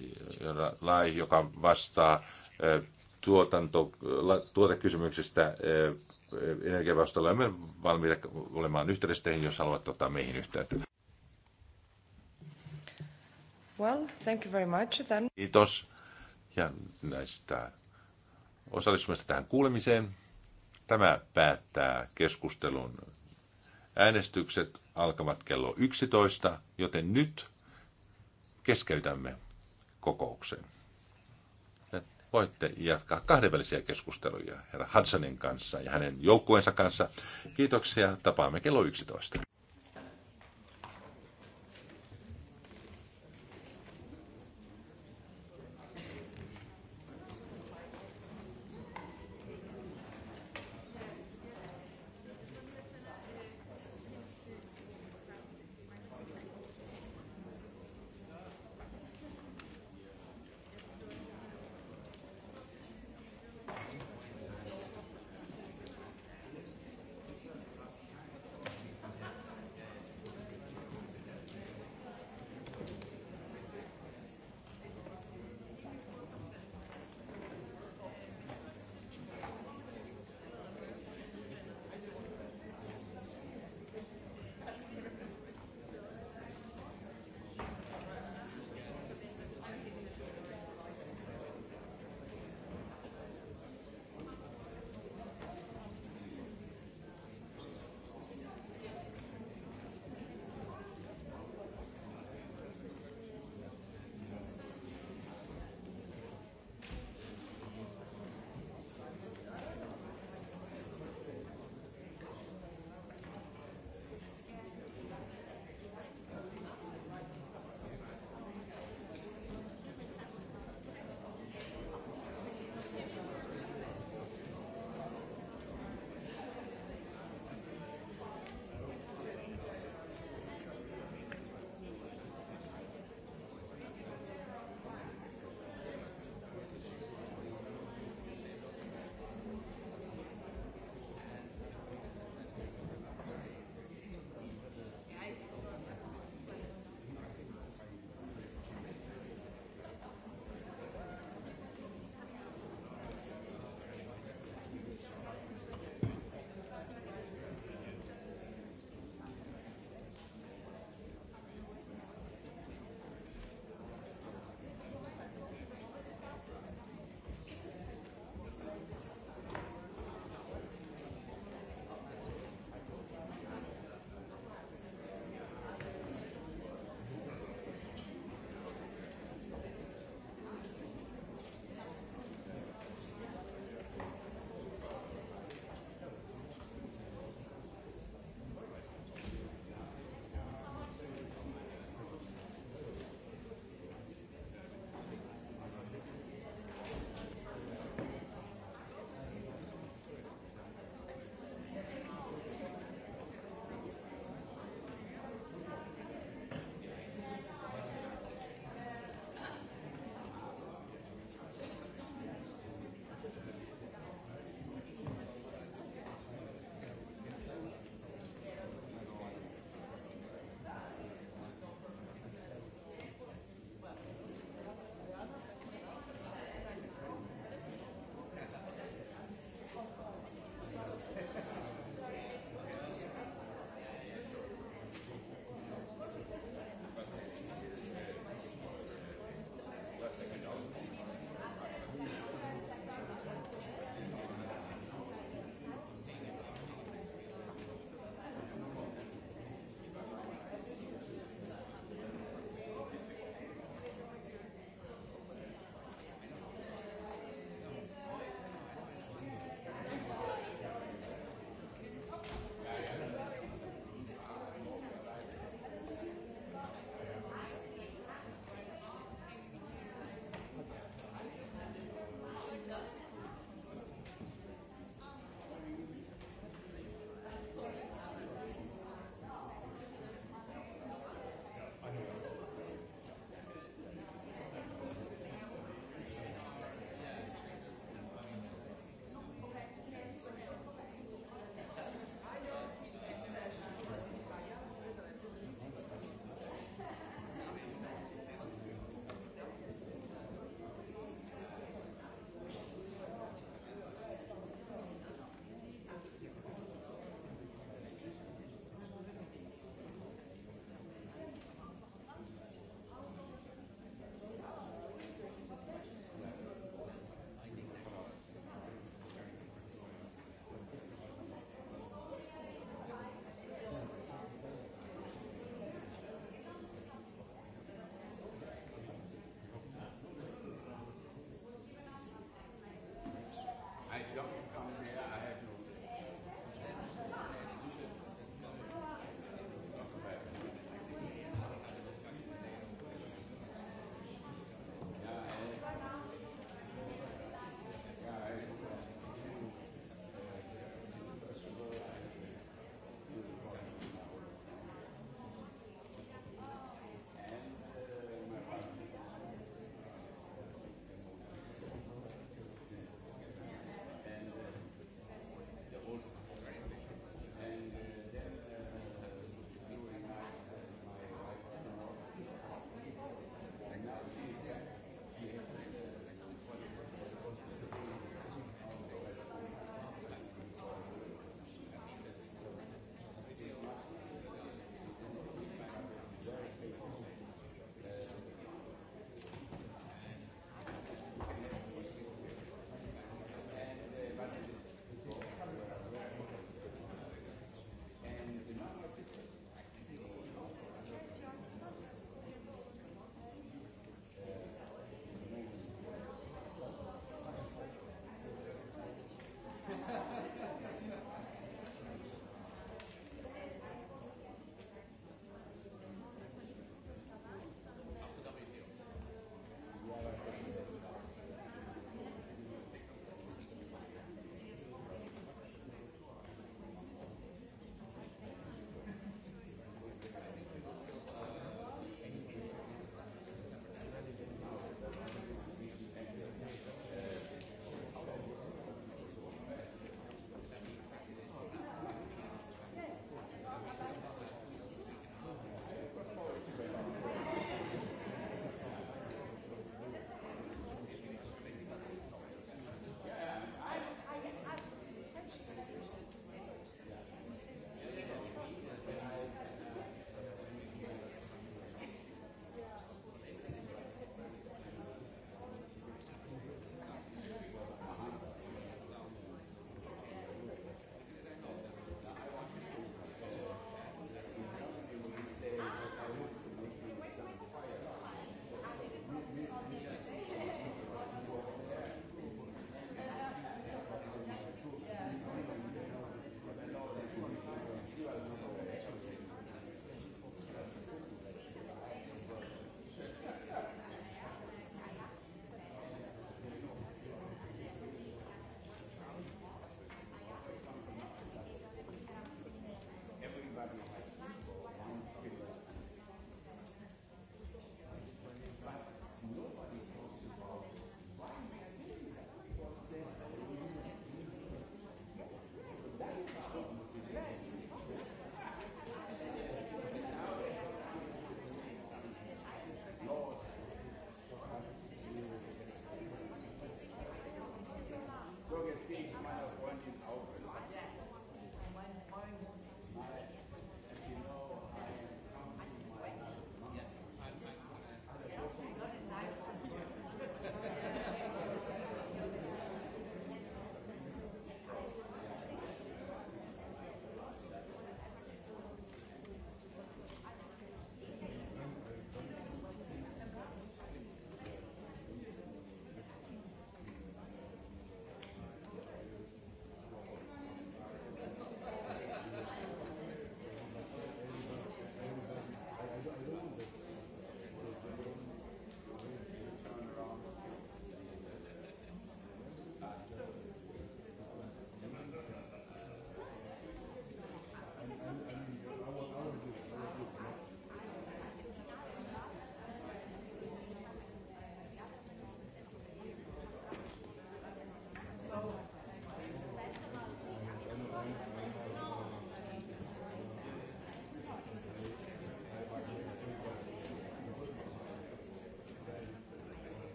Lai, joka vastaa äh, tuotanto, tuotekysymyksistä äh, energiavastolla. Olemme valmiita olemaan yhteydessä teihin, jos haluat ottaa meihin yhteyttä. Well, thank you very much then. Kiitos ja näistä osallistumista tähän kuulemiseen. Tämä päättää keskustelun. Äänestykset alkavat kello 11, joten nyt keskeytämme kokouksen. voitte jatkaa kahdenvälisiä keskusteluja herra Hudsonin kanssa ja hänen joukkueensa kanssa. Kiitoksia, tapaamme kello 11.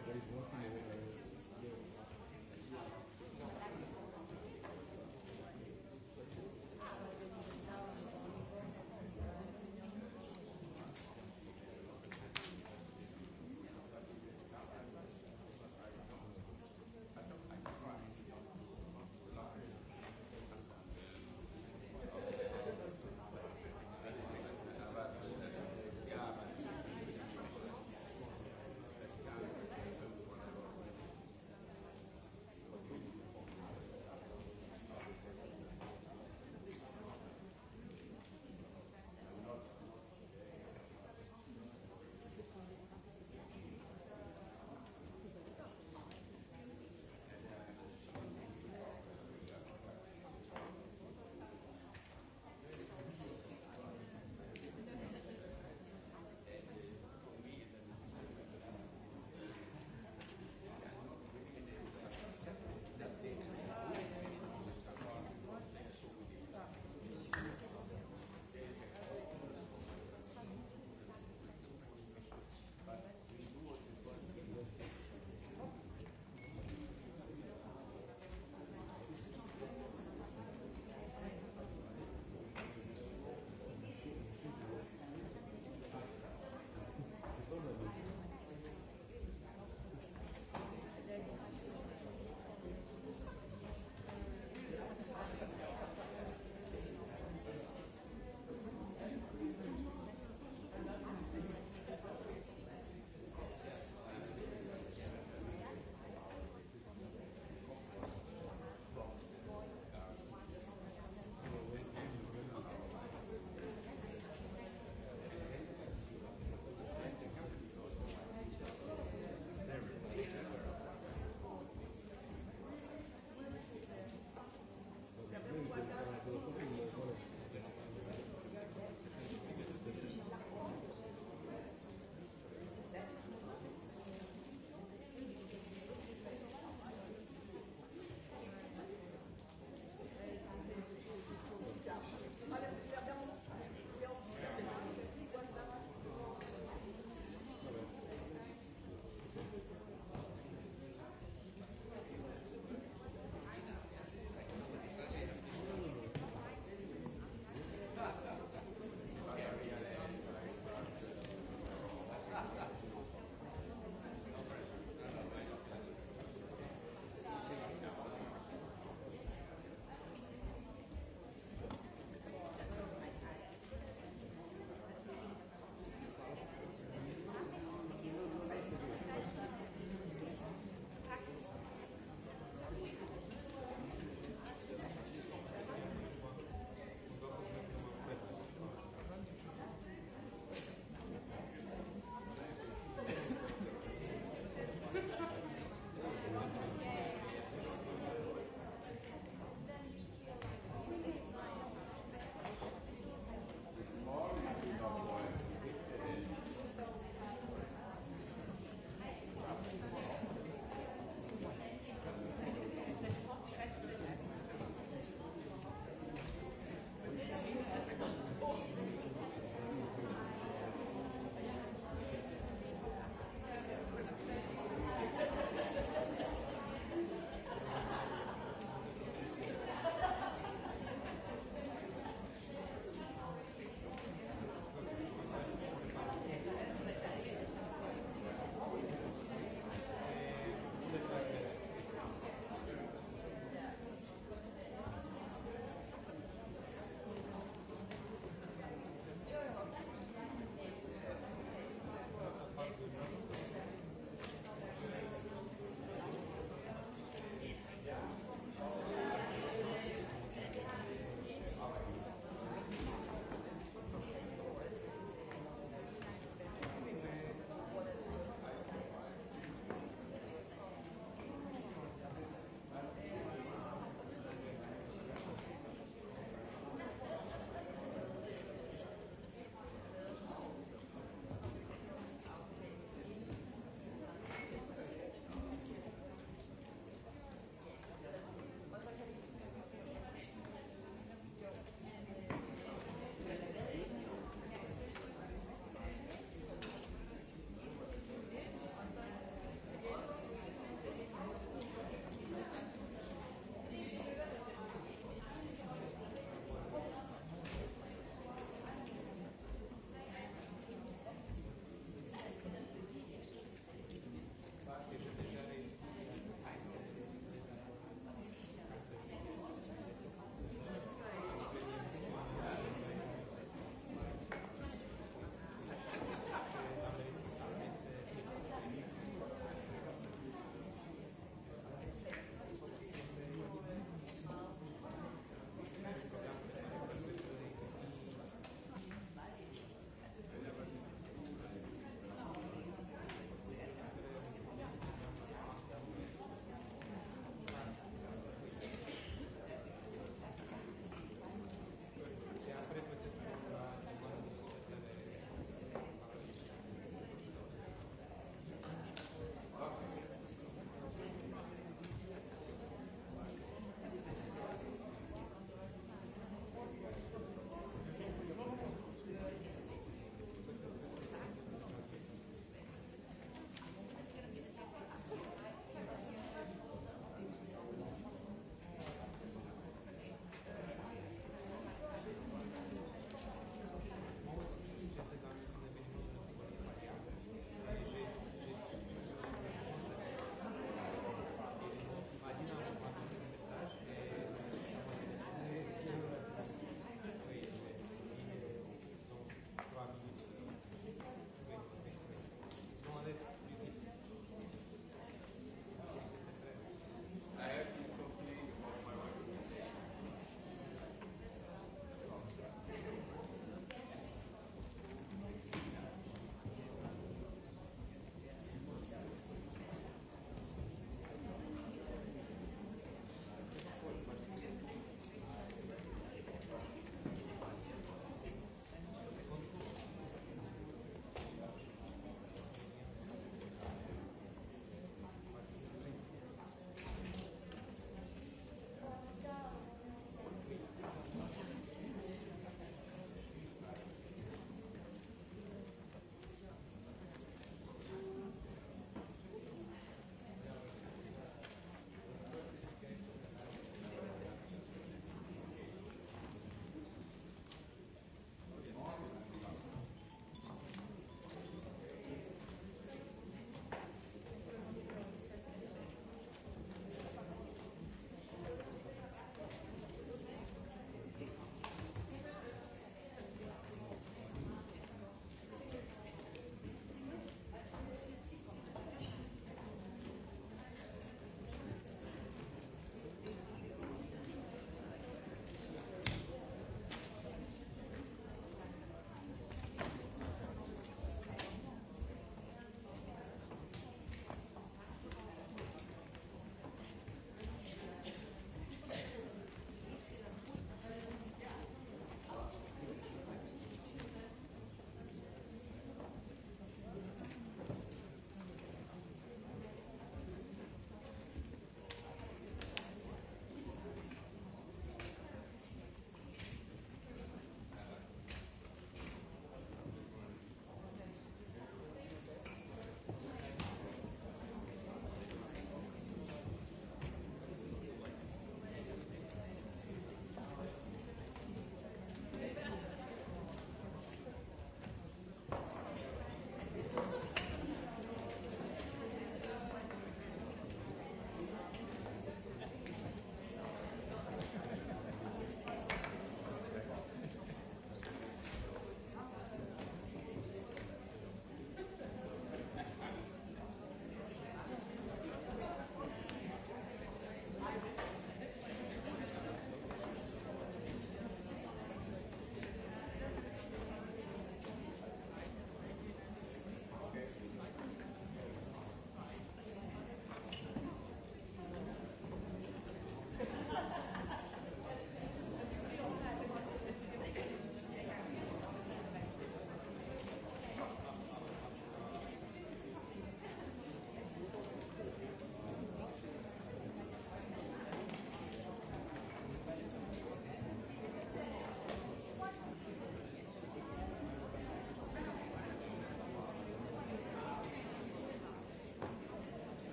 everybody's working over there.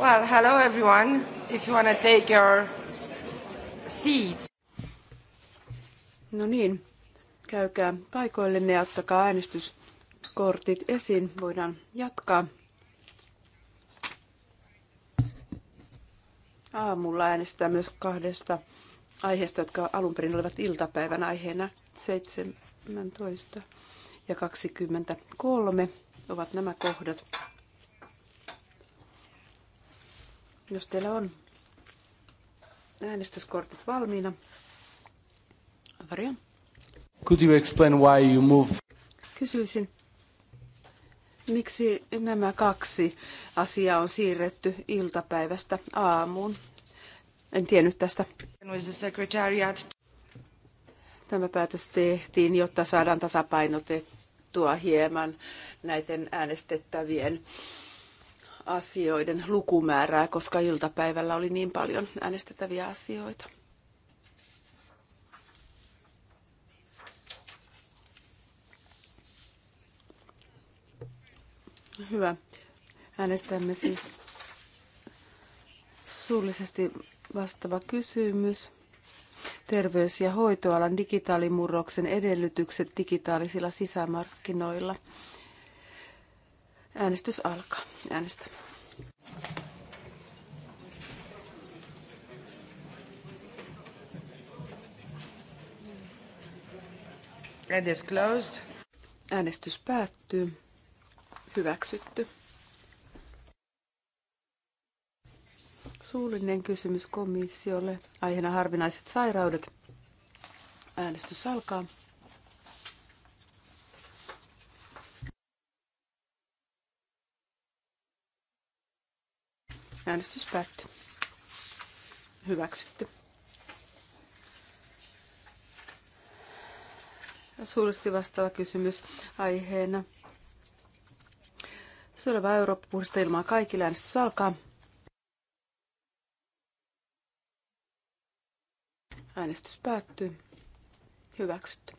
Well, hello everyone. If you want to take your seats. No niin, käykää paikoillenne ja ottakaa äänestyskortit esiin. Voidaan jatkaa. Aamulla äänestetään myös kahdesta aiheesta, jotka alun perin olivat iltapäivän aiheena 17 ja 23 ovat nämä kohdat. Jos teillä on äänestyskortit valmiina. Avaria. Could you explain why you moved? Kysyisin, miksi nämä kaksi asiaa on siirretty iltapäivästä aamuun? En tiennyt tästä. Tämä päätös tehtiin, jotta saadaan tasapainotettua hieman näiden äänestettävien asioiden lukumäärää, koska iltapäivällä oli niin paljon äänestettäviä asioita. Hyvä. Äänestämme siis suullisesti vastaava kysymys. Terveys- ja hoitoalan digitaalimurroksen edellytykset digitaalisilla sisämarkkinoilla. Äänestys alkaa. Äänestä. is closed. Äänestys päättyy. Hyväksytty. Suullinen kysymys komissiolle. Aiheena harvinaiset sairaudet. Äänestys alkaa. Äänestys Hyväksytty. Suuresti vastaava kysymys aiheena. Seuraava Eurooppa puhdista ilmaa kaikille. Äänestys alkaa. Äänestys päättyy. Hyväksytty.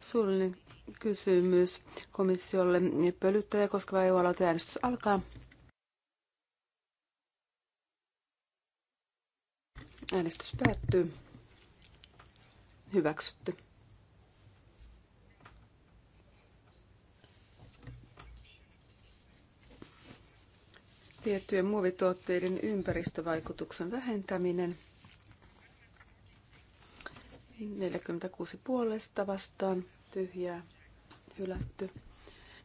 Suullinen kysymys komissiolle. Pölyttäjä koskeva EU-aloite äänestys alkaa. Äänestys päättyy. Hyväksytty. Tiettyjen muovituotteiden ympäristövaikutuksen vähentäminen. 46 puolesta vastaan tyhjää hylätty.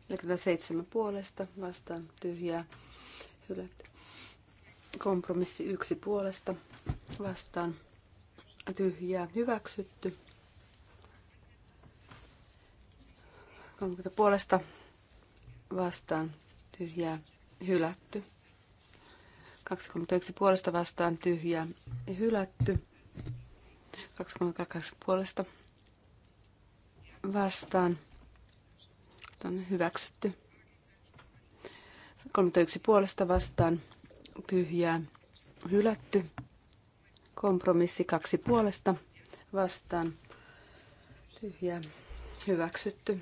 47 puolesta vastaan tyhjää hylätty. Kompromissi 1 puolesta vastaan tyhjää hyväksytty. 30 puolesta vastaan tyhjää hylätty. 21 puolesta vastaan tyhjää hylätty. 22 puolesta vastaan on hyväksytty. 31 puolesta vastaan tyhjää hylätty. Kompromissi 2 puolesta vastaan tyhjää hyväksytty.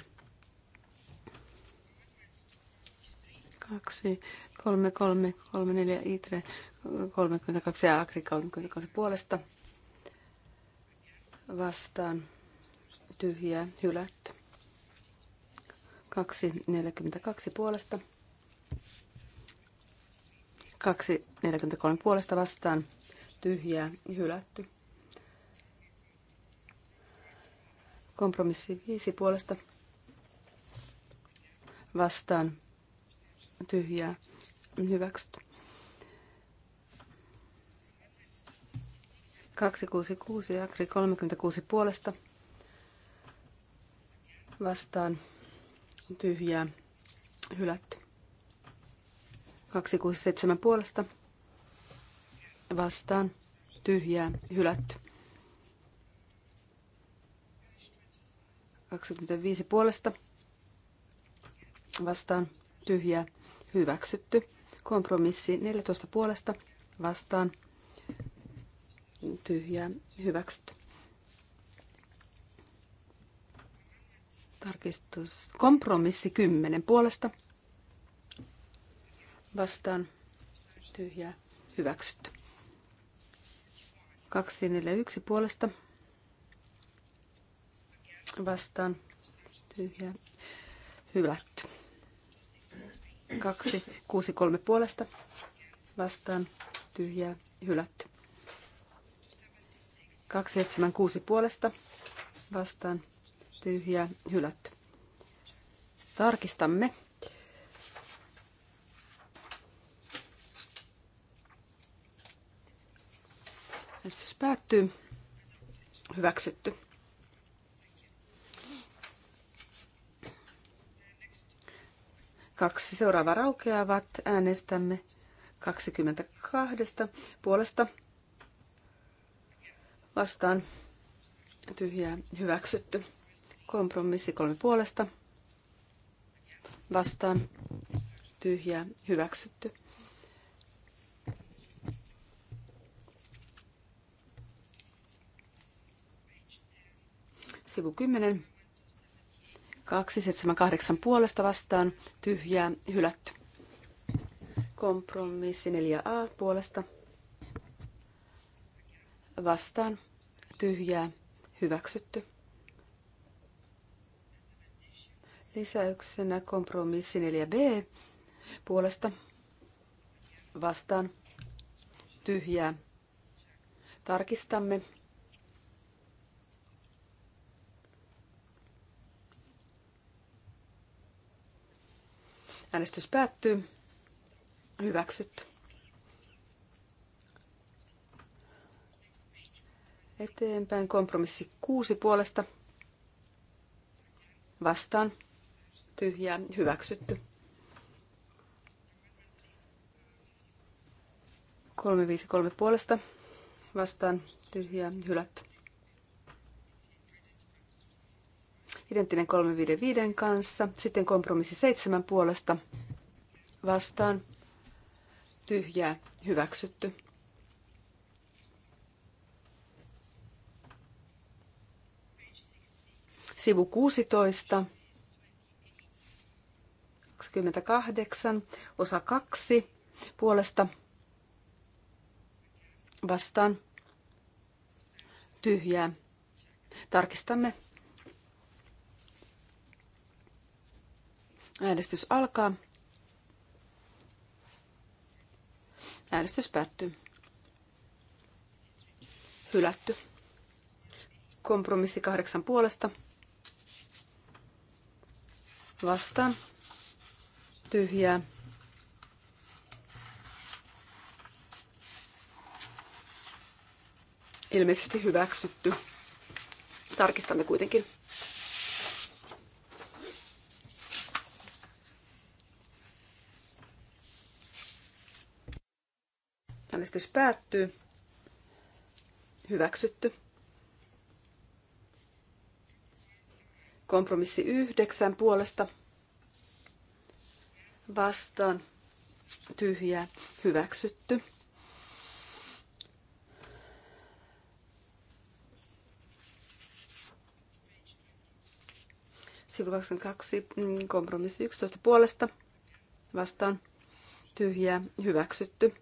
2, 3, 3, 3, 4, itre 32 ja agri 32 puolesta vastaan tyhjää hylätty. 2.42 puolesta. 2.43 puolesta vastaan. Tyhjää, hylätty. Kompromissi 5 puolesta vastaan. Tyhjää, hyväksytty. 266 ja 36 puolesta vastaan tyhjää hylätty. 267 puolesta vastaan tyhjää hylätty. 25 puolesta vastaan tyhjää hyväksytty. Kompromissi 14 puolesta vastaan tyhjää hyväksytty. Tarkistus. Kompromissi 10 puolesta. Vastaan. Tyhjää. Hyväksytty. 241 puolesta. Vastaan. Tyhjää. Hylätty. 263 puolesta. Vastaan. Tyhjää. Hylätty. 276 puolesta. Vastaan tyhjä, hylätty. Tarkistamme. Äänestys päättyy. Hyväksytty. Kaksi seuraavaa raukeavat. Äänestämme 22 puolesta vastaan tyhjää hyväksytty. Kompromissi kolme puolesta. Vastaan. Tyhjää. Hyväksytty. Sivu 10. 278 puolesta vastaan. Tyhjää. Hylätty. Kompromissi 4a puolesta. Vastaan. Tyhjää. Hyväksytty. Lisäyksenä kompromissi 4b puolesta vastaan tyhjää. Tarkistamme. Äänestys päättyy. Hyväksytty. Eteenpäin kompromissi kuusi puolesta. Vastaan tyhjää hyväksytty. 353 puolesta vastaan tyhjää hylätty. Identtinen 355 kanssa. Sitten kompromissi 7 puolesta vastaan tyhjää hyväksytty. Sivu 16 28, osa 2 puolesta vastaan tyhjää. Tarkistamme. Äänestys alkaa. Äänestys päättyy. Hylätty. Kompromissi kahdeksan puolesta. Vastaan tyhjää. Ilmeisesti hyväksytty. Tarkistamme kuitenkin. Äänestys päättyy. Hyväksytty. Kompromissi yhdeksän puolesta vastaan tyhjää hyväksytty. Sivu 22, mm, kompromissi 11 puolesta vastaan tyhjää hyväksytty.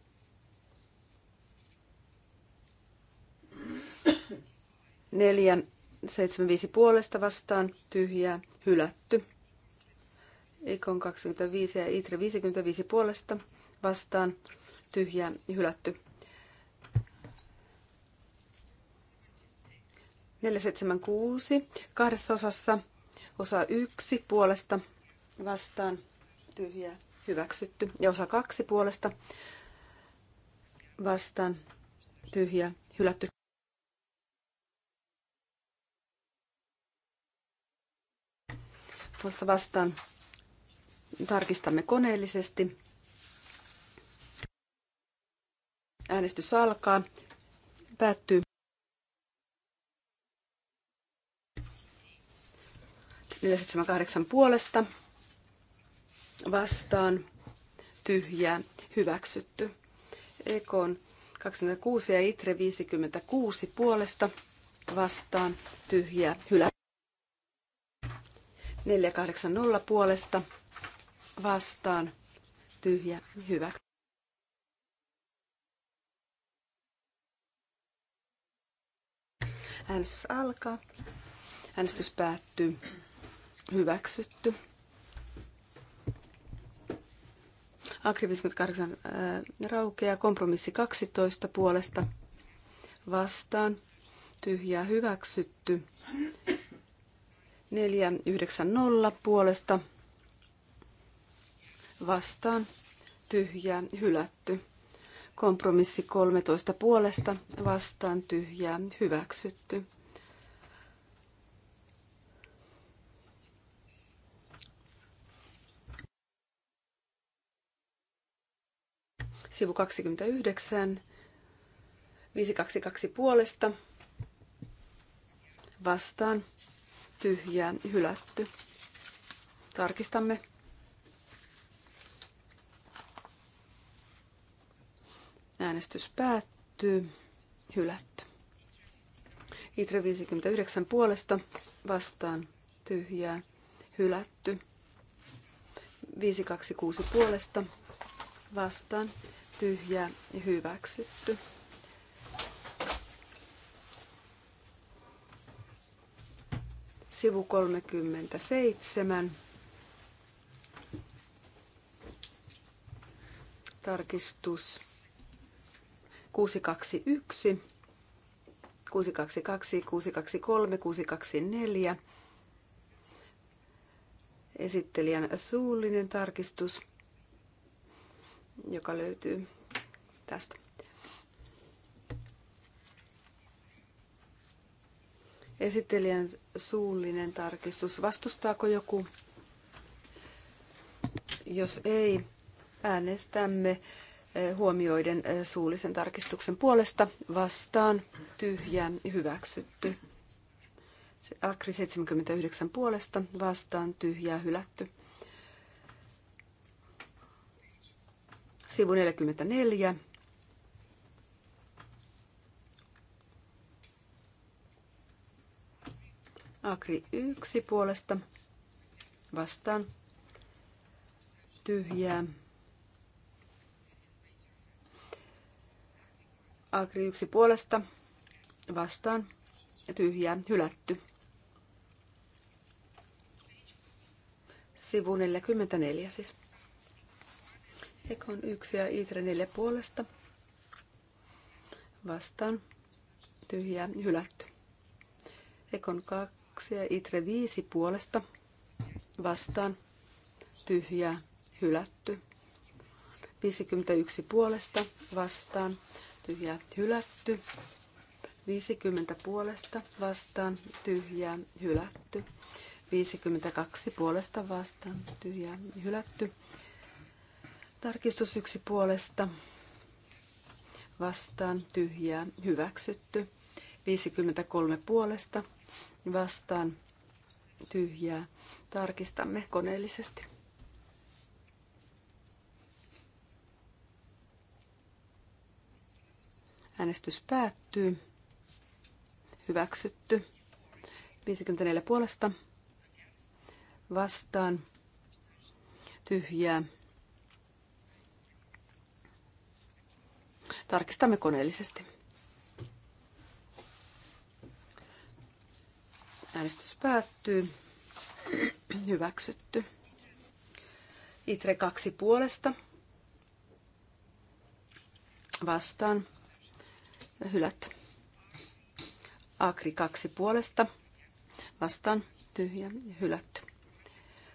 Neljän 75 puolesta vastaan tyhjää hylätty. Ekon 25 ja Itre 55 puolesta vastaan tyhjään hylätty. 476 kahdessa osassa osa 1 puolesta vastaan tyhjää hyväksytty ja osa 2 puolesta vastaan tyhjä hylätty. Puolesta vastaan Tarkistamme koneellisesti. Äänestys alkaa. Päättyy. kahdeksan puolesta vastaan tyhjää hyväksytty. Ekon 26 ja Itre 56 puolesta vastaan tyhjää hylätty. 480 puolesta vastaan tyhjä hyvä. Äänestys alkaa. Äänestys päättyy. Hyväksytty. Agri 58 äh, raukeaa. Kompromissi 12 puolesta vastaan. Tyhjää hyväksytty. 490 puolesta vastaan tyhjää hylätty. Kompromissi 13 puolesta vastaan tyhjää hyväksytty. Sivu 29, 522 puolesta vastaan tyhjää hylätty. Tarkistamme Äänestys päättyy. Hylätty. Itre 59 puolesta vastaan tyhjää. Hylätty. 526 puolesta vastaan tyhjää ja hyväksytty. Sivu 37. Tarkistus 621, 622, 623, 624. Esittelijän suullinen tarkistus, joka löytyy tästä. Esittelijän suullinen tarkistus. Vastustaako joku? Jos ei, äänestämme huomioiden eh, suullisen tarkistuksen puolesta vastaan tyhjän hyväksytty. Akri 79 puolesta vastaan tyhjää hylätty. Sivu 44. Akri 1 puolesta vastaan tyhjää Agri yksi puolesta vastaan ja tyhjää hylätty. Sivu 44 siis. Ekon yksi ja Itre 4 puolesta vastaan tyhjää hylätty. Ekon 2 ja Itre 5 puolesta vastaan tyhjää hylätty. 51 puolesta vastaan tyhjää hylätty. 50 puolesta vastaan tyhjää hylätty. 52 puolesta vastaan tyhjää hylätty. Tarkistus yksi puolesta vastaan tyhjää hyväksytty. 53 puolesta vastaan tyhjää. Tarkistamme koneellisesti. Äänestys päättyy. Hyväksytty. 54 puolesta. Vastaan. Tyhjää. Tarkistamme koneellisesti. Äänestys päättyy. Hyväksytty. Itre kaksi puolesta. Vastaan hylätty. akri kaksi puolesta vastaan tyhjä hylätty.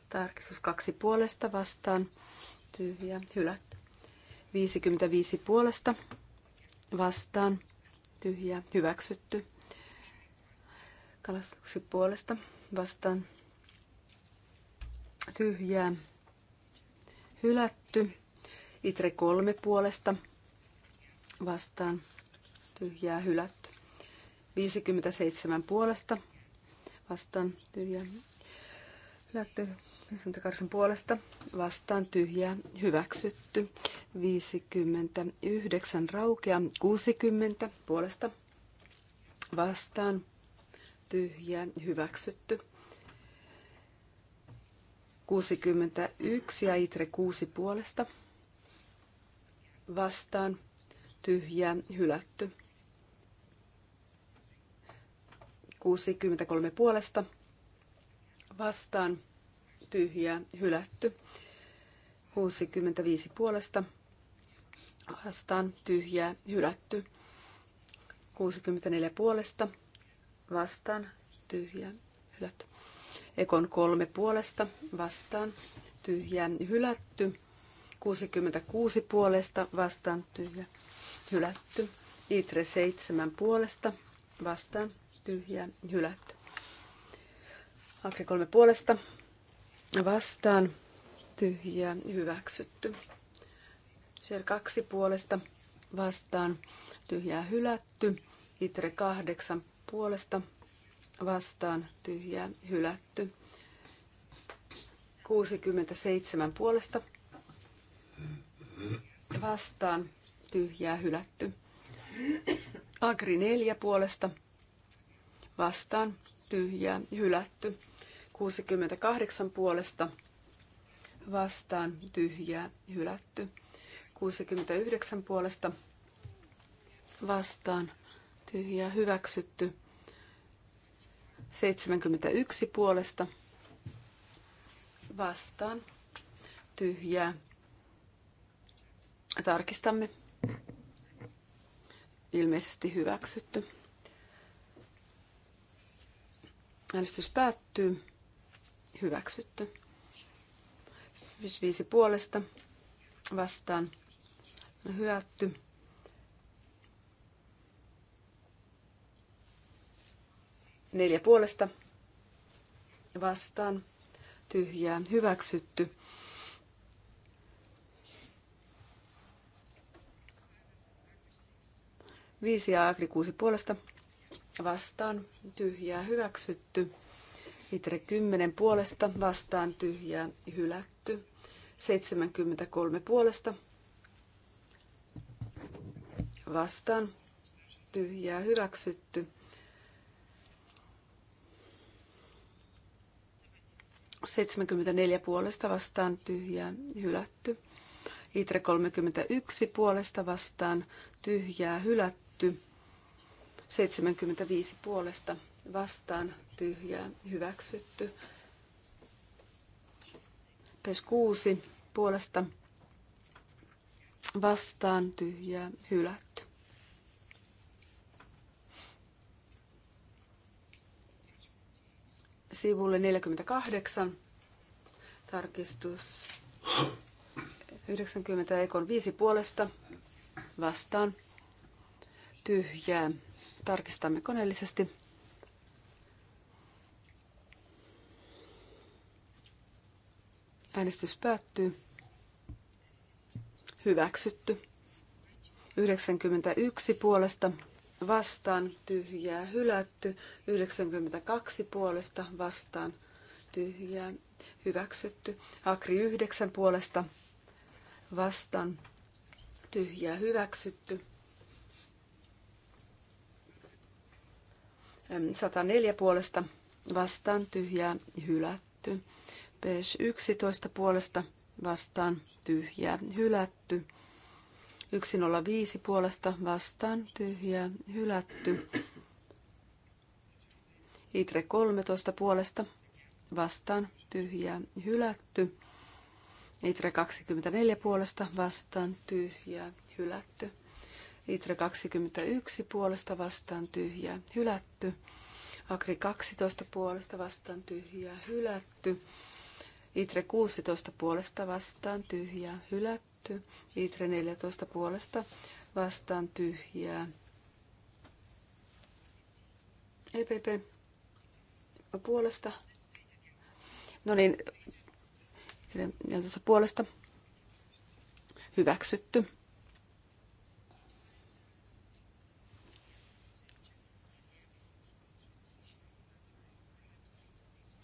Tarkistus kaksi puolesta vastaan tyhjä hylätty. 55 puolesta vastaan tyhjä hyväksytty. Kalastuksen puolesta vastaan tyhjää hylätty. Itre kolme puolesta vastaan tyhjää hylätty. 57 puolesta vastaan tyhjää hylätty. 58 puolesta vastaan tyhjää hyväksytty. 59 raukea 60 puolesta vastaan tyhjää hyväksytty. 61 ja Itre 6 puolesta vastaan tyhjää hylätty. 63 puolesta vastaan tyhjää hylätty. 65 puolesta vastaan tyhjää hylätty. 64 puolesta vastaan tyhjää hylätty. Ekon kolme puolesta vastaan tyhjää hylätty. 66 puolesta vastaan tyhjä hylätty. Itre 7 puolesta vastaan tyhjää, hylätty. Agri kolme puolesta vastaan, tyhjää, hyväksytty. Siellä kaksi puolesta vastaan, tyhjää, hylätty. Itre kahdeksan puolesta vastaan, tyhjää, hylätty. 67 puolesta vastaan, tyhjää, hylätty. Agri 4 puolesta vastaan tyhjää hylätty. 68 puolesta vastaan tyhjää hylätty. 69 puolesta vastaan tyhjää hyväksytty. 71 puolesta vastaan tyhjää. Tarkistamme. Ilmeisesti hyväksytty. Äänestys päättyy. Hyväksytty. 55 puolesta vastaan. Hyötty. Neljä puolesta vastaan. Tyhjää. Hyväksytty. Viisi ja Agri kuusi puolesta vastaan tyhjää hyväksytty. Itre 10 puolesta vastaan tyhjää hylätty. 73 puolesta vastaan tyhjää hyväksytty. 74 puolesta vastaan tyhjää hylätty. Itre 31 puolesta vastaan tyhjää hylätty. 75 puolesta vastaan tyhjää hyväksytty. Pes 6 puolesta vastaan tyhjää hylätty. Sivulle 48 tarkistus 90 ekon 5 puolesta vastaan tyhjää Tarkistamme koneellisesti. Äänestys päättyy. Hyväksytty. 91 puolesta vastaan tyhjää hylätty. 92 puolesta vastaan tyhjää hyväksytty. Akri 9 puolesta vastaan tyhjää hyväksytty. 104 puolesta vastaan tyhjää hylätty. PES 11 puolesta vastaan tyhjää hylätty. 105 puolesta vastaan tyhjää hylätty. Itre 13 puolesta vastaan tyhjää hylätty. Itre 24 puolesta vastaan tyhjää hylätty. Itre 21 puolesta vastaan tyhjä, hylätty. Agri 12 puolesta vastaan tyhjä, hylätty. Itre 16 puolesta vastaan tyhjä, hylätty. Itre 14 puolesta vastaan tyhjää. EPP puolesta. No niin, 14 puolesta hyväksytty.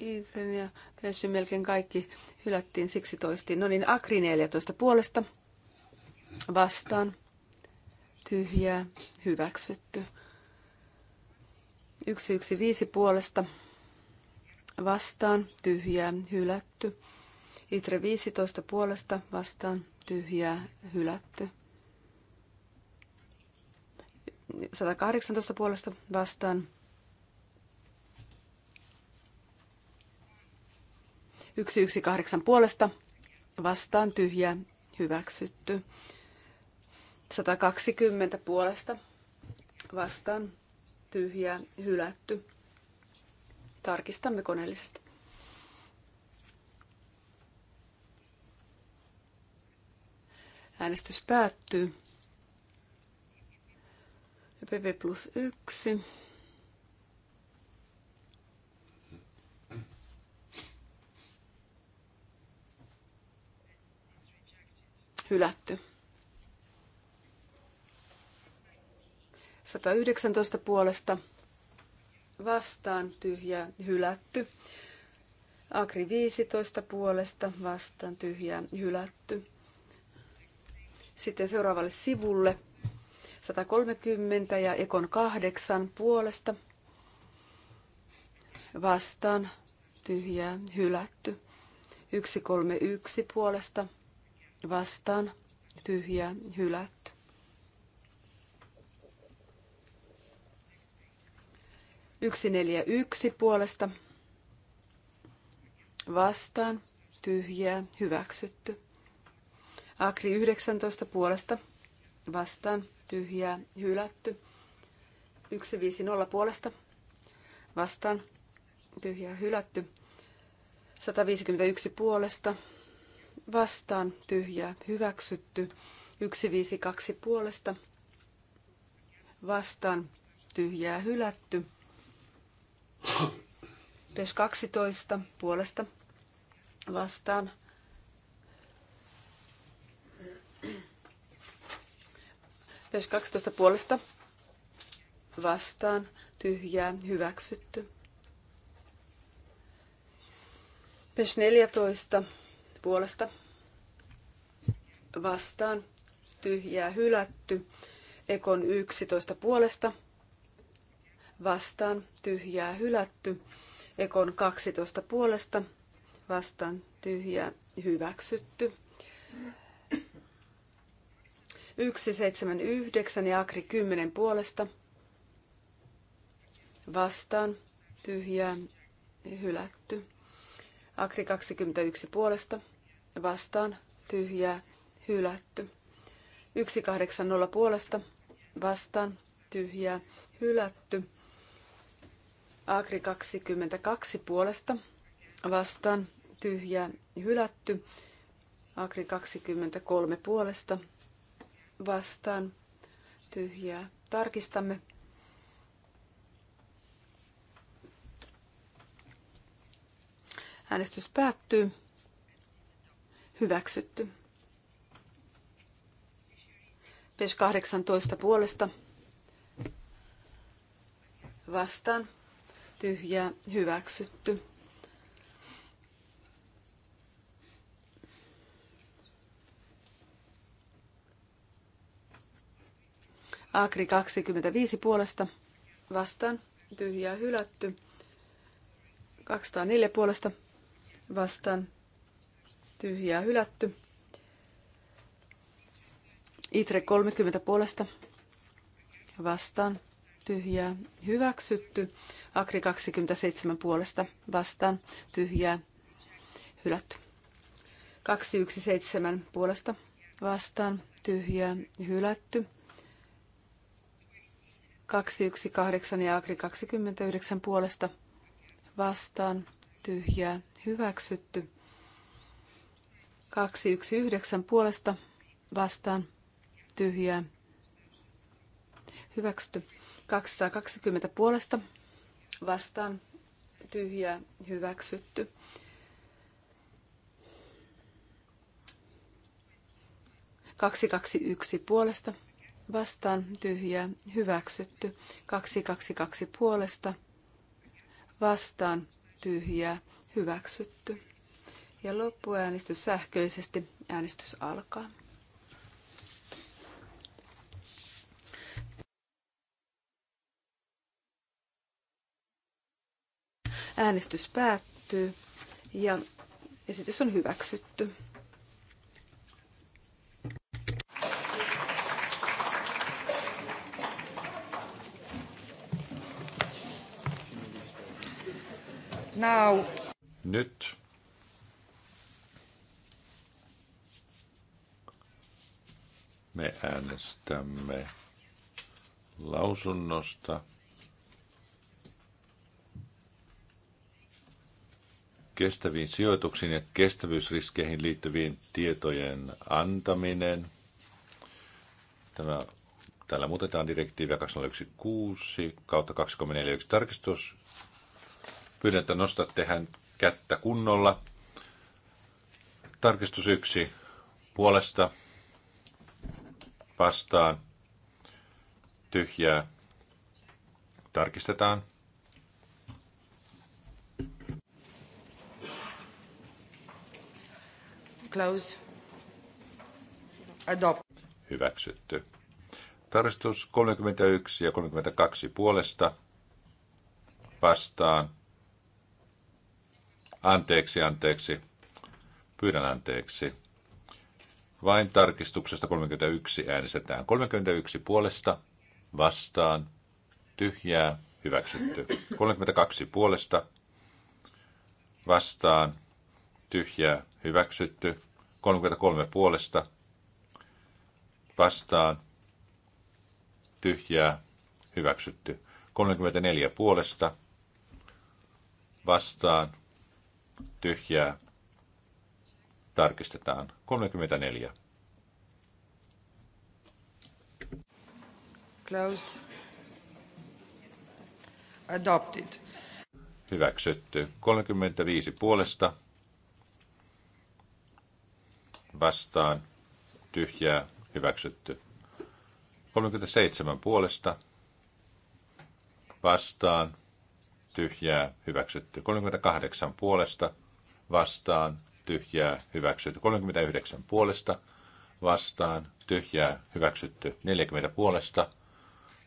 Iitren ja Pessin melkein kaikki hylättiin, siksi toistiin. No niin, Akri 14 puolesta vastaan. Tyhjää, hyväksytty. 115 puolesta vastaan, tyhjää, hylätty. Itre 15 puolesta vastaan, tyhjää, hylätty. 118 puolesta vastaan, 118 puolesta vastaan tyhjä hyväksytty. 120 puolesta vastaan tyhjä hylätty. Tarkistamme koneellisesti. Äänestys päättyy. PP plus 1. hylätty. 119 puolesta vastaan tyhjää hylätty. Agri 15 puolesta vastaan tyhjää hylätty. Sitten seuraavalle sivulle 130 ja Ekon 8 puolesta vastaan tyhjää hylätty. 131 puolesta vastaan tyhjä hylätty. Yksi neljä yksi puolesta vastaan tyhjää hyväksytty. Akri 19 puolesta vastaan tyhjää hylätty. 150 puolesta vastaan tyhjää hylätty. 151 puolesta vastaan tyhjää hyväksytty. 152 puolesta vastaan tyhjää hylätty. Pes 12 puolesta vastaan Pes 12 puolesta vastaan tyhjää hyväksytty. Pes 14 puolesta vastaan tyhjää hylätty. Ekon 11 puolesta vastaan tyhjää hylätty. Ekon 12 puolesta vastaan tyhjää hyväksytty. 179 ja Akri 10 puolesta vastaan tyhjää hylätty. Akri 21 puolesta vastaan tyhjää hylätty. 180 puolesta vastaan tyhjää hylätty. Akri 22 puolesta vastaan tyhjää hylätty. Akri 23 puolesta vastaan tyhjää. Tarkistamme Äänestys päättyy. Hyväksytty. PES 18 puolesta vastaan. Tyhjää hyväksytty. Akri 25 puolesta vastaan. Tyhjää hylätty. 204 puolesta vastaan tyhjää hylätty. Itre 30 puolesta vastaan tyhjää hyväksytty. Akri 27 puolesta vastaan tyhjää hylätty. 217 puolesta vastaan tyhjää hylätty. 218 ja Akri 29 puolesta vastaan tyhjää hyväksytty. 219 puolesta vastaan tyhjää hyväksytty. 220 puolesta vastaan tyhjää hyväksytty. kaksi kaksi yksi puolesta vastaan tyhjää hyväksytty. kaksi kaksi kaksi puolesta vastaan tyhjää Hyväksytty. Ja loppuäänestys sähköisesti. Äänestys alkaa. Äänestys päättyy ja esitys on hyväksytty. Now nyt me äänestämme lausunnosta. kestäviin sijoituksiin ja kestävyysriskeihin liittyvien tietojen antaminen. Tämä, täällä muutetaan direktiiviä 2016 kautta 241 tarkistus. Pyydän, että nostatte hän kättä kunnolla. Tarkistus yksi puolesta vastaan tyhjää tarkistetaan. Close. Adopt. Hyväksytty. Tarkistus 31 ja 32 puolesta vastaan Anteeksi, anteeksi. Pyydän anteeksi. Vain tarkistuksesta 31 äänestetään. 31 puolesta, vastaan, tyhjää, hyväksytty. 32 puolesta, vastaan, tyhjää, hyväksytty. 33 puolesta, vastaan, tyhjää, hyväksytty. 34 puolesta, vastaan, tyhjää, tarkistetaan. 34. Close. Adopted. Hyväksytty. 35 puolesta. Vastaan. Tyhjää. Hyväksytty. 37 puolesta. Vastaan tyhjää, hyväksytty. 38 puolesta, vastaan, tyhjää, hyväksytty. 39 puolesta, vastaan, tyhjää, hyväksytty. 40 puolesta,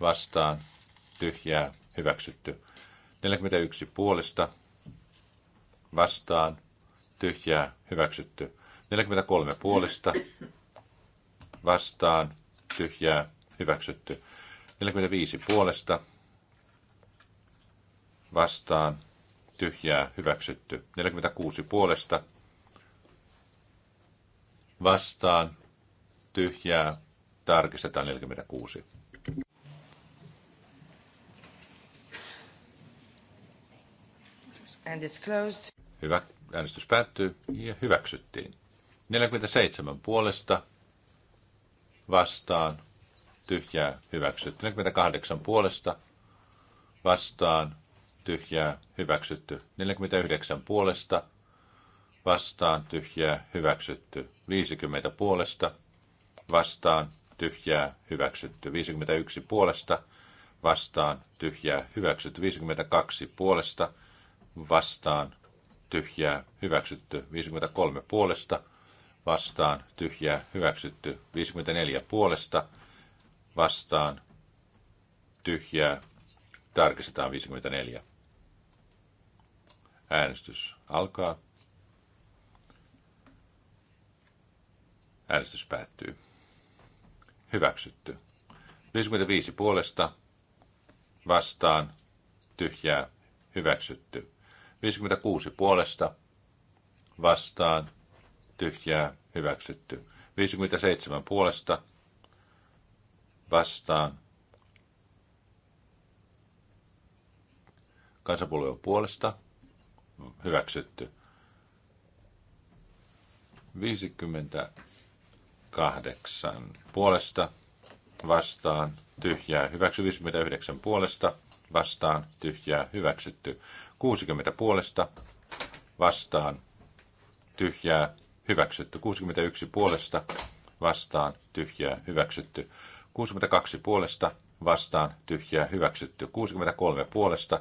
vastaan, tyhjää, hyväksytty. 41 puolesta, vastaan, tyhjää, hyväksytty. 43 puolesta, vastaan, tyhjää, hyväksytty. 45 puolesta, vastaan, tyhjää, hyväksytty. 46 puolesta vastaan, tyhjää, tarkistetaan 46. And it's closed. Hyvä, äänestys päättyy ja hyväksyttiin. 47 puolesta vastaan, tyhjää, hyväksytty. 48 puolesta vastaan, tyhjää, hyväksytty. 49 puolesta, vastaan, tyhjää, hyväksytty. 50 puolesta, vastaan, tyhjää, hyväksytty. 51 puolesta, vastaan, tyhjää, hyväksytty. 52 puolesta, vastaan, tyhjää, hyväksytty. 53 puolesta, vastaan, tyhjää, hyväksytty. 54 puolesta, vastaan, tyhjää, tarkistetaan 54. Äänestys alkaa. Äänestys päättyy. Hyväksytty. 55 puolesta vastaan tyhjää hyväksytty. 56 puolesta vastaan tyhjää hyväksytty. 57 puolesta vastaan kansapuolueen puolesta hyväksytty. 58 puolesta vastaan tyhjää hyväksy 59 puolesta vastaan tyhjää hyväksytty 60 puolesta vastaan tyhjää hyväksytty 61 puolesta vastaan tyhjää hyväksytty 62 puolesta vastaan tyhjää hyväksytty 63 puolesta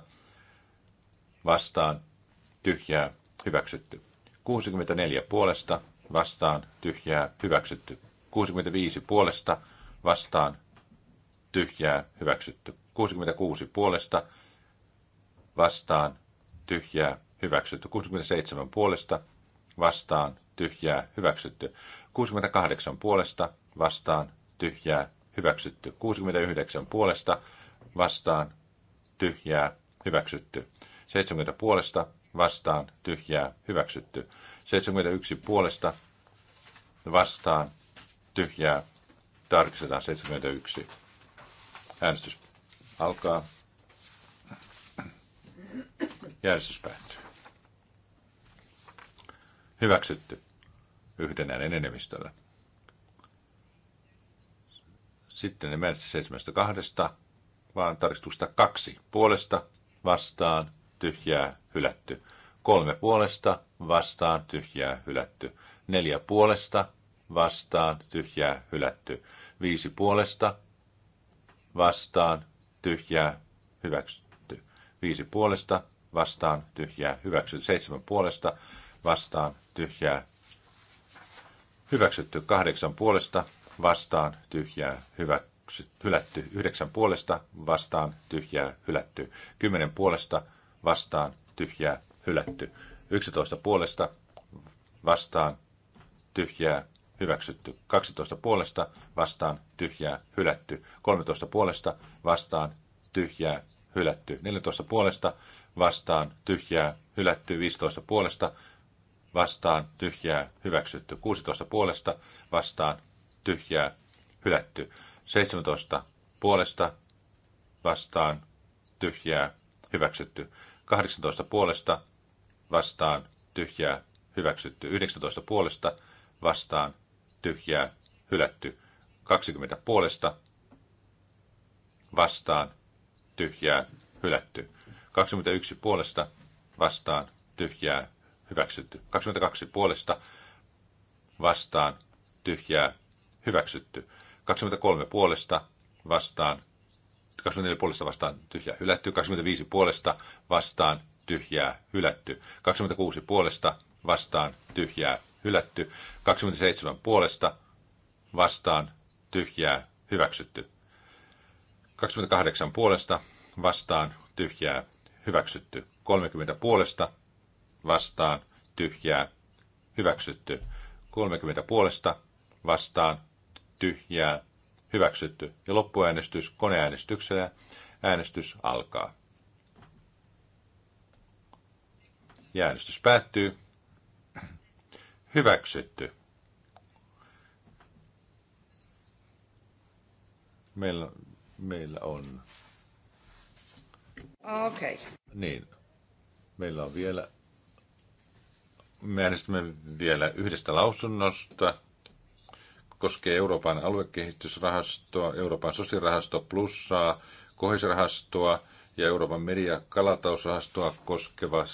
vastaan tyhjää, hyväksytty. 64 puolesta, vastaan, tyhjää, hyväksytty. 65 puolesta, vastaan, tyhjää, hyväksytty. 66 puolesta, vastaan, tyhjää, hyväksytty. 67 puolesta, vastaan, tyhjää, hyväksytty. 68 puolesta, vastaan, tyhjää, hyväksytty. 69 puolesta, vastaan, tyhjää, hyväksytty. 70 puolesta, vastaan tyhjää hyväksytty. 71 puolesta vastaan tyhjää tarkistetaan 71. Äänestys alkaa. Ja äänestys päättyy. Hyväksytty yhden äänen enemmistöllä. Sitten ne määrästi 72, vaan tarkistusta kaksi puolesta vastaan tyhjää, hylätty. Kolme puolesta, vastaan, tyhjää, hylätty. Neljä puolesta, vastaan, tyhjää, hylätty. Viisi puolesta, vastaan, tyhjää, hyväksytty. Viisi puolesta, vastaan, tyhjää, hyväksytty. Seitsemän puolesta, vastaan, tyhjää, hyväksytty. Kahdeksan puolesta, vastaan, tyhjää, hyväksytty hylätty. Yhdeksän puolesta, vastaan, tyhjää, hylätty. Kymmenen puolesta, vastaan, tyhjää, hylätty. 11 puolesta vastaan, tyhjää, hyväksytty. 12 puolesta vastaan, tyhjää, hylätty. 13 puolesta vastaan, tyhjää, hylätty. 14 puolesta vastaan, tyhjää, hylätty. 15 puolesta vastaan, tyhjää, hyväksytty. 16 puolesta vastaan, tyhjää, hylätty. 17 puolesta vastaan, tyhjää, hyväksytty. 18 puolesta vastaan tyhjää hyväksytty. 19 puolesta vastaan tyhjää hylätty. 20 puolesta vastaan tyhjää hylätty. 21 puolesta vastaan tyhjää hyväksytty. 22 puolesta vastaan tyhjää hyväksytty. 23 puolesta vastaan 24 puolesta vastaan tyhjää hylätty, 25 puolesta vastaan tyhjää hylätty, 26 puolesta vastaan tyhjää hylätty, 27 puolesta vastaan tyhjää hyväksytty, 28 puolesta vastaan tyhjää hyväksytty, 30 puolesta vastaan tyhjää hyväksytty, 30 puolesta vastaan tyhjää Hyväksytty. Ja loppuäänestys koneäänestyksellä. Äänestys alkaa. Ja äänestys päättyy. Hyväksytty. Meillä, meillä on. Okei. Okay. Niin. Meillä on vielä. Me äänestämme vielä yhdestä lausunnosta koskee Euroopan aluekehitysrahastoa, Euroopan sosiaalirahasto plussaa, kohesirahastoa ja Euroopan meri- ja kalatausrahastoa koskevat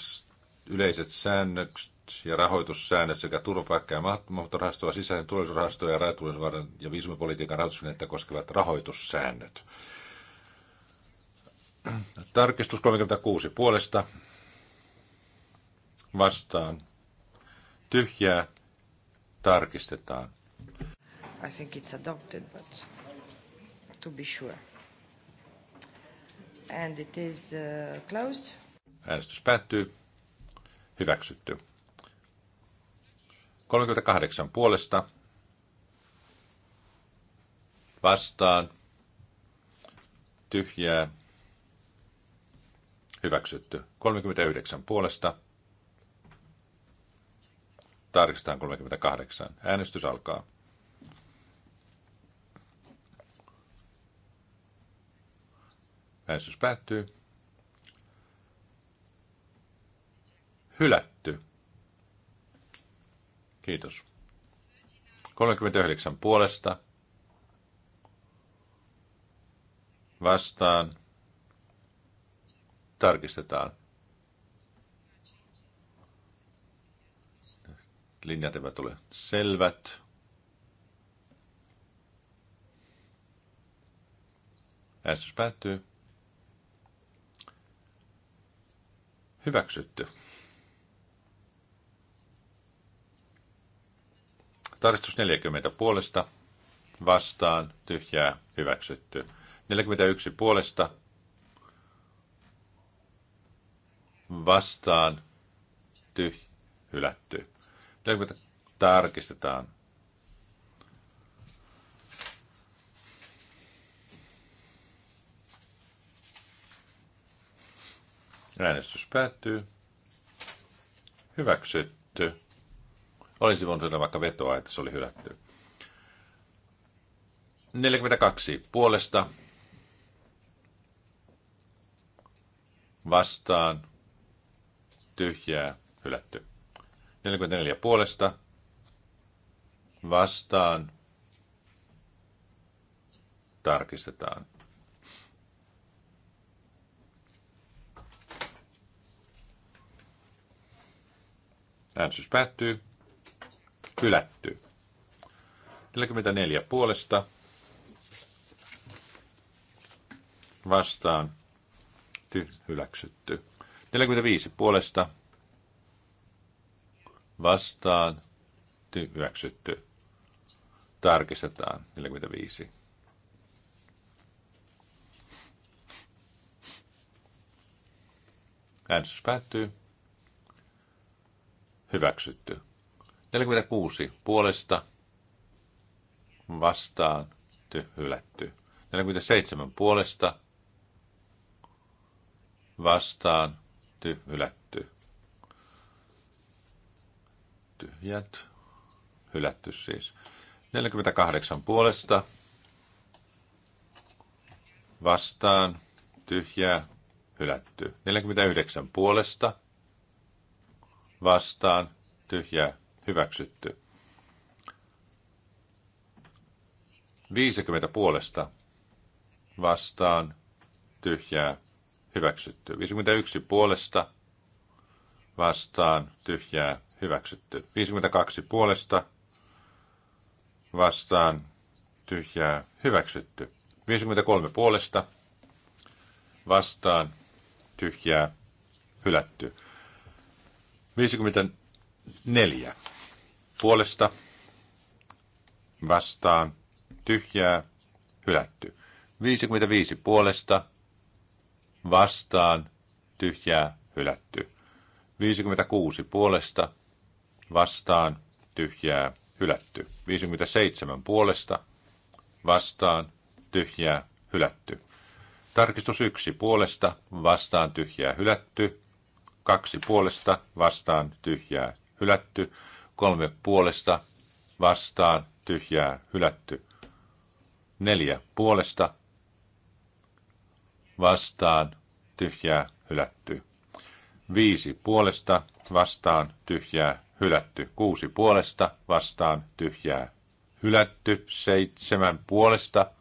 yleiset säännökset ja rahoitussäännöt sekä turvapaikka- ja maahanmuuttorahastoa, sisäisen turvallisuusrahastoa ja rajaturvallisuuden ja viisumipolitiikan rahoitusvälineitä koskevat rahoitussäännöt. Tarkistus 36 puolesta vastaan tyhjää tarkistetaan. I think it's adopted, but to be sure. And it is uh, closed. Äänestys päättyy. Hyväksytty. 38 puolesta. Vastaan. Tyhjää. Hyväksytty. 39 puolesta. Tarkistetaan 38. Äänestys alkaa. Äänestys päättyy. Hylätty. Kiitos. 39 puolesta. Vastaan. Tarkistetaan. Linjat eivät ole selvät. Äänestys päättyy. Hyväksytty. Tarkistus 40 puolesta, vastaan, tyhjää, hyväksytty. 41 puolesta, vastaan, tyhjä hylätty. 40 tarkistetaan. Äänestys päättyy. Hyväksytty. Olisi voinut tehdä vaikka vetoa, että se oli hylätty. 42 puolesta. Vastaan. Tyhjää. Hylätty. 44 puolesta. Vastaan. Tarkistetaan. Äänestys päättyy. Hylätty. 44 puolesta. Vastaan. Ty, hyväksytty. 45 puolesta. Vastaan. Ty, hyväksytty. Tarkistetaan. 45. Äänestys päättyy. Hyväksytty. 46 puolesta vastaan ty, hylätty. 47 puolesta vastaan ty, hylätty. Tyhjät, hylätty siis. 48 puolesta vastaan tyhjää, hylätty. 49 puolesta vastaan, tyhjää, hyväksytty. 50 puolesta vastaan, tyhjää, hyväksytty. 51 puolesta vastaan, tyhjää, hyväksytty. 52 puolesta vastaan, tyhjää, hyväksytty. 53 puolesta vastaan, tyhjää, hylätty. 54. Puolesta vastaan tyhjää hylätty. 55 puolesta vastaan tyhjää hylätty. 56 puolesta vastaan tyhjää hylätty. 57 puolesta vastaan tyhjää hylätty. Tarkistus 1 puolesta vastaan tyhjää hylätty kaksi puolesta vastaan tyhjää hylätty, kolme puolesta vastaan tyhjää hylätty, neljä puolesta vastaan tyhjää hylätty, viisi puolesta vastaan tyhjää hylätty, kuusi puolesta vastaan tyhjää hylätty, seitsemän puolesta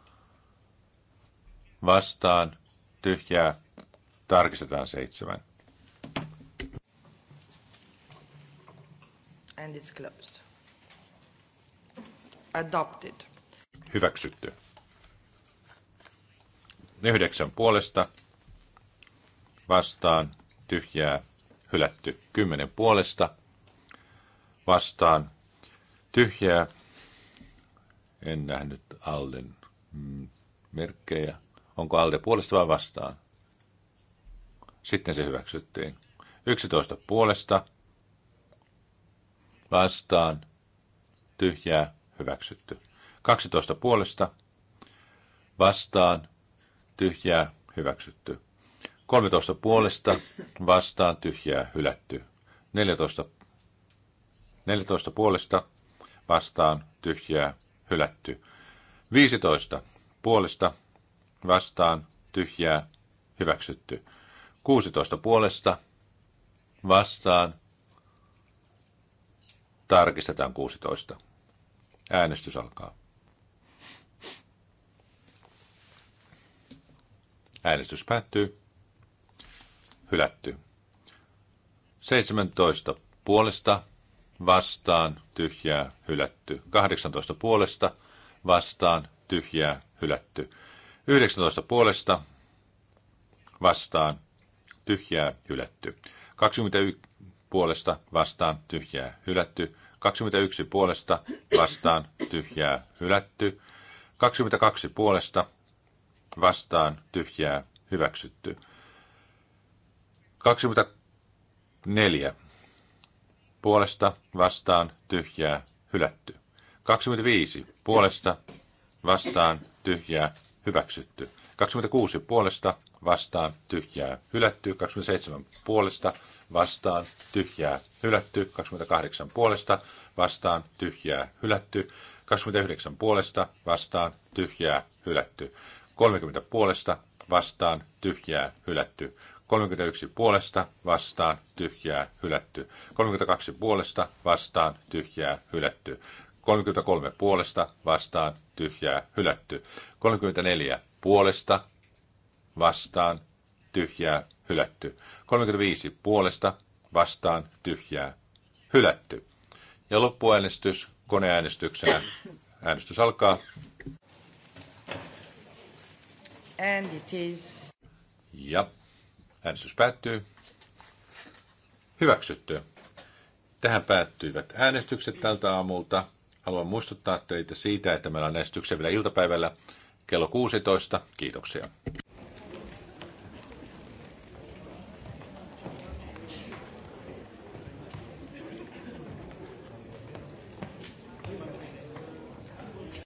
vastaan tyhjää tarkistetaan seitsemän. and it's closed. Adopted. Hyväksytty. Yhdeksän puolesta vastaan tyhjää hylätty. Kymmenen puolesta vastaan tyhjää. En nähnyt Alden merkkejä. Onko Alde puolesta vai vastaan? Sitten se hyväksyttiin. 11 puolesta vastaan, tyhjää, hyväksytty. 12 puolesta, vastaan, tyhjää, hyväksytty. 13 puolesta, vastaan, tyhjää, hylätty. 14, 14 puolesta, vastaan, tyhjää, hylätty. 15 puolesta, vastaan, tyhjää, hyväksytty. 16 puolesta, vastaan, Tarkistetaan 16. Äänestys alkaa. Äänestys päättyy. Hylätty. 17 puolesta, vastaan, tyhjää, hylätty. 18 puolesta, vastaan, tyhjää, hylätty. 19 puolesta, vastaan, tyhjää, hylätty. 21 puolesta vastaan tyhjää hylätty. 21 puolesta vastaan tyhjää hylätty. 22 puolesta vastaan tyhjää hyväksytty. 24 puolesta vastaan tyhjää hylätty. 25 puolesta vastaan tyhjää hyväksytty. 26 puolesta vastaan tyhjää hylätty. 27 puolesta vastaan, tyhjää, hylätty. 28 puolesta vastaan, tyhjää, hylätty. 29 puolesta vastaan, tyhjää, hylätty. 30 puolesta vastaan, tyhjää, hylätty. 31 puolesta vastaan, tyhjää, hylätty. 32 puolesta vastaan, tyhjää, hylätty. 33 puolesta vastaan, tyhjää, hylätty. 34 puolesta vastaan, tyhjää, hylätty. 35 puolesta vastaan tyhjää hylätty. Ja loppuäänestys koneäänestyksenä. Äänestys alkaa. And it is... Ja äänestys päättyy. Hyväksytty. Tähän päättyivät äänestykset tältä aamulta. Haluan muistuttaa teitä siitä, että meillä on äänestyksiä vielä iltapäivällä kello 16. Kiitoksia.